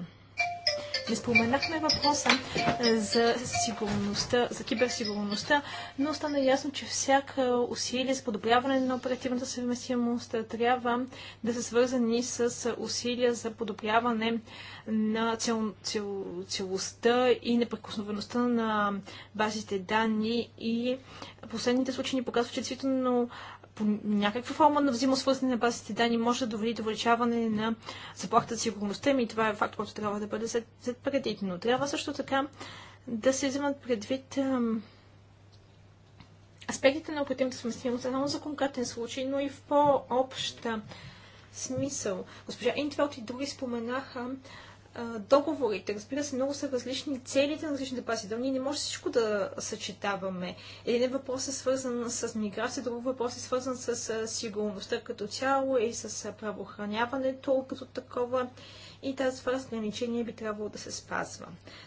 Не споменахме въпроса е, за сигурността, за киберсигурността, но стана ясно, че всяка усилие за подобряване на оперативната съвместимост трябва да са свързани с усилия за подобряване на цел, цел, целостта и непрекосновеността на базите данни и последните случаи ни показват, че действително по някаква форма на взаимосвързане на базите данни може да доведе до увеличаване на заплахата за сигурността ми. Това е факт, който трябва да бъде след предвид. Но трябва също така да се вземат предвид аспектите на оперативната съвместимост не само за конкретен случай, но и в по-обща смисъл. Госпожа Интвелт и други споменаха договорите. Разбира се, много са различни целите на различните бази данни и не може всичко да съчетаваме. Един е въпрос е свързан с миграция, друг въпрос е свързан с сигурността като цяло и с правоохраняването като такова. И тази това разграничение би трябвало да се спазва.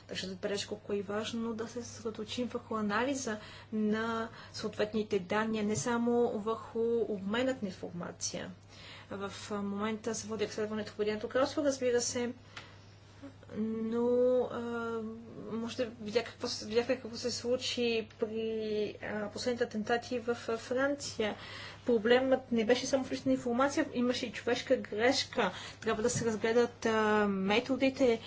Така да отбележа колко е важно да се съсредоточим върху анализа на съответните данни, не само върху обменът на информация. В момента се води разследването в Обединеното кралство, разбира се, но а, може да видях какво, видяхте какво се случи при а, последните атентати в а, Франция. Проблемът не беше само в лична информация, имаше и човешка грешка. Трябва да се разгледат а, методите,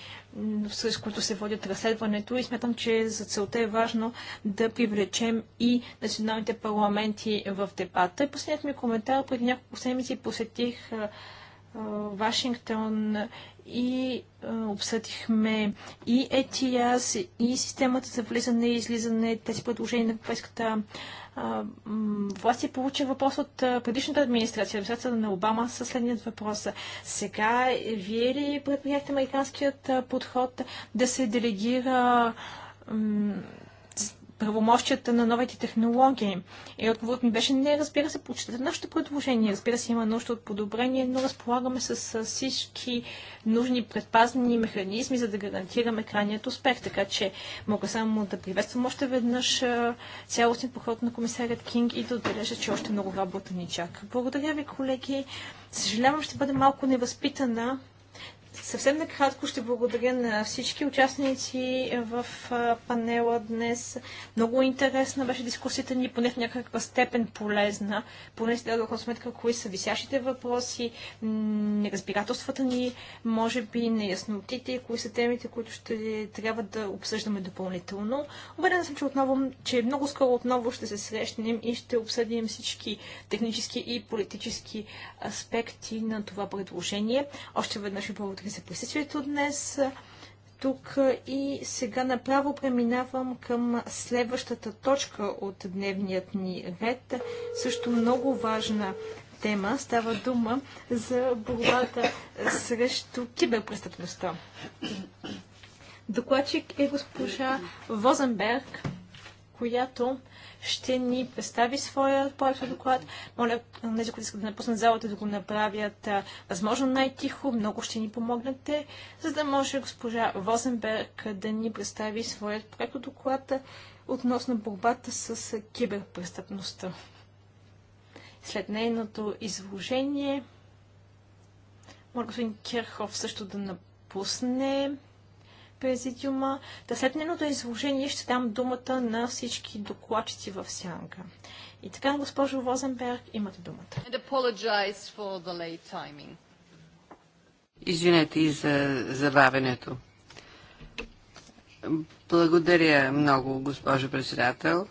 с които се водят разследването и смятам, че за целта е важно да привлечем и националните парламенти в дебата. И последният ми коментар, преди няколко седмици посетих а, Вашингтон и обсъдихме и ETIAS, и системата за влизане и излизане, тези предложения на Европейската власт и получи въпрос от предишната администрация, администрацията на Обама, със следният въпрос. Сега вие ли предприятите американският подход да се делегира правомощията на новите технологии. И отговорът ми беше не, разбира се, почитате нашите предложения, Разбира се, има нужда от подобрение, но разполагаме с, всички нужни предпазни механизми, за да гарантираме крайният успех. Така че мога само да приветствам още веднъж цялостният поход на комисарят Кинг и да отбележа, че още много работа ни чака. Благодаря ви, колеги. Съжалявам, ще бъда малко невъзпитана, Съвсем накратко ще благодаря на всички участници в панела днес. Много интересна беше дискусията ни, поне в някаква степен полезна. Поне си дадох сметка кои са висящите въпроси, неразбирателствата ни, може би неяснотите, кои са темите, които ще трябва да обсъждаме допълнително. Убедена съм, че, отново, че много скоро отново ще се срещнем и ще обсъдим всички технически и политически аспекти на това предложение. Още веднъж ви благодаря ви за присъствието днес тук и сега направо преминавам към следващата точка от дневният ни ред. Също много важна тема. Става дума за борбата срещу киберпрестъпността. Докладчик е госпожа Возенберг, която ще ни представи своя проект доклад. Моля, тези, които искат да напуснат залата, да го направят възможно най-тихо. Много ще ни помогнете, за да може госпожа Возенберг да ни представи своят проект доклад относно борбата с киберпрестъпността. След нейното изложение, моля господин Кирхов също да напусне президиума. Да след нейното изложение ще дам думата на всички докладчици в сянка. И така, госпожо Возенберг, имате думата. Извинете и за забавенето. Благодаря много, госпожо председател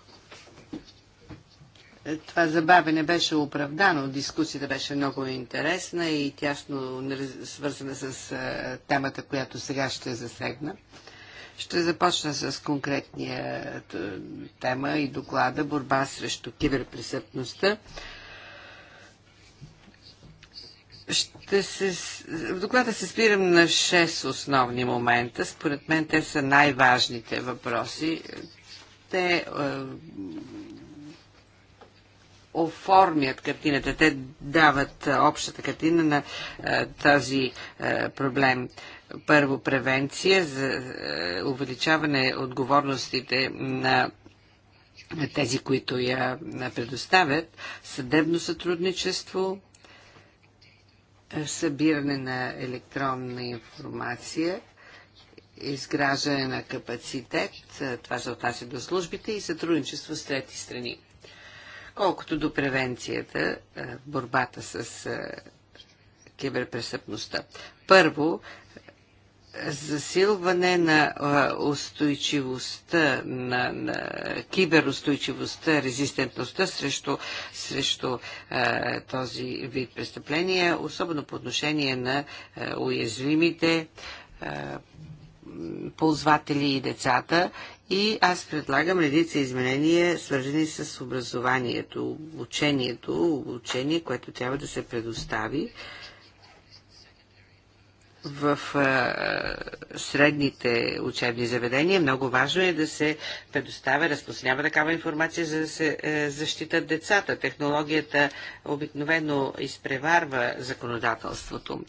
това забавене беше оправдано. Дискусията беше много интересна и тясно нали, свързана с темата, която сега ще засегна. Ще започна с конкретния тема и доклада борба срещу киберпресъпността. Ще се... В доклада се спирам на 6 основни момента. Според мен те са най-важните въпроси. Те оформят картината, те дават общата картина на този проблем първо превенция, за увеличаване отговорностите на тези, които я предоставят, съдебно сътрудничество, събиране на електронна информация, изграждане на капацитет, това се отнася до службите и сътрудничество с трети страни. Колкото до превенцията, е, борбата с е, киберпрестъпността. Първо, засилване на е, устойчивостта, на, на киберустойчивостта, резистентността срещу, срещу а, този вид престъпления, особено по отношение на а, уязвимите а, ползватели и децата и аз предлагам редица изменения, свързани с образованието, учението, обучение, което трябва да се предостави в средните учебни заведения. Много важно е да се предоставя, разпространява такава информация, за да се е, защитат децата. Технологията обикновено изпреварва законодателството.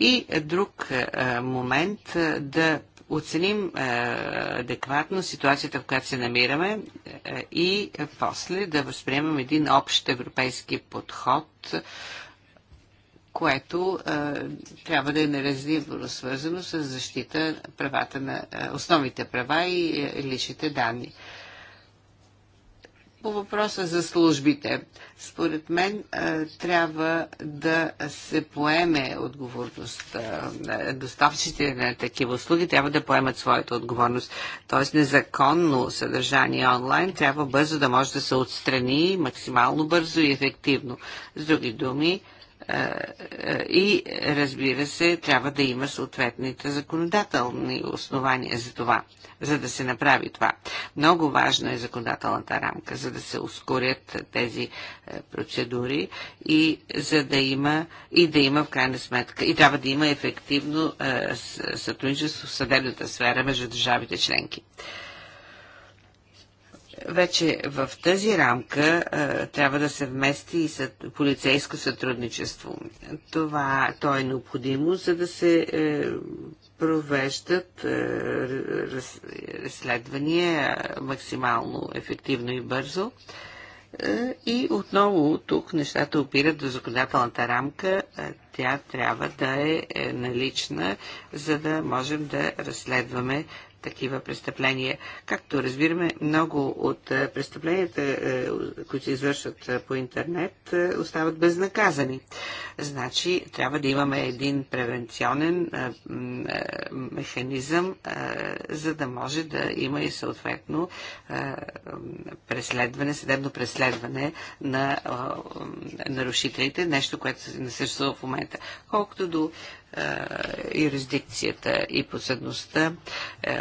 И друг е, момент е, да оценим е, адекватно ситуацията, в която се намираме е, и после да възприемем един общ европейски подход, което е, трябва да е неразривно свързано с защита правата на основните права и личните данни. По въпроса за службите, според мен трябва да се поеме отговорност. Доставчите на такива услуги трябва да поемат своята отговорност. Тоест незаконно съдържание онлайн трябва бързо да може да се отстрани максимално бързо и ефективно. С други думи, и разбира се, трябва да има съответните законодателни основания за това, за да се направи това. Много важна е законодателната рамка, за да се ускорят тези е, процедури и за да има и да има в крайна сметка и трябва да има ефективно е, сътрудничество в съдебната сфера между държавите членки. Вече в тази рамка а, е, трябва да се вмести и съд, полицейско сътрудничество. Това то е необходимо, за да се е, провеждат е, разследвания е, максимално ефективно и бързо. Е, и отново тук нещата опират до законодателната рамка. Е, тя трябва да е налична, за да можем да разследваме такива престъпления. Както разбираме, много от е, престъпленията, е, които се извършват е, по интернет, остават безнаказани. Значи, трябва да имаме един превенционен механизъм, за да може да има и съответно преследване, съдебно преследване на нарушителите, нещо, което не съществува в момента. Колкото до е, юрисдикцията и посъдността. Е,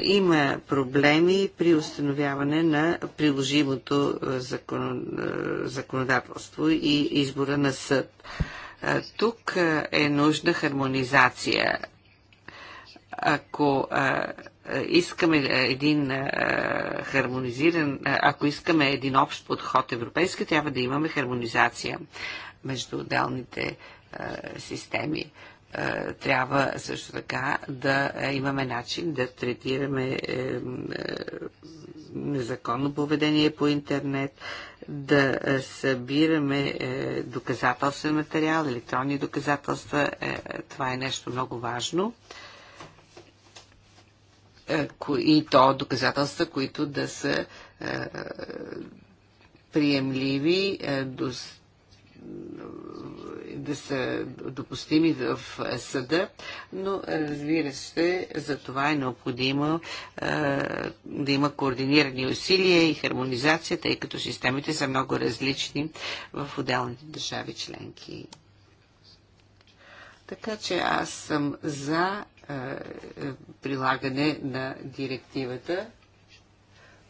има проблеми при установяване на приложимото е, законодателство и избора на съд. Тук е нужна хармонизация. Ако искаме един хармонизиран, ако искаме един общ подход европейски, трябва да имаме хармонизация между отделните е, системи. Е, трябва също така да имаме начин да третираме е, незаконно поведение по интернет, да събираме доказателствен материал, електронни доказателства. Това е нещо много важно и то доказателства, които да са приемливи да са допустими в е, съда, но разбира се, за това е необходимо е, да има координирани усилия и хармонизация, тъй като системите са много различни в отделните държави членки. Така че аз съм за е, прилагане на директивата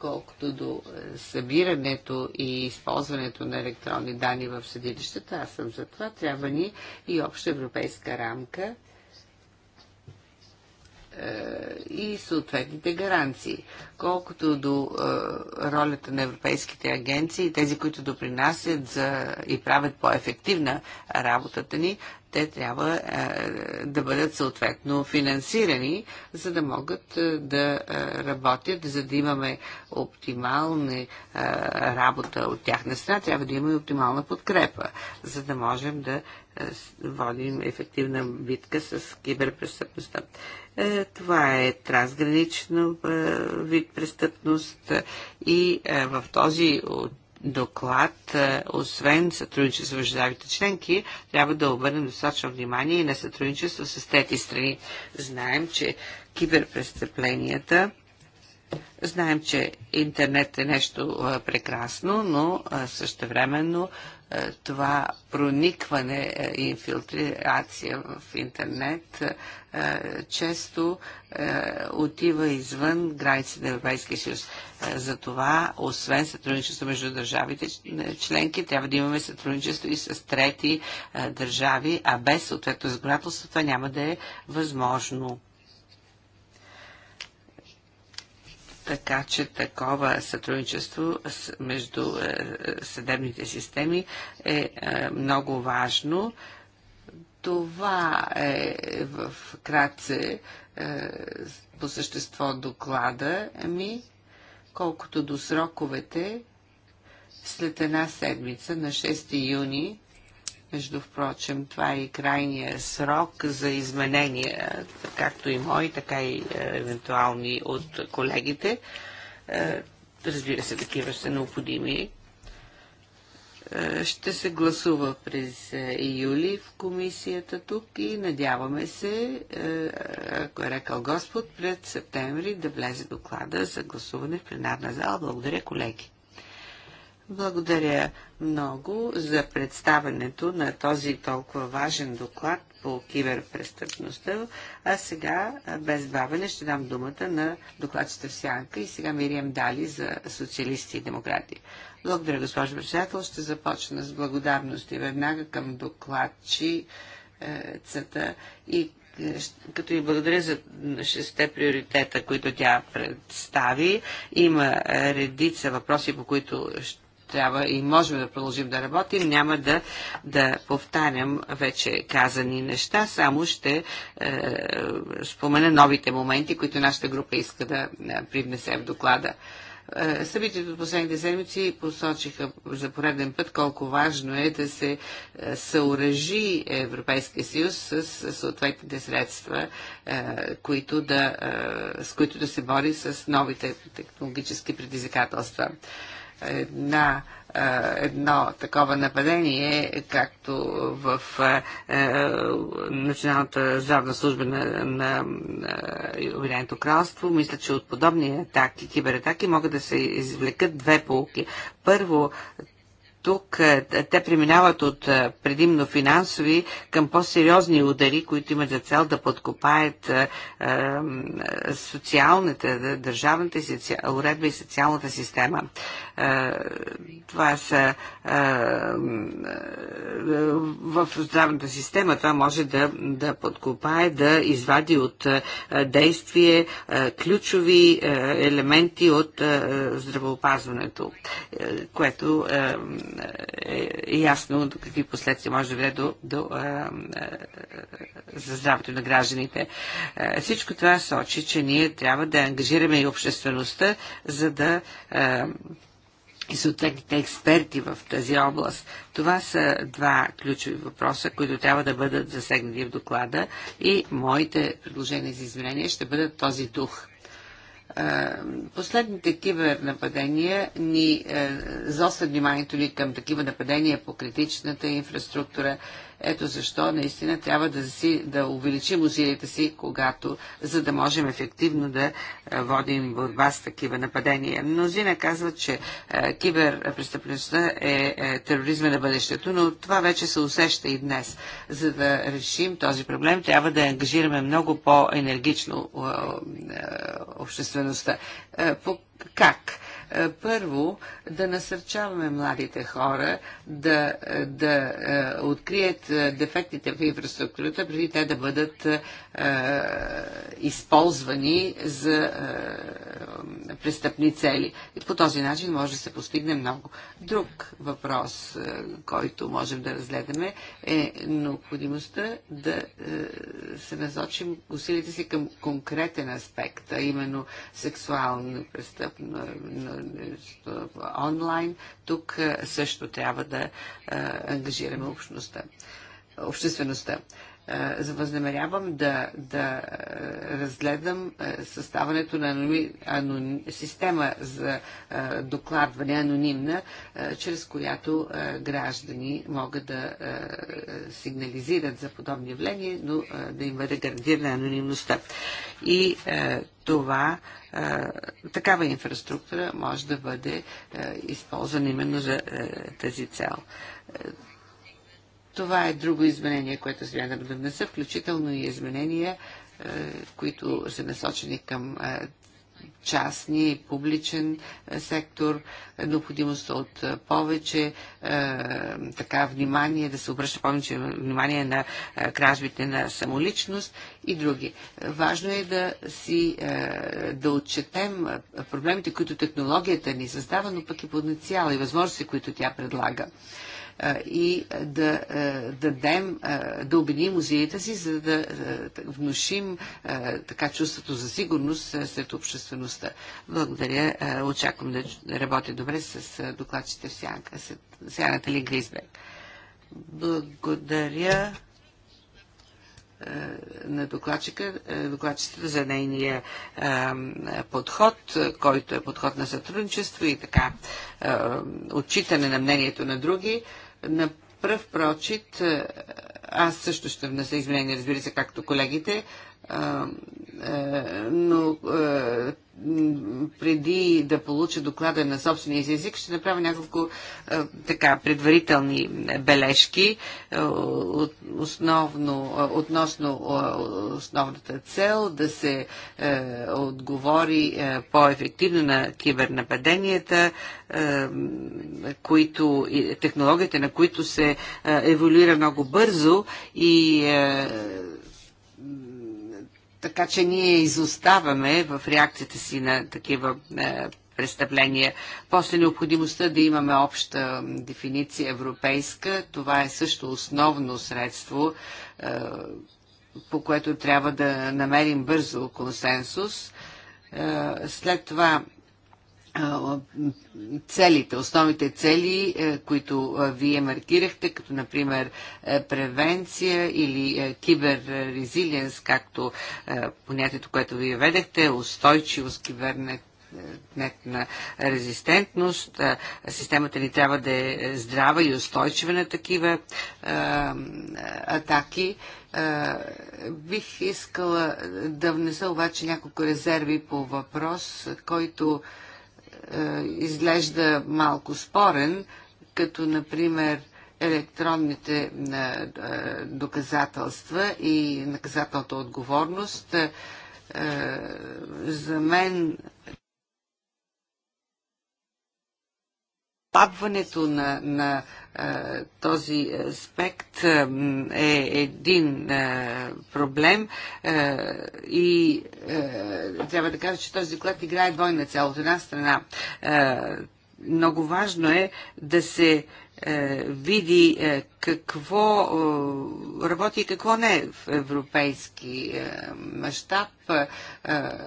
Колкото до е, събирането и използването на електронни данни в съдилищата, аз съм за това. Трябва ни и обща европейска рамка – е, и съответните гаранции. Колкото до е, ролята на европейските агенции, тези, които допринасят за и правят по-ефективна работата ни, те трябва е, да бъдат съответно финансирани, за да могат да работят, за да имаме оптимална работа от тяхна страна, трябва да имаме оптимална подкрепа, за да можем да водим ефективна битка с киберпрестъпността. Е, това е трансгранично е, вид престъпност е, и в този доклад, освен сътрудничество с държавите членки, трябва да обърнем достатъчно внимание и на сътрудничество с трети страни. Знаем, че киберпрестъпленията Знаем, че интернет е нещо прекрасно, но също времено е, това проникване и е, инфилтрация в интернет е, често отива извън границите на Европейския съюз. Затова, освен сътрудничество между държавите членки, трябва да имаме сътрудничество и с трети държави, а без съответно законодателство това няма да е възможно. така че такова сътрудничество между е, съдебните системи е, е много важно. Това е в кратце е, по същество доклада ми, колкото до сроковете, след една седмица, на 6 юни, между впрочем, това е и крайния срок за изменения, както и мои, така и е, евентуални от колегите. Е, разбира се, такива са необходими. Е, ще се гласува през июли в комисията тук и надяваме се, ако е рекал Господ, пред септември да влезе доклада за гласуване в пленарна зала. Благодаря, колеги. Благодаря много за представенето на този толкова важен доклад по киберпрестъпността. А сега, без бавене, ще дам думата на докладчета в Сянка и сега Мирием Дали за социалисти и демократи. Благодаря, госпожо председател. Ще започна с благодарност и веднага към докладчицата и е, като и благодаря за шесте приоритета, които тя представи. Има редица въпроси, по които ще трябва и можем да продължим да работим. Няма да, да повтарям вече казани неща, само ще е, спомена новите моменти, които нашата група иска да е, привнесе в доклада. Е, Събитието от последните седмици посочиха за пореден път колко важно е да се е, съоръжи Европейския съюз с съответните средства, които да, с които да се бори с новите технологически предизвикателства една едно такова нападение, както в е, Националната здравна служба на, на Обединеното кралство. Мисля, че от подобни атаки, кибератаки, могат да се извлекат две полки. Първо, тук те преминават от предимно финансови към по-сериозни удари, които имат за цел да подкопаят социалната, държавната уредба и социалната система. Е, това са е, в здравната система. Това може да, да подкопае, да извади от е, действие ключови елементи от здравеопазването, което е ясно до какви последствия може да до, до, за здравето на гражданите. Всичко това сочи, че ние трябва да ангажираме и обществеността, за да и съответните експерти в тази област. Това са два ключови въпроса, които трябва да бъдат засегнати в доклада и моите предложения за изменение ще бъдат този дух. Последните кибернападения ни е, заострят вниманието ни към такива нападения по критичната инфраструктура ето защо наистина трябва да, си, да увеличим усилията си, когато, за да можем ефективно да е, водим борба с такива нападения. Мнозина казват, че е, киберпрестъпността е, е тероризма на бъдещето, но това вече се усеща и днес. За да решим този проблем, трябва да ангажираме много по-енергично обществеността. По как? Е, първо, да насърчаваме младите хора да, е, да е, открият дефектите в инфраструктурата, преди те да бъдат е, използвани за е, престъпни цели. И по този начин може да се постигне много. Друг въпрос, който можем да разгледаме, е необходимостта да се насочим усилите си към конкретен аспект, а именно сексуално престъпно онлайн. Тук също трябва да ангажираме общността обществеността. Е, възнамерявам да, да е, разгледам е, съставането на аноним, аноним, система за докладване анонимна, чрез която граждани могат да сигнализират за подобни явления, но да им бъде гарантирана анонимността. И това, такава инфраструктура може да бъде използвана именно за тази цел. Това е друго изменение, което смятам да внеса, включително и изменения, е, които са насочени към е, частния публичен е, сектор, необходимост от повече така внимание, да се обръща повече внимание на кражбите на самоличност и други. Важно е да си да отчетем проблемите, които технологията ни създава, но пък и потенциал и възможности, които тя предлага и да дадем, да обединим усилията си, за да внушим така чувството за сигурност сред обществеността. Благодаря. Очаквам да работя добре с докладчите в сянка, с сяната ли Гризбек. Благодаря на докладчика, докладчицата за нейния подход, който е подход на сътрудничество и така отчитане на мнението на други. На пръв прочит, аз също ще внеса изменения, разбира се, както колегите, но преди да получа доклада на собствения си език, ще направя няколко така предварителни бележки основно, относно основната цел да се отговори по-ефективно на кибернападенията, които, технологията на които се еволюира много бързо и така че ние изоставаме в реакцията си на такива е, представления. После необходимостта да имаме обща дефиниция европейска, това е също основно средство, е, по което трябва да намерим бързо консенсус. Е, след това целите, основните цели, е, които вие маркирахте, като например е, превенция или е, киберрезилиенс, както понятието, което вие ведехте, устойчивост, кибернет резистентност. Системата ни трябва да е здрава и устойчива на такива атаки. бих искала да внеса обаче няколко резерви по въпрос, който е, изглежда малко спорен, като например електронните е, е, доказателства и наказателната отговорност. За мен Папването на, на а, този аспект а, е един а, проблем а, и а, трябва да кажа, че този доклад играе двойна цяло. От една страна, а, много важно е да се е, види е, какво е, работи и какво не е в европейски мащаб,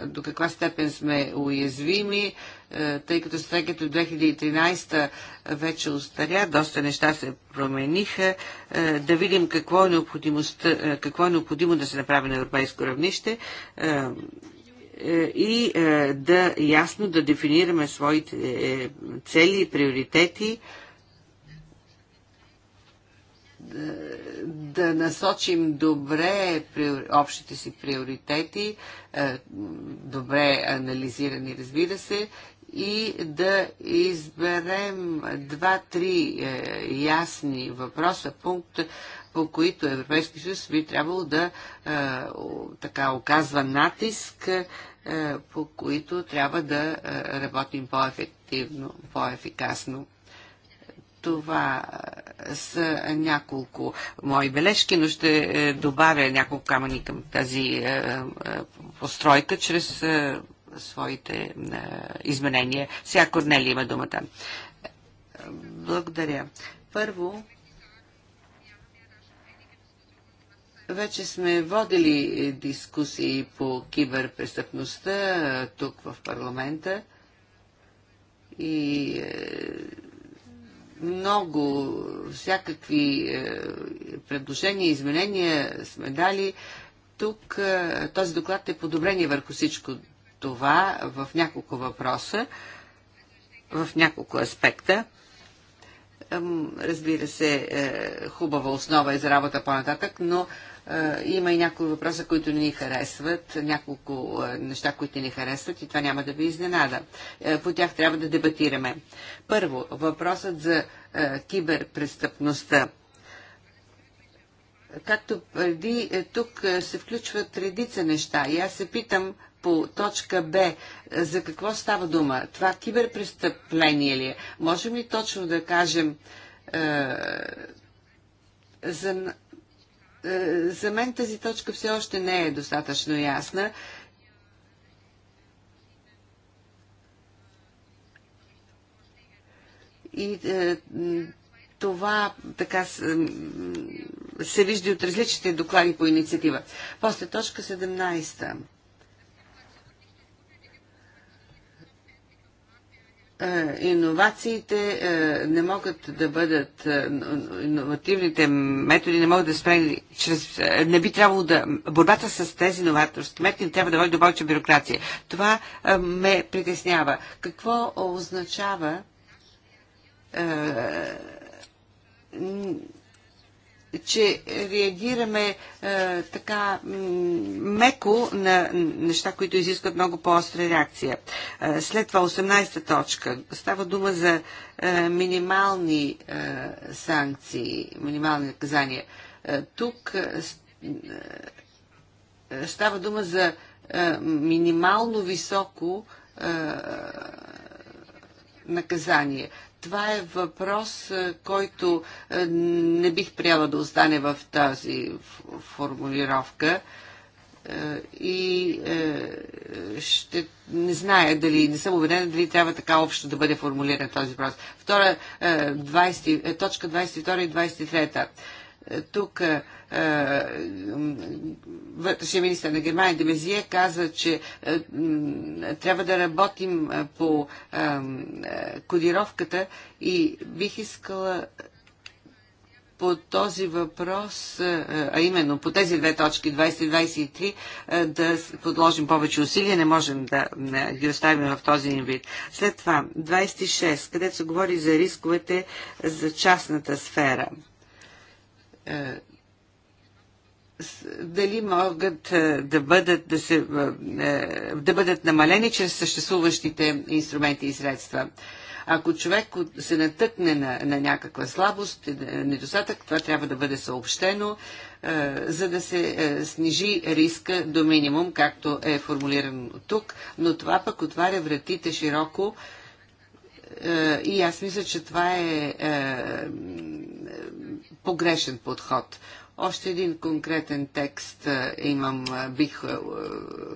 до каква степен сме уязвими е, тъй като стратегията от 2013 вече устаря, доста неща се промениха, е, да видим какво е, е, какво е необходимо да се направи на европейско равнище и да ясно да дефинираме своите цели и приоритети, да насочим добре общите си приоритети, добре анализирани, разбира се, и да изберем два-три е, ясни въпроса, пункта, по които Европейски съюз би трябвало да е, така оказва натиск, е, по които трябва да е, работим по-ефективно, по-ефикасно. Това е, са няколко мои бележки, но ще е, добавя няколко камъни към тази постройка чрез своите е, изменения. Всяко Корнели има думата. Благодаря. Първо, Вече сме водили е, дискусии по киберпрестъпността е, тук в парламента и много всякакви предложения, изменения сме дали. Тук този доклад е подобрение върху всичко това в няколко въпроса, в няколко аспекта. Разбира се, е, хубава основа е за работа по-нататък, но е, има и някои въпроса, които не ни харесват, няколко е, неща, които не ни харесват и това няма да ви изненада. По тях трябва да дебатираме. Първо, въпросът за киберпрестъпността Както преди, е, тук е, се включват редица неща и аз се питам по точка Б е, за какво става дума. Това киберпрестъпление ли е? Можем ли точно да кажем е, за, е, за мен тази точка все още не е достатъчно ясна. И е, това така се вижда от различните доклади по инициатива. После точка 17. Е, иновациите е, не могат да бъдат, е, иновативните методи не могат да спрени чрез, не би трябвало да, борбата с тези иноваторски методи трябва да води до повече бюрокрация. Това ме притеснява. Какво означава че реагираме е, така меко на неща, които изискват много по-остра реакция. Е, след това 18-та точка. Става дума за е, минимални е, санкции, минимални наказания. Е, тук е, е става дума за е, минимално високо е, наказание това е въпрос, е, който е, не бих приела да остане в тази формулировка е, и ще не зная дали, не съм убедена дали трябва така общо да бъде формулиран този въпрос. Втора, 20, точка 22 и 23. Тук е, вътрешния министр на Германия Демезия каза, че е, трябва да работим е, по е, кодировката и бих искала по този въпрос, а именно по тези две точки 20 и 23, да подложим повече усилия, не можем да ги оставим в този вид. След това 26, където се говори за рисковете за частната сфера. Е, дали могат е, да бъдат, да, се, е, да бъдат намалени чрез съществуващите инструменти и средства. Ако човек се натъкне на, на някаква слабост, недостатък, това трябва да бъде съобщено, за да се снижи риска до минимум, както е формулирано тук, но това пък отваря вратите широко е, и аз мисля, че това е, е погрешен подход. Още един конкретен текст е, имам, бих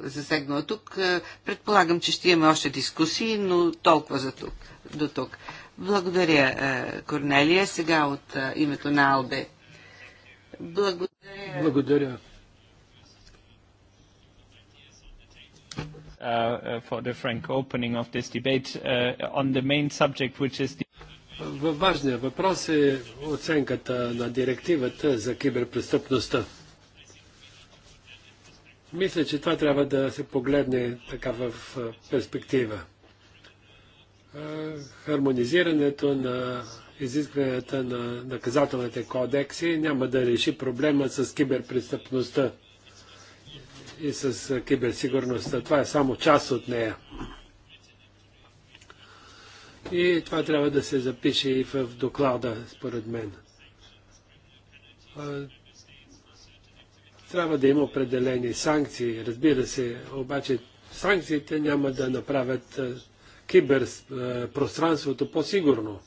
засегнала тук. Предполагам, че ще имаме още дискусии, но толкова за тук, до тук. Благодаря, Корнелия. Сега от името на Албе. Благодаря. Благодаря. Uh, uh, for uh, Важният въпрос е оценката на директивата за киберпрестъпността. Мисля, че това трябва да се погледне така в перспектива. Хармонизирането на изискванията на наказателните кодекси няма да реши проблема с киберпрестъпността и с киберсигурността. Това е само част от нея. И това трябва да се запише и в доклада, според мен. Трябва да има определени санкции, разбира се, обаче санкциите няма да направят киберпространството по-сигурно.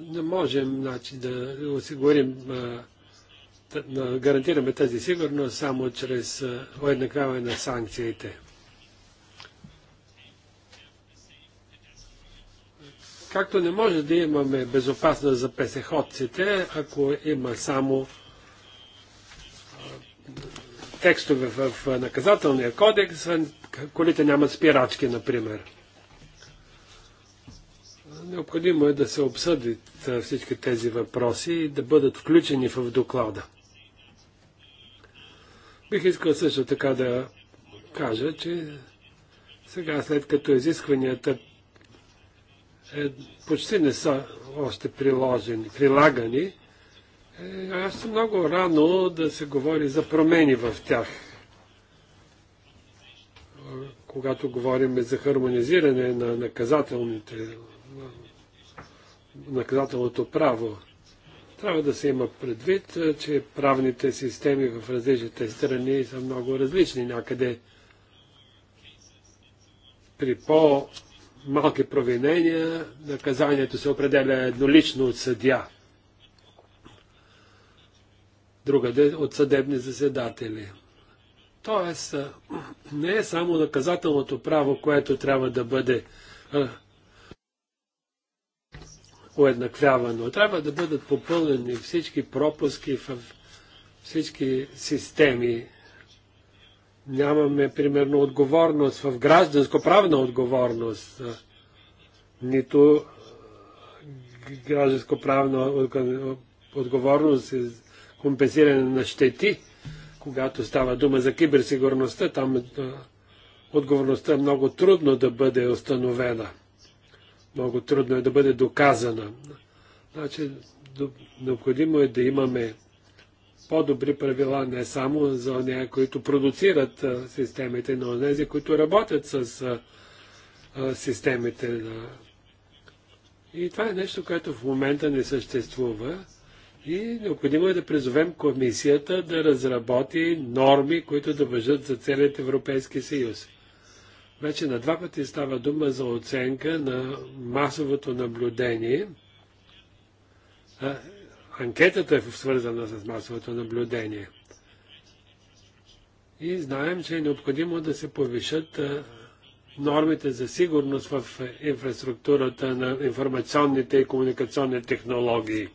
Не можем значи, да осигурим а, гарантираме тази сигурност само чрез уеднаквяване на санкциите. Както не може да имаме безопасност за песеходците, ако има само текстове в наказателния кодекс, колите нямат спирачки, например. Необходимо е да се обсъдят всички тези въпроси и да бъдат включени в доклада. Бих искал също така да кажа, че сега след като изискванията е, почти не са още приложени, прилагани, е, аз съм много рано да се говори за промени в тях. Когато говорим за хармонизиране на наказателните, наказателното право, трябва да се има предвид, че правните системи в различните страни са много различни. Някъде при по-малки провинения наказанието се определя еднолично от съдя, другаде от съдебни заседатели. Тоест, не е само наказателното право, което трябва да бъде уеднаквявано. Трябва да бъдат попълнени всички пропуски в всички системи. Нямаме, примерно, отговорност в гражданско-правна отговорност, нито гражданско-правна отговорност и компенсиране на щети, когато става дума за киберсигурността, там отговорността е много трудно да бъде установена много трудно е да бъде доказана. Значи, необходимо е да имаме по-добри правила не само за нея, които продуцират системите, но тези, които работят с системите. И това е нещо, което в момента не съществува. И необходимо е да призовем комисията да разработи норми, които да въжат за целият Европейски съюз. Вече на два пъти става дума за оценка на масовото наблюдение. анкетата е свързана с масовото наблюдение. И знаем, че е необходимо да се повишат нормите за сигурност в инфраструктурата на информационните и комуникационни технологии.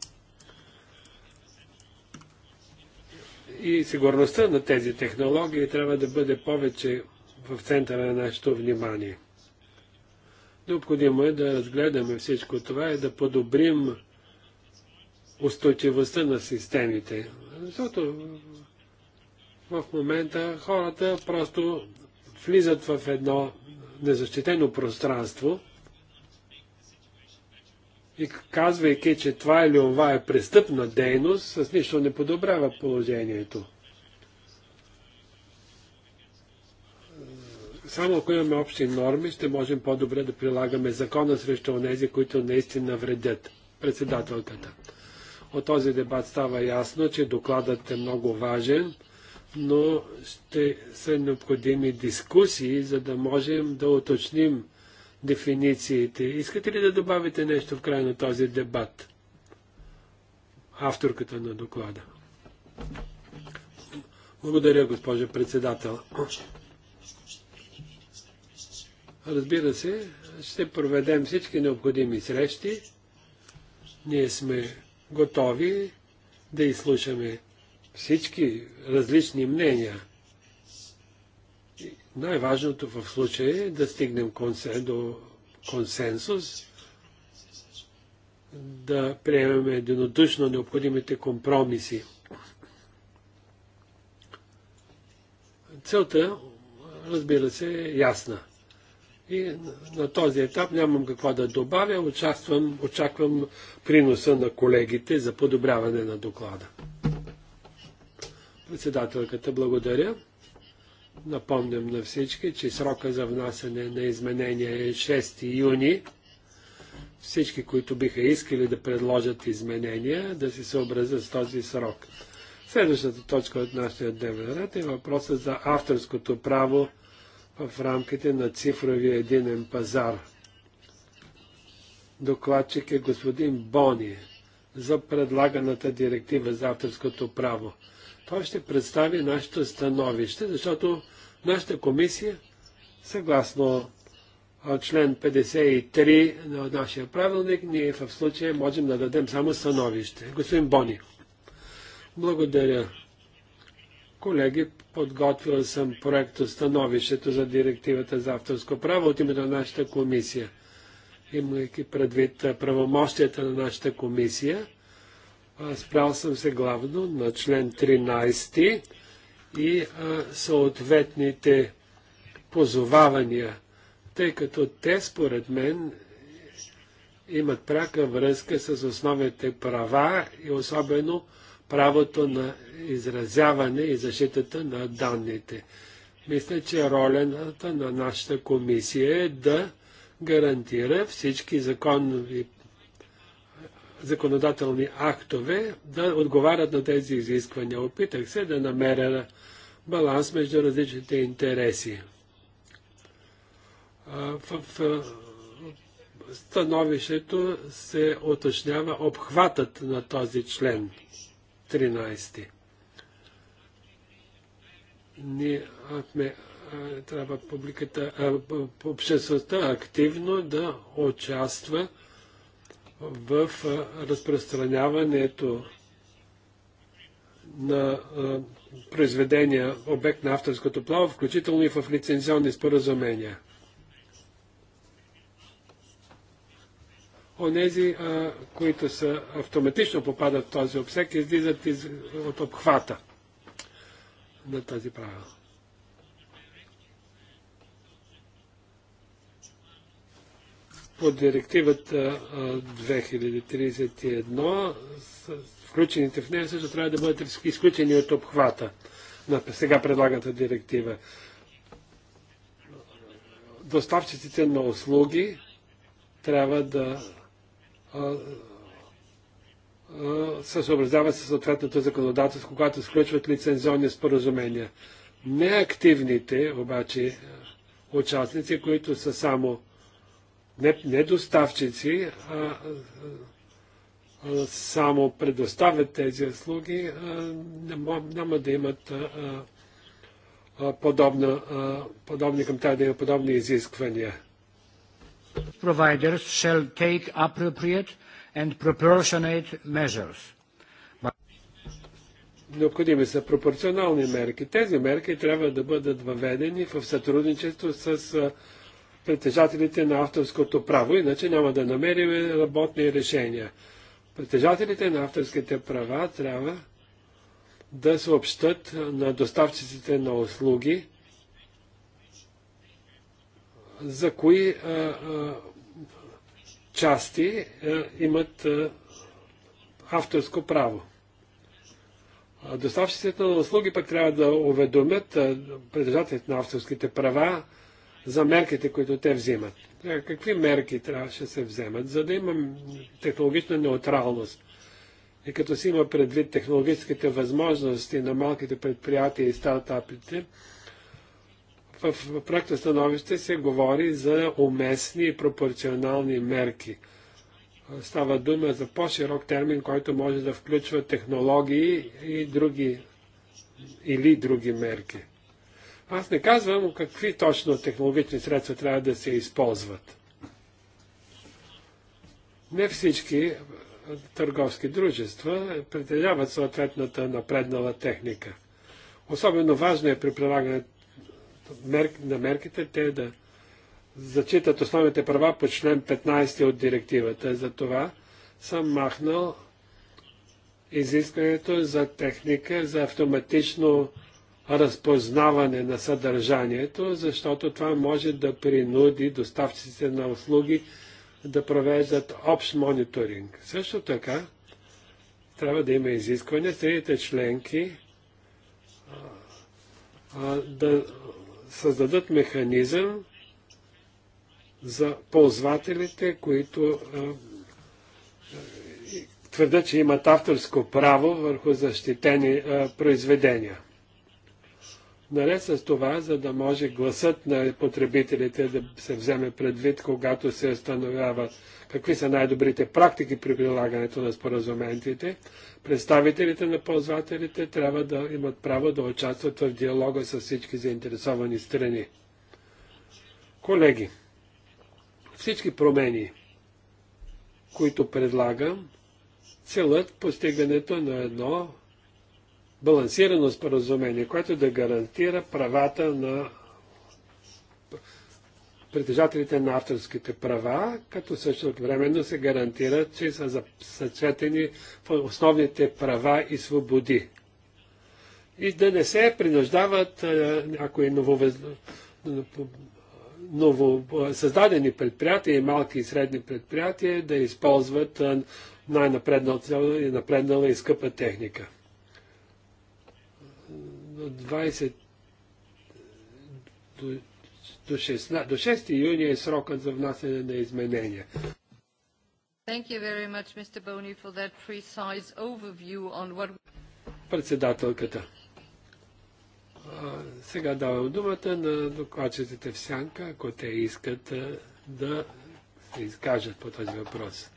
И сигурността на тези технологии трябва да бъде повече в центъра на нашето внимание. Необходимо е да разгледаме всичко това и да подобрим устойчивостта на системите. Защото в момента хората просто влизат в едно незащитено пространство и казвайки, че това или това е престъпна дейност, с нищо не подобрява положението. само ако имаме общи норми, ще можем по-добре да прилагаме закона срещу онези, които наистина вредят председателката. От този дебат става ясно, че докладът е много важен, но ще са необходими дискусии, за да можем да уточним дефинициите. Искате ли да добавите нещо в край на този дебат? Авторката на доклада. Благодаря, госпожа председател. Разбира се, ще проведем всички необходими срещи. Ние сме готови да изслушаме всички различни мнения. Най-важното в случая е да стигнем консен, до консенсус, да приемем единодушно необходимите компромиси. Целта, разбира се, е ясна – и на този етап нямам какво да добавя. Участвам, очаквам приноса на колегите за подобряване на доклада. Председателката, благодаря. Напомням на всички, че срока за внасяне на изменения е 6 юни. Всички, които биха искали да предложат изменения, да се съобразят с този срок. Следващата точка от нашия дневен ред е въпроса за авторското право в рамките на цифровия единен пазар. Докладчик е господин Бони за предлаганата директива за авторското право. Той ще представи нашето становище, защото нашата комисия, съгласно член 53 на нашия правилник, ние в случая можем да дадем само становище. Господин Бони. Благодаря. Колеги, подготвил съм проекто становището за директивата за авторско право от името на нашата комисия. Имайки предвид правомощията на нашата комисия, спрял съм се главно на член 13 и съответните позовавания, тъй като те според мен имат прака връзка с основните права и особено правото на изразяване и защитата на данните. Мисля, че ролята на нашата комисия е да гарантира всички законови, законодателни актове да отговарят на тези изисквания. Опитах се да намеря баланс между различните интереси. В становището се уточнява обхватът на този член. 13. Ние ме, трябва публиката, а, обществеността активно да участва в а, разпространяването на а, произведения, обект на авторското право, включително и в лицензионни споразумения. онези, а, които са автоматично попадат в този обсек, излизат из, от обхвата на тази правила. По директивата 2031, включените в нея също трябва да бъдат изключени от обхвата на сега предлаганата директива. Доставчиците на услуги трябва да се съобразяват с съответното законодателство, когато сключват лицензионни споразумения. Неактивните обаче участници, които са само не, не доставчици, а, а само предоставят тези услуги, няма, няма да имат а, а, подобна, а, подобни към тази да има подобни изисквания. Providers shall take appropriate and proportionate measures. Необходими са пропорционални мерки. Тези мерки трябва да бъдат въведени в сътрудничество с притежателите на авторското право, иначе няма да намерим работни решения. Притежателите на авторските права трябва да съобщат на доставчиците на услуги за кои а, а, части а, имат а, авторско право. Доставчиците на услуги пък трябва да уведомят притежателите на авторските права за мерките, които те взимат. Е, какви мерки трябваше да се вземат, за да имам технологична неутралност? И като си има предвид технологическите възможности на малките предприятия и стартапите, в проекта становище се говори за уместни и пропорционални мерки. Става дума за по-широк термин, който може да включва технологии и други или други мерки. Аз не казвам какви точно технологични средства трябва да се използват. Не всички търговски дружества притежават съответната напреднала техника. Особено важно е при прилагането мерк, на мерките те да зачитат основните права по член 15 от директивата. За това съм махнал изискването за техника за автоматично разпознаване на съдържанието, защото това може да принуди доставчиците на услуги да провеждат общ мониторинг. Също така, трябва да има изискване страните членки а, а, да създадат механизъм за ползвателите, които а, твърдят, че имат авторско право върху защитени а, произведения. Наред с това, за да може гласът на потребителите да се вземе предвид, когато се установяват какви са най-добрите практики при прилагането на споразумените, Представителите на ползвателите трябва да имат право да участват в диалога с всички заинтересовани страни. Колеги, всички промени, които предлагам, целят постигането на едно балансирано споразумение, което да гарантира правата на притежателите на авторските права, като също времено се гарантира, че са в основните права и свободи. И да не се принуждават някои новосъздадени ново предприятия и малки и средни предприятия да използват най-напреднала и напреднала и скъпа техника. 20 до 6, до 6 юни е срокът за внасяне на изменения. Thank you very much, Mr. Boney, for that precise overview on what... Председателката. А, сега давам думата на докладчиците в Сянка, ако те искат да се изкажат по този въпрос.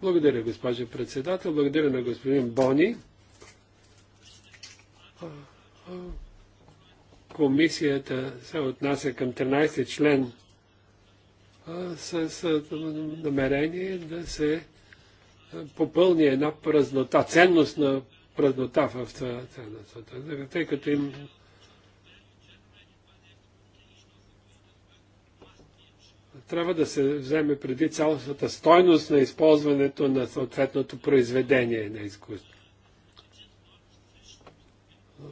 Благодаря, госпожа председател. Благодаря на господин Бони. А, комисията се отнася към 13 член а, с, намерение да се попълни една празнота, ценностна празнота в ценността, тъй като им трябва да се вземе преди цялостната стойност на използването на съответното произведение на изкуството.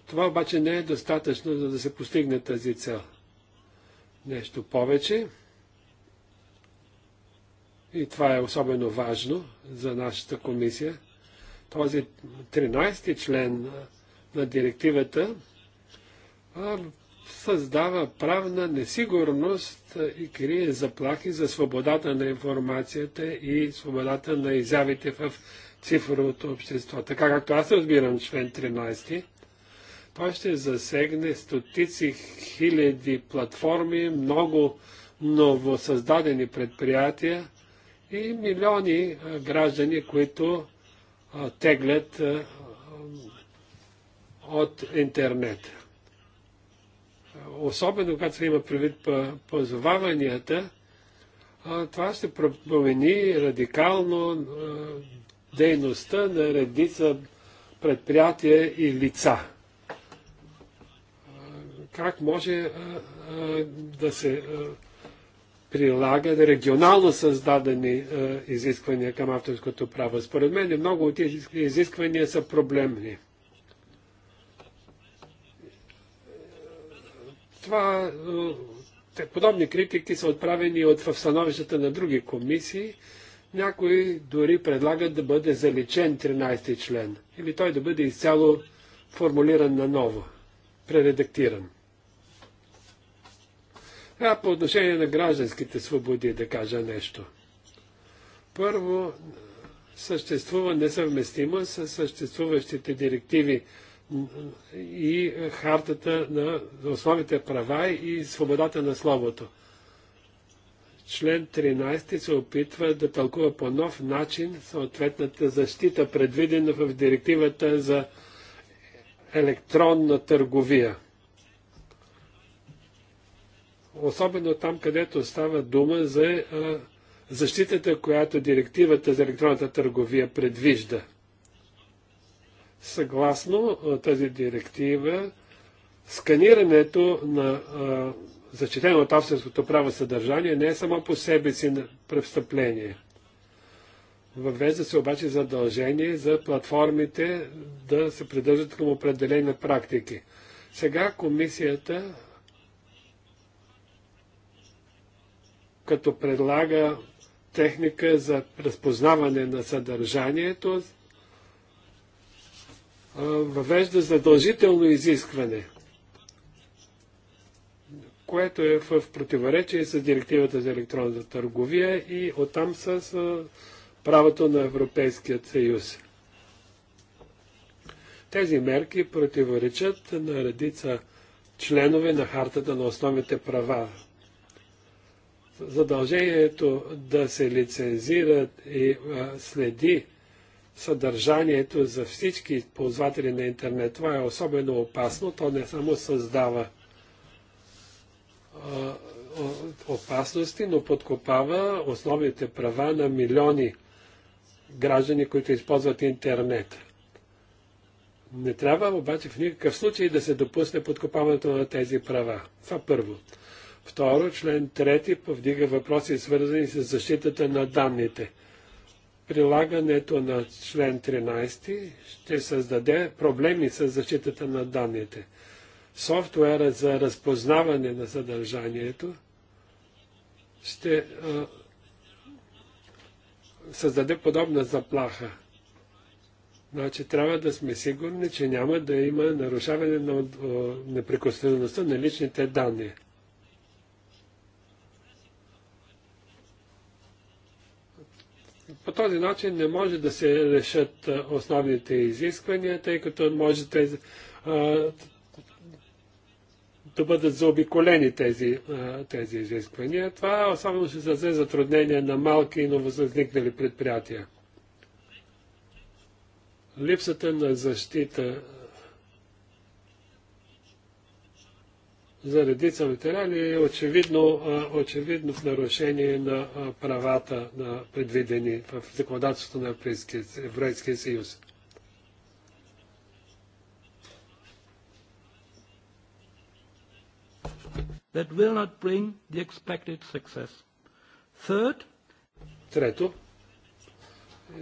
Това обаче не е достатъчно, за да се постигне тази цел. Нещо повече. И това е особено важно за нашата комисия. Този 13-ти член на директивата създава правна несигурност и крие заплахи за свободата на информацията и свободата на изявите в цифровото общество. Така както аз разбирам член 13, той ще засегне стотици хиляди платформи, много новосъздадени предприятия и милиони граждани, които теглят от интернет. Особено когато се има предвид позоваванията, това ще промени радикално дейността на редица предприятия и лица как може да се прилагат регионално създадени изисквания към авторското право. Според мен много от тези изисквания са проблемни. Това, подобни критики са отправени от, в становищата на други комисии. Някои дори предлагат да бъде заличен 13 член или той да бъде изцяло формулиран наново, прередактиран. А по отношение на гражданските свободи да кажа нещо. Първо, съществува несъвместимо с съществуващите директиви и хартата на основните права и свободата на словото. Член 13 се опитва да тълкува по нов начин съответната защита, предвидена в директивата за електронна търговия особено там, където става дума за защитата, която директивата за електронната търговия предвижда. Съгласно тази директива, сканирането на а, зачетено от авторското право съдържание не е само по себе си престъпление. Въвежда се обаче задължение за платформите да се придържат към определени практики. Сега комисията като предлага техника за разпознаване на съдържанието, въвежда задължително изискване, което е в противоречие с директивата за електронната търговия и оттам с правото на Европейският съюз. Тези мерки противоречат на редица членове на Хартата на основните права задължението да се лицензират и а, следи съдържанието за всички ползватели на интернет. Това е особено опасно. То не само създава а, опасности, но подкопава основните права на милиони граждани, които използват интернет. Не трябва обаче в никакъв случай да се допусне подкопаването на тези права. Това първо. Второ, член 3 повдига въпроси, свързани с защитата на данните. Прилагането на член 13 ще създаде проблеми с защитата на данните. Софтуера за разпознаване на съдържанието ще а, създаде подобна заплаха. Значи трябва да сме сигурни, че няма да има нарушаване на неприкосновеността на личните данни. По този начин не може да се решат основните изисквания, тъй като може тези, а, да бъдат заобиколени тези, а, тези изисквания. Това особено ще създаде затруднения на малки и нововъзникнали предприятия. Липсата на защита за редица материали е очевидно, очевидно в нарушение на правата на предвидени в законодателството на Еврейския съюз. That will not bring the expected success. Third, Трето,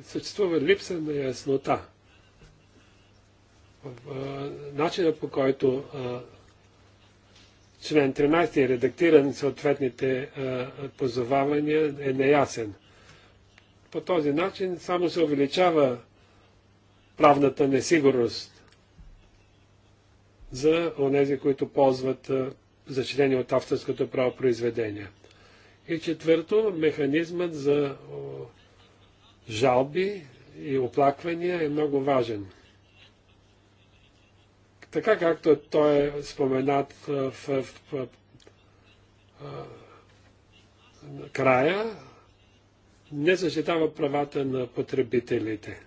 съществува липса на яснота. Начина по който Член 13 редактиран съответните позовавания е неясен. По този начин само се увеличава правната несигурност за онези, които ползват зачинени от авторското право произведения. И четвърто, механизмът за жалби и оплаквания е много важен. Така както той е споменат в, в, в, в края, не защитава правата на потребителите.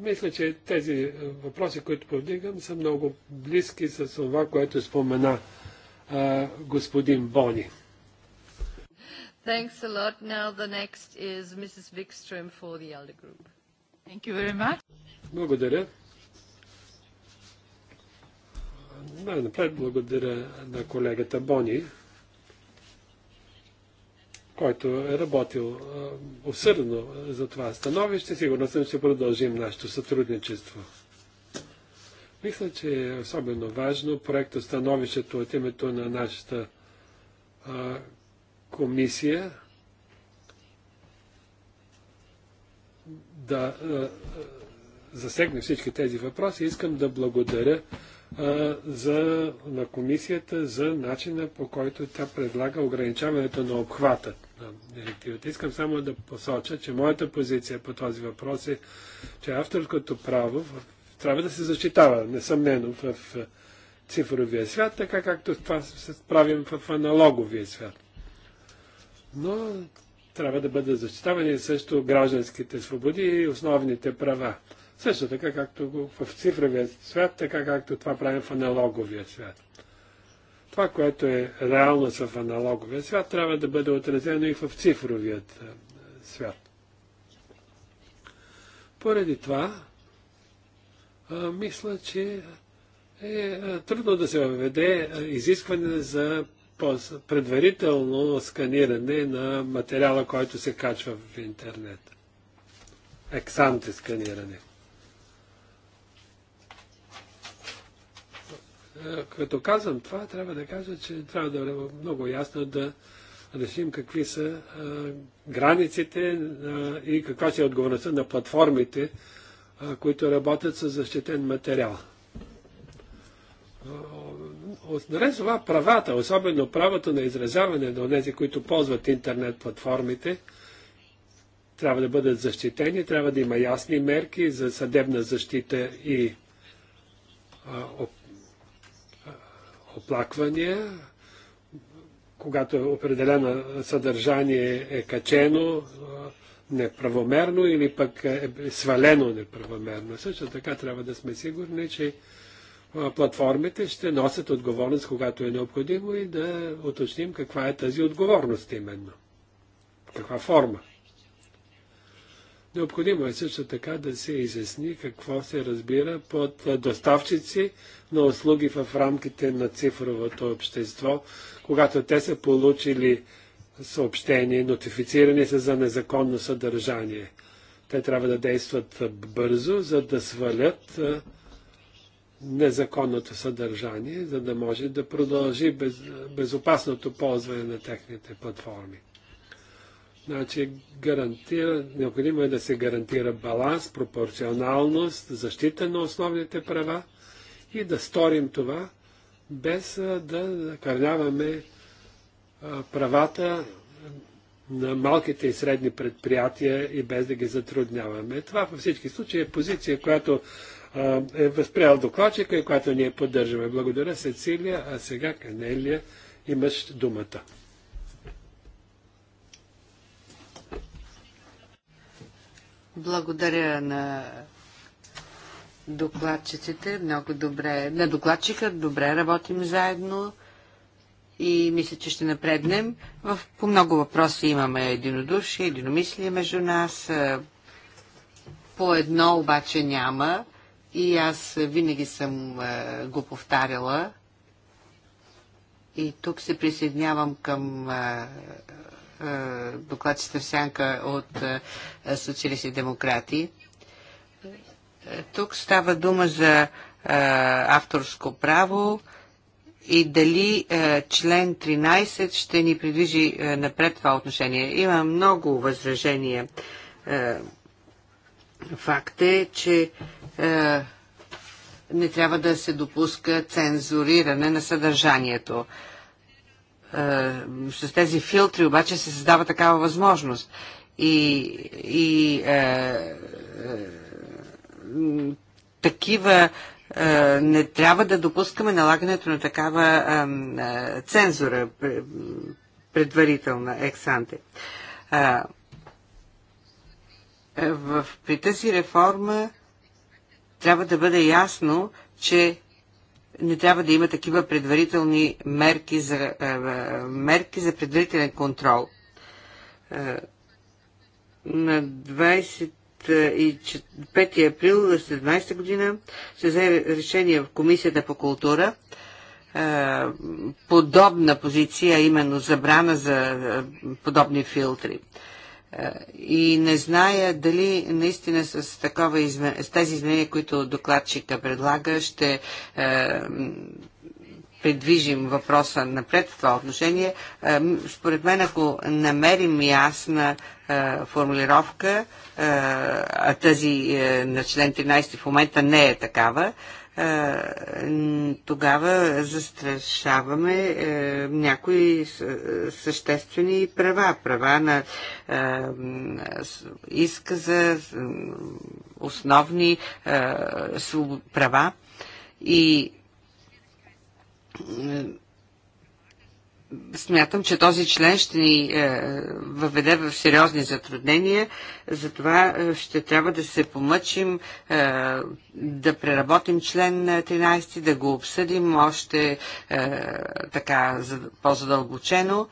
Мисля, че тези въпроси, които повдигам, са много близки с това, което спомена а, господин Бони. Thanks a lot. Now the next is Mrs. Wikström for the Group. Thank you very much. Благодаря. Най-напред благодаря на колегата Бони, който е работил усърдно за това становище. Сигурно съм, ще продължим нашето сътрудничество. Мисля, че е особено важно проекта становището от името на нашата комисия да засегне всички тези въпроси. Искам да благодаря а, за, на комисията за начина по който тя предлага ограничаването на обхвата на директивата. Искам само да посоча, че моята позиция по този въпрос е, че авторското право трябва да се защитава, несъмнено, в цифровия свят, така както това се правим в аналоговия свят но трябва да бъдат защитавани също гражданските свободи и основните права. Също така, както в цифровия свят, така както това правим в аналоговия свят. Това, което е реално в аналоговия свят, трябва да бъде отразено и в цифровият е, свят. Поради това, мисля, че е, е трудно да се въведе е, изискване за предварително сканиране на материала, който се качва в интернет. Ексанте сканиране. Като казвам това, трябва да кажа, че трябва да е много ясно да решим какви са границите и каква ще е отговорността на платформите, които работят с защитен материал Наред това правата, особено правото на изразяване на тези, които ползват интернет платформите, трябва да бъдат защитени, трябва да има ясни мерки за съдебна защита и а, оп, а, оплаквания, когато определено съдържание е качено а, неправомерно или пък е свалено неправомерно. Също така трябва да сме сигурни, че платформите ще носят отговорност, когато е необходимо и да уточним каква е тази отговорност именно. Каква форма. Необходимо е също така да се изясни какво се разбира под доставчици на услуги в рамките на цифровото общество, когато те са получили съобщение, нотифицирани са за незаконно съдържание. Те трябва да действат бързо, за да свалят незаконното съдържание, за да може да продължи без, безопасното ползване на техните платформи. Значи, гарантира, необходимо е да се гарантира баланс, пропорционалност, защита на основните права и да сторим това, без да накърняваме правата на малките и средни предприятия и без да ги затрудняваме. Това във всички случаи е позиция, която е възприял докладчика и която ние поддържаме. Благодаря, Сецилия, а сега Канелия имаш думата. Благодаря на докладчиците, много добре, на докладчика, добре работим заедно и мисля, че ще напреднем. В, по много въпроси имаме единодушие, единомислие между нас. По едно обаче няма. И аз винаги съм го повтаряла. И тук се присъединявам към докладчета в сянка от социалисти демократи. Тук става дума за авторско право и дали член 13 ще ни придвижи напред това отношение. Има много възражения. Факт е, че е, не трябва да се допуска цензуриране на съдържанието. Е, с тези филтри обаче се създава такава възможност. И, и е, е, такива е, не трябва да допускаме налагането на такава е, е, цензура предварителна ексанте. Е, е, в, при тази реформа трябва да бъде ясно, че не трябва да има такива предварителни мерки за, е, е, мерки за предварителен контрол. Е, на 25 април 2017 година се взе решение в Комисията по култура подобна позиция, именно забрана за подобни филтри. Е, и не зная дали наистина с, такова измен... с тези изменения, които докладчика предлага, ще е, придвижим въпроса напред в това отношение. Е, според мен, ако намерим ясна формулировка, а тази на член 13 в момента не е такава, тогава застрашаваме е, някои е, съществени права, права на е, иска за основни права и смятам, че този член ще ни е, въведе в сериозни затруднения, затова е, ще трябва да се помъчим, е, да преработим член 13, да го обсъдим още е, така по-задълбочено,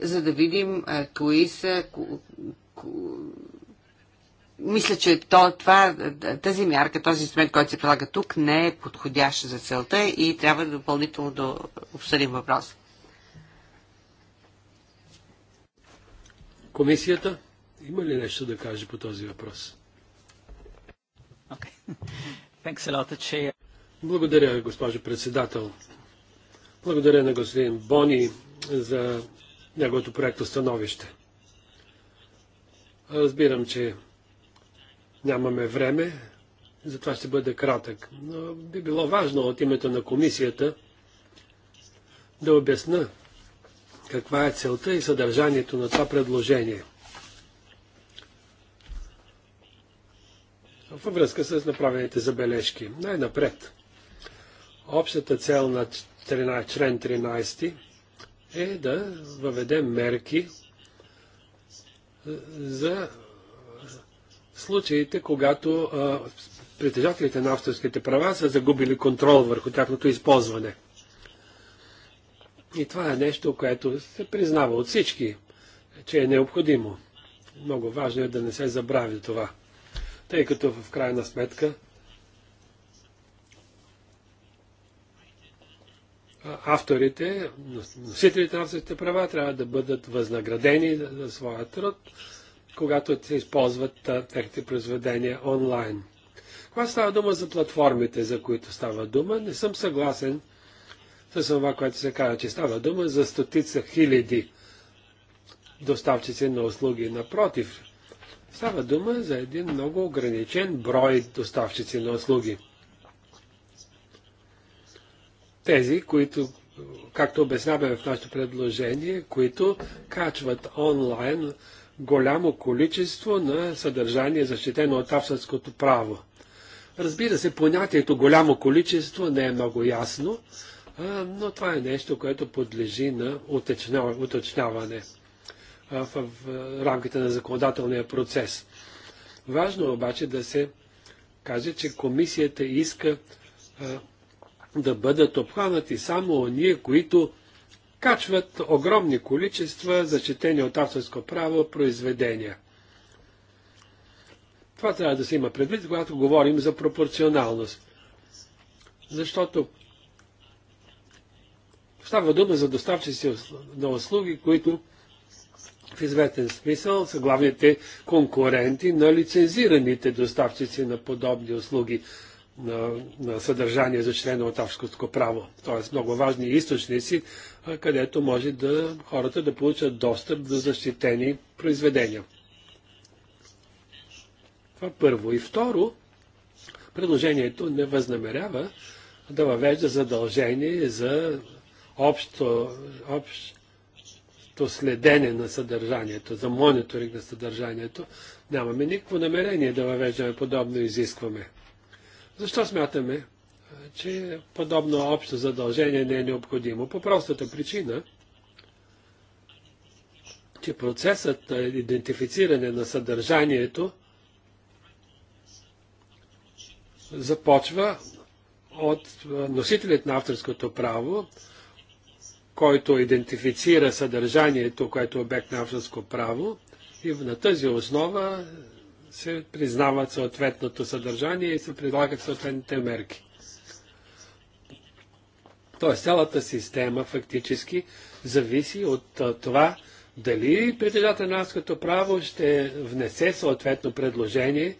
за да видим е, кои са мисля, че то, това, тази мярка, този инструмент, който се прилага тук, не е подходящ за целта и трябва допълнително да обсъдим въпрос. Комисията има ли нещо да каже по този въпрос? Okay. Благодаря, госпожо председател. Благодаря на господин Бони за неговото проекто становище. Разбирам, че Нямаме време, затова ще бъде кратък. Но би било важно от името на комисията да обясна каква е целта и съдържанието на това предложение. Във връзка с направените забележки. Най-напред. Общата цел на член 13 е да въведем мерки за случаите, когато притежателите на авторските права са загубили контрол върху тяхното използване. И това е нещо, което се признава от всички, че е необходимо. Много важно е да не се забрави това, тъй като в крайна сметка авторите, носителите на авторските права трябва да бъдат възнаградени за своя труд, когато се използват техните произведения онлайн. Кога става дума за платформите, за които става дума, не съм съгласен с това, което се казва, че става дума за стотица хиляди доставчици на услуги. Напротив, става дума за един много ограничен брой доставчици на услуги. Тези, които, както обясняваме в нашето предложение, които качват онлайн голямо количество на съдържание, защитено от авторското право. Разбира се, понятието голямо количество не е много ясно, но това е нещо, което подлежи на уточняване в, рамките на законодателния процес. Важно е обаче да се каже, че комисията иска да бъдат обхванати само ние, които качват огромни количества зачетени от авторско право произведения. Това трябва да се има предвид, когато говорим за пропорционалност. Защото става дума за доставчици на услуги, които в известен смисъл са главните конкуренти на лицензираните доставчици на подобни услуги на, на съдържание за члена от авторското право. Тоест много важни източници където може да хората да получат достъп до защитени произведения. Това първо. И второ, предложението не възнамерява да въвежда задължение за общо, общо следене на съдържанието, за мониторинг на съдържанието. Нямаме никакво намерение да въвеждаме подобно изискваме. Защо смятаме, че подобно общо задължение не е необходимо. По простата причина, че процесът на идентифициране на съдържанието започва от носителят на авторското право, който идентифицира съдържанието, което е обект на авторско право, и на тази основа се признават съответното съдържание и се предлагат съответните мерки. Тоест, цялата система фактически зависи от а, това дали притежател на авторското право ще внесе съответно предложение.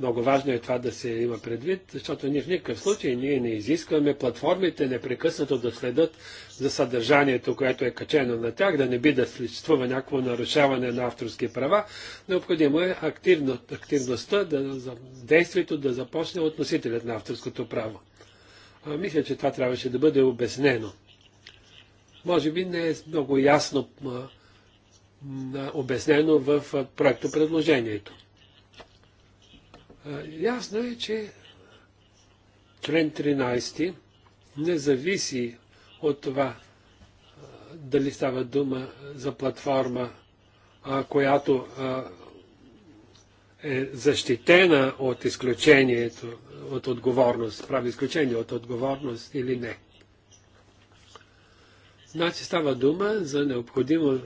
Много важно е това да се има предвид, защото ние в никакъв случай ние не изискваме платформите непрекъснато да следят за съдържанието, което е качено на тях, да не би да съществува някакво нарушаване на авторски права. Необходимо е активно, активността, да, действието да започне от носителят на авторското право. Мисля, че това трябваше да бъде обяснено. Може би не е много ясно обяснено в проекто предложението. Ясно е, че член 13 не зависи от това дали става дума за платформа, която е защитена от изключението, от отговорност, прави изключение от отговорност или не. Значи става дума за необходимо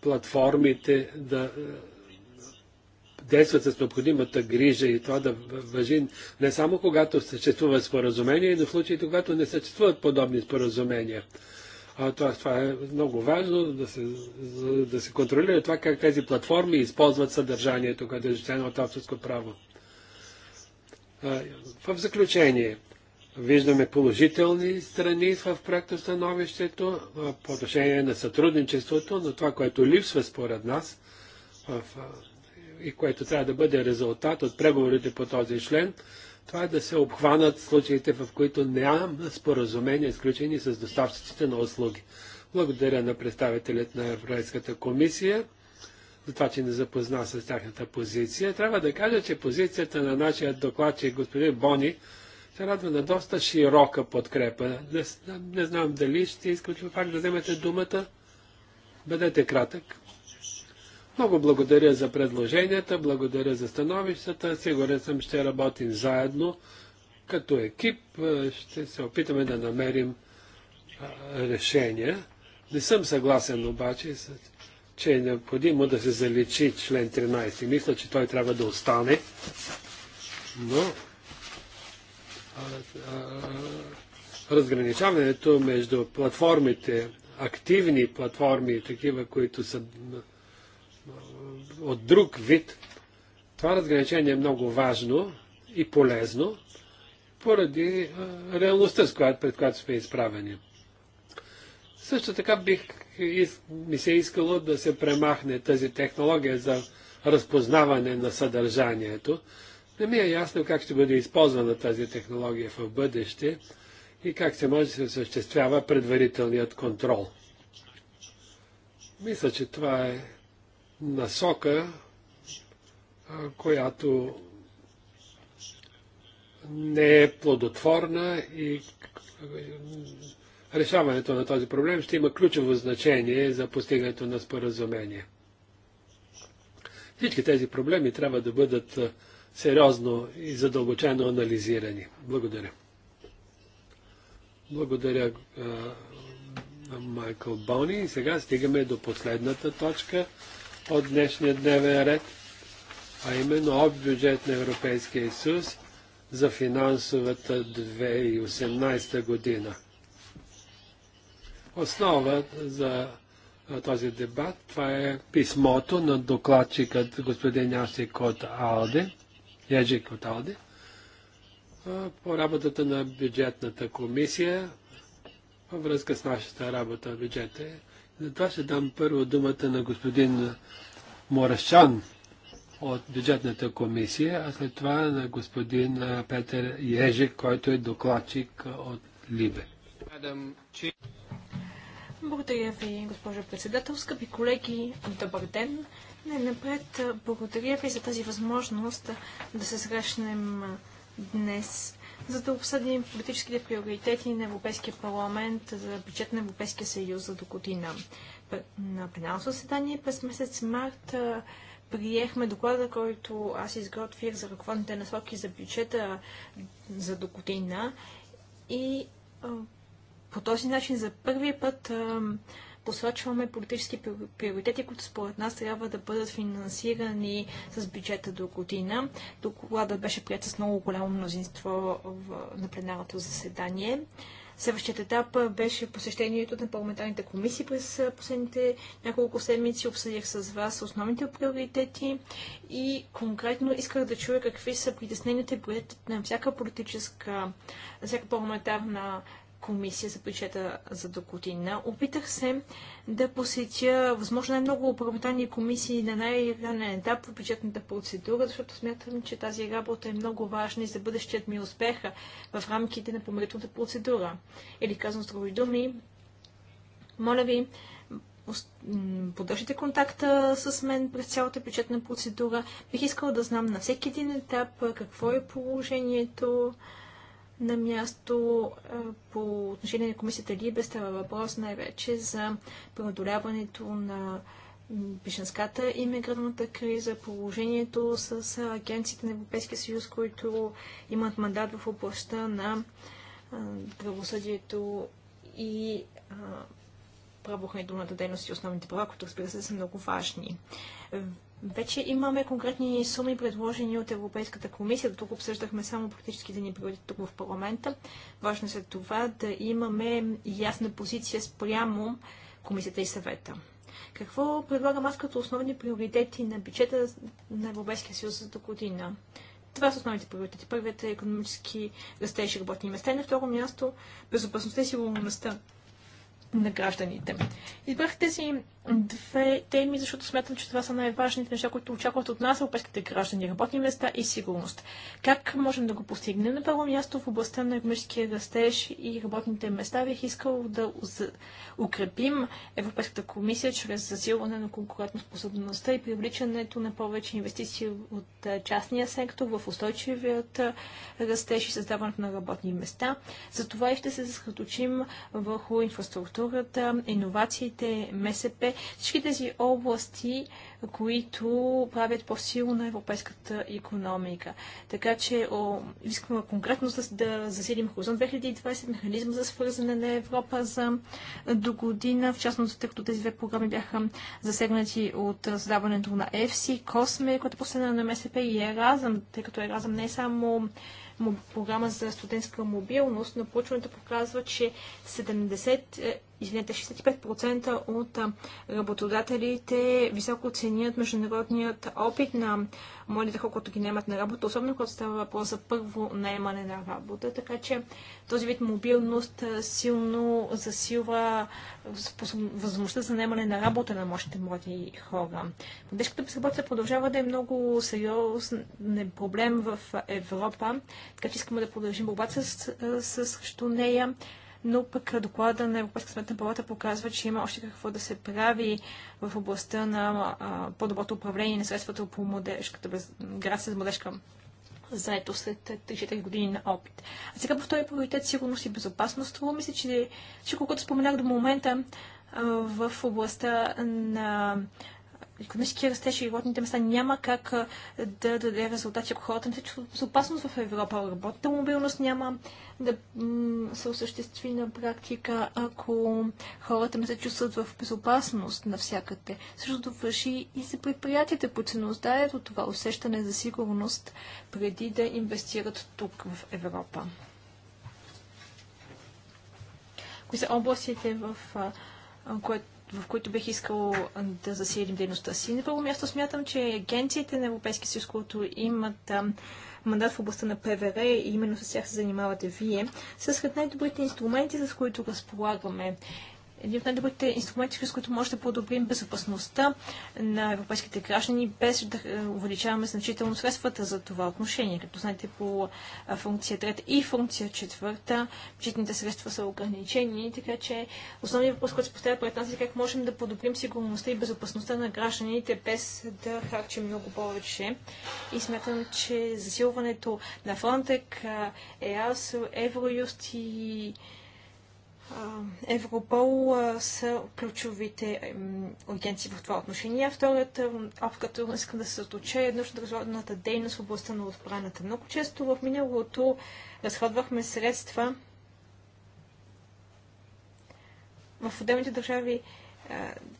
платформите да е, действат с необходимата грижа и това да въжи не само когато съществува споразумение, но в случаите, когато не съществуват подобни споразумения. А, това, това е много важно да се, да се контролира това как тези платформи използват съдържанието, което е защитено от авторско право. А, в заключение, виждаме положителни страни в проектостановището по отношение на сътрудничеството, но това, което липсва според нас в, и което трябва да бъде резултат от преговорите по този член, това е да се обхванат случаите, в които няма споразумения, изключени с доставчиците на услуги. Благодаря на представителят на Европейската комисия за това, че не запозна с тяхната позиция. Трябва да кажа, че позицията на нашия докладчик господин Бони се радва на доста широка подкрепа. Не, не знам дали ще искате пак да вземете думата. Бъдете кратък. Много благодаря за предложенията, благодаря за становищата. Сигурен съм, ще работим заедно като екип. Ще се опитаме да намерим решение. Не съм съгласен обаче, че е необходимо да се заличи член 13. Мисля, че той трябва да остане. Но разграничаването между платформите, активни платформи, такива, които са от друг вид, това разграничение е много важно и полезно поради реалността, пред която сме изправени. Също така бих, ми се искало да се премахне тази технология за разпознаване на съдържанието. Не ми е ясно как ще бъде използвана тази технология в бъдеще и как се може да се осъществява предварителният контрол. Мисля, че това е насока, която не е плодотворна и решаването на този проблем ще има ключово значение за постигането на споразумение. Всички тези проблеми трябва да бъдат сериозно и задълбочено анализирани. Благодаря. Благодаря, Майкъл Бони. Сега стигаме до последната точка от днешния дневен ред, а именно об бюджет на Европейския съюз за финансовата 2018 година. Основа за този дебат това е писмото на докладчикът господин Ясик от Алде, Ежик от Алде, по работата на бюджетната комисия във връзка с нашата работа в бюджета е затова ще дам първо думата на господин Морашан от бюджетната комисия, а след това на господин Петър Еже, който е докладчик от Либе. Благодаря ви, госпожо председател. Скъпи колеги, добър ден. Не, напред, благодаря ви за тази възможност да се срещнем днес за да обсъдим политическите приоритети на Европейския парламент за бюджет на Европейския съюз за до година. На пленарно съседание през месец март приехме доклада, който аз изготвих за ръководните насоки за бюджета за до година и по този начин за първи път посочваме политически приоритети, които според нас трябва да бъдат финансирани с бюджета до година. Докладът беше прият с много голямо мнозинство на пленарното заседание. Следващият етап беше посещението на парламентарните комисии през последните няколко седмици. Обсъдих с вас основните приоритети и конкретно исках да чуя какви са притесненията и на всяка политическа, всяка парламентарна комисия за бюджета за до година. Опитах се да посетя възможно най-много парламентарни комисии на най-ранен етап в бюджетната процедура, защото смятам, че тази работа е много важна и за бъдещият ми успеха в рамките на помирителната процедура. Или казвам с други думи, моля ви, поддържате контакта с мен през цялата бюджетна процедура. Бих искала да знам на всеки един етап какво е положението, на място по отношение на комисията Либе става въпрос най-вече за преодоляването на пишенската и криза, положението с агенциите на Европейския съюз, които имат мандат в областта на правосъдието и правоохранителната дейност и основните права, които разбира се са много важни. Вече имаме конкретни суми, предложени от Европейската комисия. тук обсъждахме само практическите ни приоритети тук в парламента. Важно е това да имаме ясна позиция спрямо комисията и съвета. Какво предлагам аз като основни приоритети на бюджета на Европейския съюз за до година? Това са основните приоритети. Първият е економически растеж и работни места. И на второ място безопасността и сигурността на гражданите. Избрах тези две теми, защото смятам, че това са най-важните неща, които очакват от нас европейските граждани, работни места и сигурност. Как можем да го постигнем? На първо място в областта на економическия растеж и работните места бих искал да укрепим Европейската комисия чрез засилване на конкурентоспособността и привличането на повече инвестиции от частния сектор в устойчивият растеж и създаването на работни места. За това и ще се съсредоточим върху инфраструктурата, иновациите, МСП всички тези области, които правят по-силна европейската економика. Така че о, искаме конкретно да засилим Хоризонт 2020, механизма за свързане на Европа за до година, в частност, тъй като тези две програми бяха засегнати от създаването на EFSI, Косме, което е последна на МСП и Еразъм, тъй като Еразъм не е само програма за студентска мобилност, но проучването показва, че 70 извинете, 65% от работодателите високо ценят международният опит на младите хора, които ги наемат на работа, особено когато става въпрос за първо наемане на работа. Така че този вид мобилност силно засилва възможността за наемане на работа на мощните млади хора. Младежката безработица продължава да е много сериозен проблем в Европа, така че искаме да продължим борбата с, с, срещу нея но пък доклада на Европейска сметна палата показва, че има още какво да се прави в областта на по-доброто управление на средствата по младежката, град младежка заето след 3-4 години на опит. А сега по втори приоритет сигурност и безопасност. Това мисля, че всичко, което споменах до момента в областта на економически растеж и работните места няма как да даде резултати, ако хората не се чувстват с опасност в Европа. Работната мобилност няма да се осъществи на практика, ако хората не се чувстват в безопасност навсякъде. Същото върши и за предприятията, които се нуждаят от това усещане за сигурност, преди да инвестират тук в Европа. Кои са областите, в които в които бих искал да засилим дейността си. На първо място смятам, че агенциите на Европейския съюз, които имат мандат в областта на ПВР и именно с тях се занимавате вие, са сред най-добрите инструменти, с които разполагаме един от най-добрите инструменти, с които може да подобрим безопасността на европейските граждани, без да е, увеличаваме значително средствата за това отношение. Като знаете по функция 3 и функция 4, бюджетните средства са ограничени, така че основният въпрос, който се поставя пред нас е как можем да подобрим сигурността и безопасността на гражданите, без да харчим много повече. И смятам, че засилването на Фронтек, ЕАС, Евроюст и Европол са ключовите агенции в това отношение. А втората като искам да се оточа е научно дейност в областта на отбраната. Много често в миналото разходвахме средства в отделните държави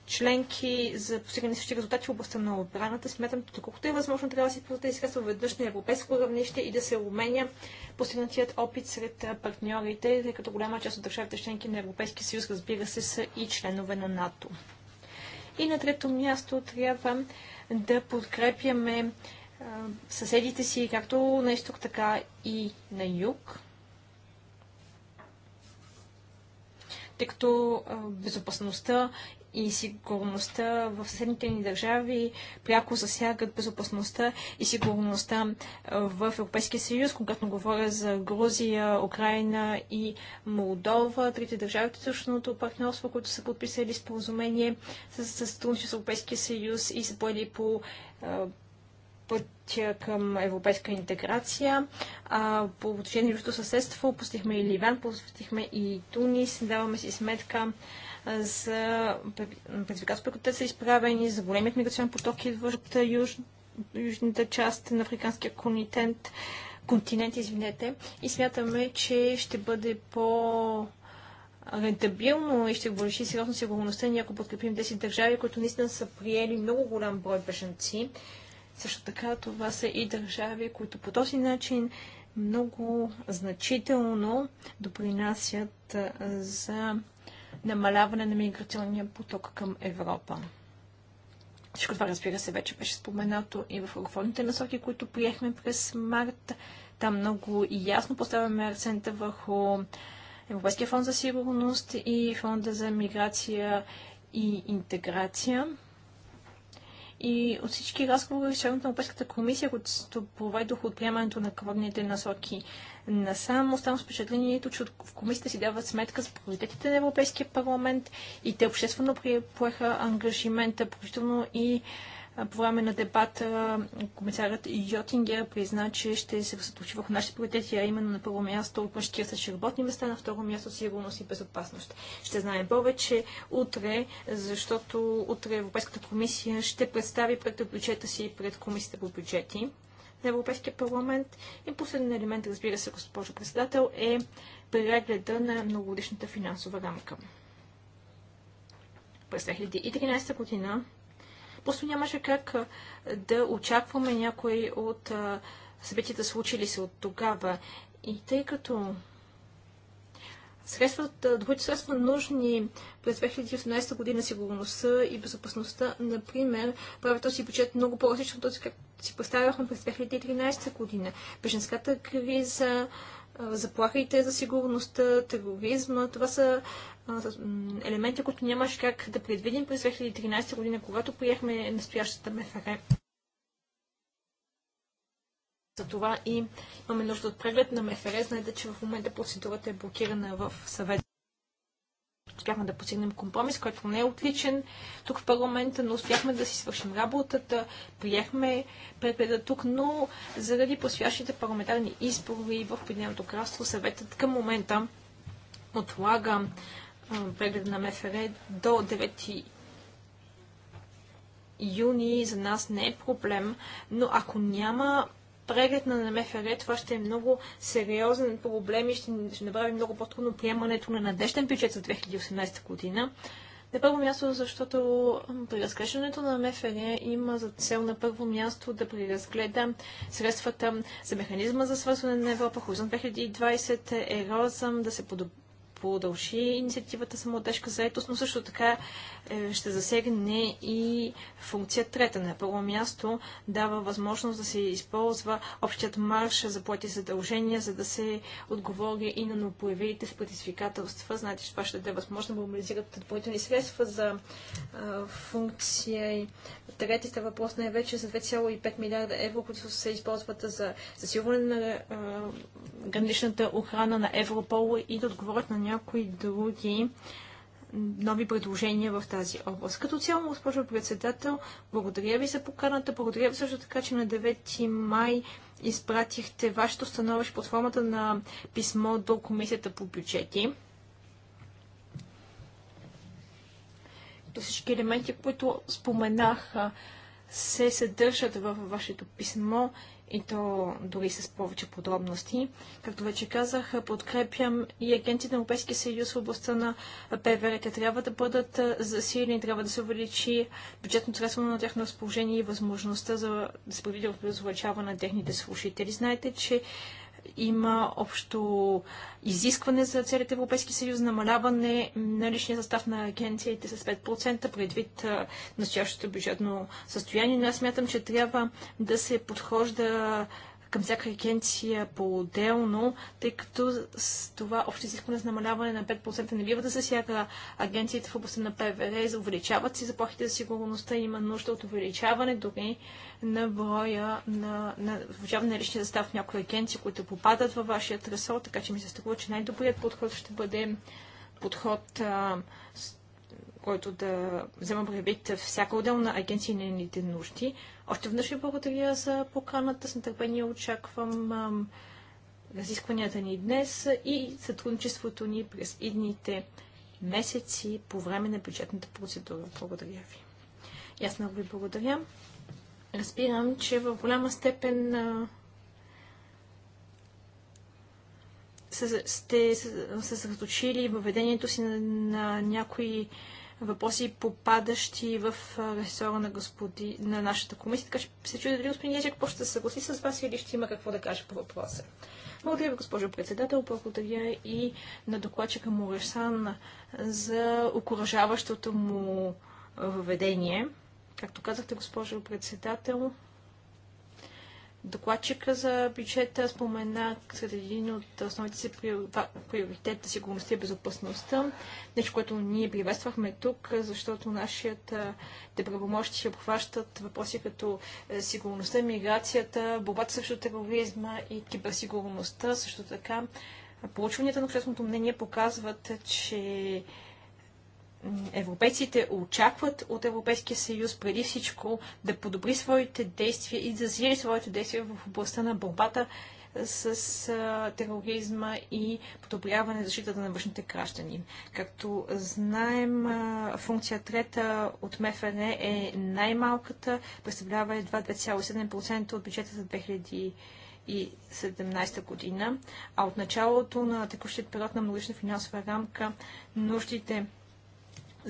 членки за постигане същи резултати в областта на отбраната. Смятам, че доколкото е възможно, трябва да се използват тези средства веднъж на европейско равнище и да се обменя постигнатият опит сред партньорите, тъй като голяма част от държавите членки на Европейския съюз, разбира се, са и членове на НАТО. И на трето място трябва да подкрепяме съседите си както на изток, така и на юг. тъй като безопасността и сигурността в съседните ни държави пряко засягат безопасността и сигурността в Европейския съюз, когато говоря за Грузия, Украина и Молдова, трите държави от партньорство, които са подписали споразумение с сътрудничество с Европейския съюз и са поели по пътя към европейска интеграция. А, по отношение на съседство, пустихме и Ливан, пустихме и Тунис. Даваме си сметка, за предизвикателство, които те са изправени, за големият миграционен поток, идващ от юж, южната част на африканския континент, континент, извинете, и смятаме, че ще бъде по рентабилно и ще повиши сериозно сигурността ни, ако подкрепим 10 държави, които наистина са приели много голям брой бежанци. Също така това са и държави, които по този начин много значително допринасят за намаляване на миграционния поток към Европа. Всичко това, разбира се, вече беше споменато и в ръководните насоки, които приехме през март. Там много ясно поставяме акцента върху Европейския фонд за сигурност и фонда за миграция и интеграция. И от всички разговори с на Европейската комисия, които проведох от приемането на кръвните насоки насам. Оставам с впечатлението, че в комисията си дават сметка за приоритетите на Европейския парламент и те обществено поеха ангажимента, включително и по време на дебата комисарът Йотингер призна, че ще се съсредоточи върху нашите приоритети, а именно на първо място 40 работни места, на второ място сигурност и безопасност. Ще знаем повече утре, защото утре Европейската комисия ще представи пред бюджета си пред комисията по бюджети на Европейския парламент. И последен елемент, разбира се, госпожо председател, е прегледа на многогодишната финансова рамка. През 2013 година просто нямаше как да очакваме някои от събитията, случили се от тогава. И тъй като средствата, другите средства нужни през 2018 година сигурността и безопасността, например, правят този бюджет много по-различен от този, както си представяхме през 2013 година. Беженската криза, заплахите за сигурността, тероризма. Това са елементи, които нямаше как да предвидим през 2013 година, когато приехме настоящата МФР. За това и имаме нужда от преглед на МФР. Знаете, че в момента процедурата е блокирана в съвет. Успяхме да постигнем компромис, който не е отличен тук в парламента, но успяхме да си свършим работата, приехме прегледа тук, но заради посвящите парламентарни избори в Пединеното кралство, съветът към момента отлага преглед на МФР до 9 юни за нас не е проблем, но ако няма преглед на МФР, това ще е много сериозен проблем и ще, ще направи много по-трудно приемането на надежден бюджет за 2018 година. На първо място, защото при разглеждането на МФР има за цел на първо място да преразгледа средствата за механизма за свързване на Европа, Хоризон 2020, Ерозам, да се подобри продължи инициативата за младежка заетост, но също така е, ще засегне и функция трета. На първо място дава възможност да се използва общият марш за плати задължения, за да се отговори и на новопоявилите с предизвикателства. Знаете, че това ще даде възможност да мобилизират допълнителни средства за функция. Третите въпрос не е вече за 2,5 милиарда евро, които се използват за засилване на граничната охрана на Европол и да отговорят на някои други нови предложения в тази област. Като цяло, госпожо председател, благодаря ви за поканата, благодаря ви също така, че на 9 май изпратихте вашето становище под формата на писмо до Комисията по бюджети. всички елементи, които споменах, се съдържат във вашето писмо и то дори с повече подробности. Както вече казах, подкрепям и агенците на Европейския съюз в областта на ПВР. Те трябва да бъдат засилени, трябва да се увеличи бюджетно средство на тяхно разположение и възможността за се предвиди на техните слушатели. Знаете, че има общо изискване за целите Европейски съюз намаляване на личния състав на агенциите с 5% предвид настоящото бюджетно състояние, но аз смятам, че трябва да се подхожда към всяка агенция по-отделно, тъй като с това общо изискване за намаляване на 5% не бива да засяга агенциите в областта на ПВР, увеличават си заплахите за сигурността и има нужда от увеличаване дори на броя на, на, увеличаване на личния застав в някои агенции, които попадат във вашия ресор, така че ми се струва, че най-добрият подход ще бъде подход а, който да взема предвид всяка отделна агенция и нейните нужди. Още веднъж ви благодаря за поканата. С нетърпение очаквам ам, разискванията ни днес и сътрудничеството ни през идните месеци по време на бюджетната процедура. Благодаря ви. И аз много ви благодаря. Разбирам, че в голяма степен а, сте съсредоточили въведението си на, на някои въпроси, попадащи в ресора на, господи, на нашата комисия. Така че се чуя дали господин Ежек ще се съгласи с вас или ще има какво да каже по въпроса. Благодаря ви, госпожо председател. Благодаря и на докладчика Морешан за окоръжаващото му въведение. Както казахте, госпожо председател, Докладчика за бюджета спомена сред един от основните си приоритет да сигурността и безопасността. Нещо, което ние приветствахме тук, защото нашият правомощи ще обхващат въпроси като е, сигурността, миграцията, борбата срещу тероризма и киберсигурността. Също така, получванията на общественото мнение показват, че европейците очакват от Европейския съюз преди всичко да подобри своите действия и да засили своите действия в областта на борбата с а, тероризма и подобряване защитата на външните граждани. Както знаем, а, функция трета от МФН е най-малката, представлява едва 2,7% от бюджета за 2017 година, а от началото на текущия период на многолична финансова рамка нуждите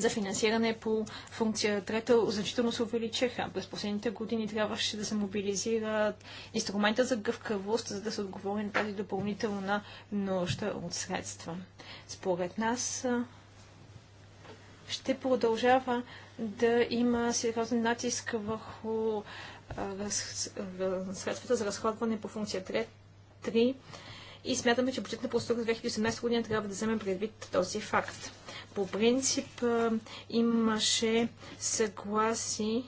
за финансиране по функция трета значително се увеличиха. През последните години трябваше да се мобилизира инструмента за гъвкавост, за да се отговори на тази допълнителна нужда от средства. Според нас ще продължава да има сериозен натиск върху средствата за разходване по функция 3, 3 и смятаме, че бюджетна процедура за 2018 година трябва да вземе предвид този факт. По принцип имаше съгласи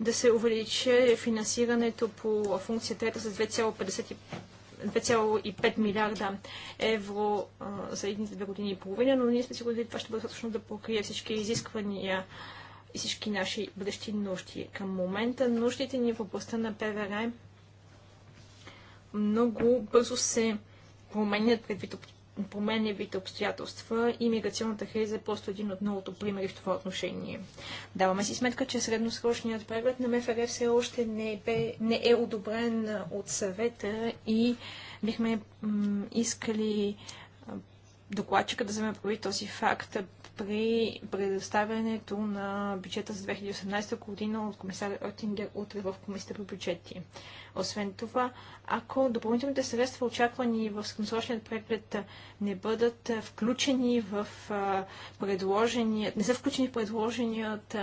да се увеличи финансирането по функция трета с 2,5 милиарда евро за едните две години и половина, но ние сме сигурни, че това ще бъде достатъчно да покрие всички изисквания и всички наши бъдещи нужди. Към момента нуждите ни в областта на ПВР много бързо се променят предвид променливите е обстоятелства и миграционната криза е просто един от многото примери в това отношение. Даваме си сметка, че средносрочният преглед на МФР все още не, бе, не е одобрен от съвета и бихме искали докладчика да вземе прави този факт при предоставянето на бюджета за 2018 година от комисар Оттингер утре в комисията по бюджети. Освен това, ако допълнителните средства, очаквани в скъмсрочният преглед, не бъдат включени в предложения, не са включени в предложеният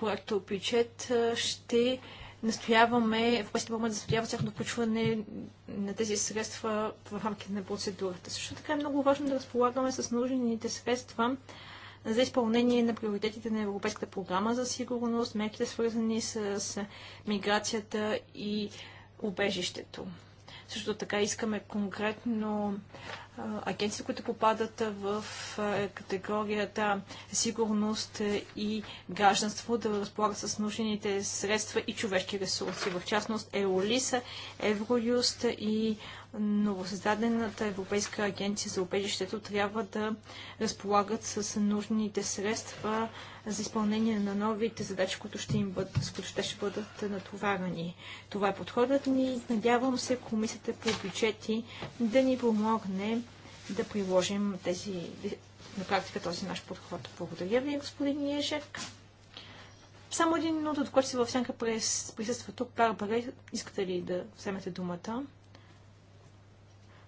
проекто бюджет, ще настояваме Европейския парламент да настоява тяхното включване на тези средства в рамките на процедурата. Също така е много важно да разполагаме с нужните средства за изпълнение на приоритетите на Европейската програма за сигурност, мерките свързани с миграцията и убежището. Също така искаме конкретно агенции, които попадат в категорията сигурност и гражданство, да разполагат с нужните средства и човешки ресурси. В частност Еолиса, Евроюст и новосъздадената Европейска агенция за убежището трябва да разполагат с нужните средства за изпълнение на новите задачи, които ще им бъдат, с които те ще бъдат натоварени. Това е подходът ни. Надявам се комисията по бюджети да ни помогне да приложим тези, на практика този наш подход. Благодаря ви, господин Ежек. Само един минут, от който си сянка всяка присъства тук. Барбара, искате ли да вземете думата?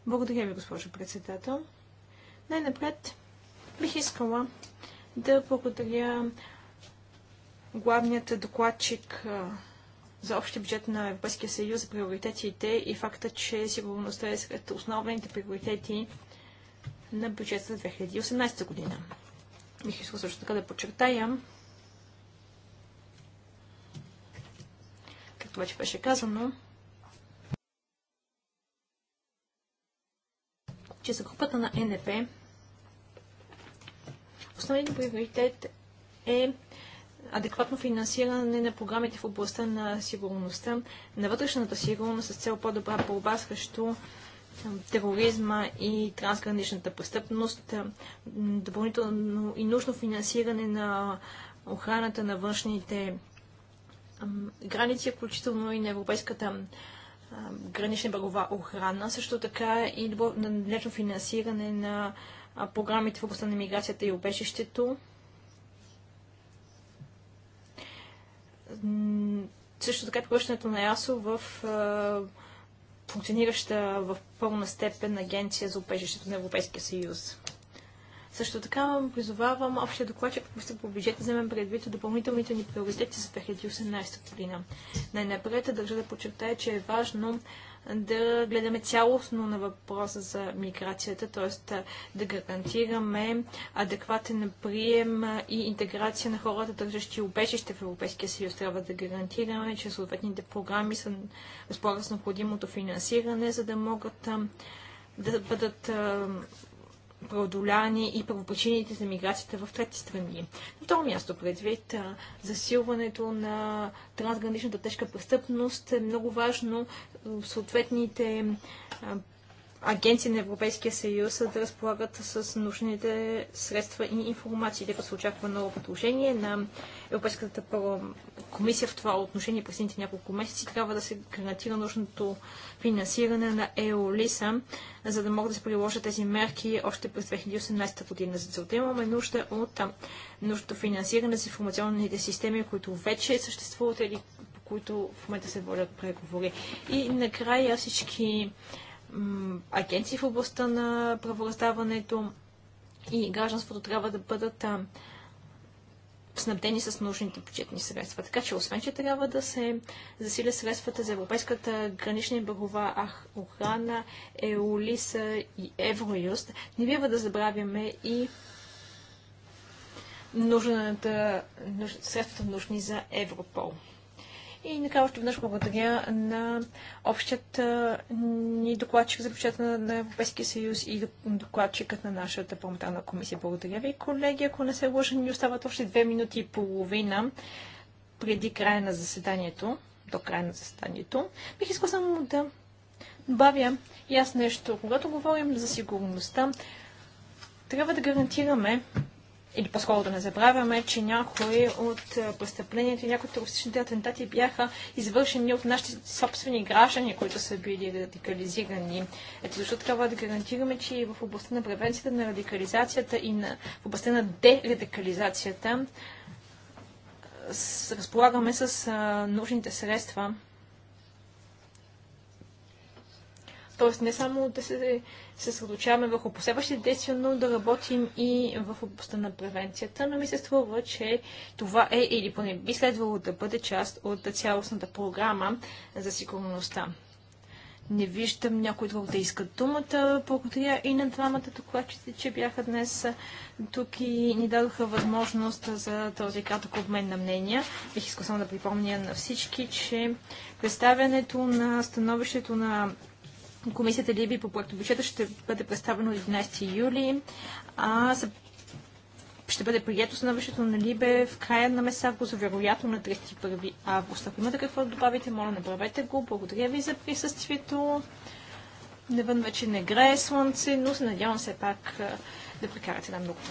Благодаря ви, госпожо председател. Най-напред бих искала да благодаря главният докладчик за общия бюджет на Европейския съюз, за приоритетите и факта, че сигурността е сред основните приоритети на бюджета за 2018 година. Бих искал също така да подчертая, както вече беше казано, че за групата на НП основният приоритет е адекватно финансиране на програмите в областта на сигурността, на вътрешната сигурност с цел по-добра борба срещу тероризма и трансграничната престъпност, допълнително и нужно финансиране на охраната на външните граници, включително и на Европейската гранична брегова охрана, също така и добро, надлежно финансиране на програмите в областта на миграцията и обежището. Също така превръщането на ЯСО в функционираща в пълна степен агенция за обежището на Европейския съюз. Също така призовавам общия докладчик по по бюджет да вземем предвид допълнителните ни приоритети за 2018 година. Най-напред държа да подчертая, че е важно да гледаме цялостно на въпроса за миграцията, т.е. да гарантираме адекватен прием и интеграция на хората, държащи обещащи в Европейския съюз. Трябва да гарантираме, че съответните програми са разполагат с необходимото финансиране, за да могат да бъдат преодоляни и първопричините за миграцията в трети страни. На второ място, предвид засилването на трансграничната тежка престъпност, е много важно съответните агенции на Европейския съюз да разполагат с нужните средства и информации, тъй като се очаква ново предложение на Европейската комисия в това отношение през следните няколко месеци. Трябва да се гарантира нужното финансиране на ЕОЛИСА, за да могат да се приложат тези мерки още през 2018 година. За целта имаме нужда от нужното финансиране за информационните системи, които вече съществуват или които в момента се водят преговори. И накрая всички агенции в областта на правораздаването и гражданството трябва да бъдат снабдени с нужните бюджетни средства. Така че, освен, че трябва да се засиля средствата за Европейската гранична и брегова охрана, Еолиса и Евроюст, не бива да забравяме и нужната, нуж, средствата нужни за Европол. И накрая още веднъж благодаря на общият ни докладчик за бюджета на Европейския съюз и докладчикът на нашата парламентарна комисия. Благодаря ви, колеги. Ако не се лъжа, ни остават още две минути и половина преди края на заседанието, до края на заседанието. Бих искал само да добавя и аз нещо. Когато говорим за сигурността, трябва да гарантираме, или по-скоро да не забравяме, че някои от е, престъпленията и някои от терористичните атентати бяха извършени от нашите собствени граждани, които са били радикализирани. Ето защо трябва да гарантираме, че и в областта на превенцията на радикализацията и на, в областта на дерадикализацията е, с, разполагаме с а, е, нужните средства. Тоест не само да се се съсредоточаваме върху последващите действия, но да работим и в областта на превенцията. Но ми се струва, че това е или поне би следвало да бъде част от цялостната програма за сигурността. Не виждам някой друг да иска думата. Благодаря и на двамата докладчици, че бяха днес тук и ни дадоха възможност за този кратък обмен на мнения. Бих искал само да припомня на всички, че представянето на становището на Комисията Либи по проекто бюджета ще бъде представено 11 юли, а за ще бъде прието становището на Либе в края на месец август, вероятно на 31 август. Ако имате какво да добавите, моля, направете го. Благодаря ви за присъствието. Навън вече не грее слънце, но се надявам все пак да прекарате на много приятна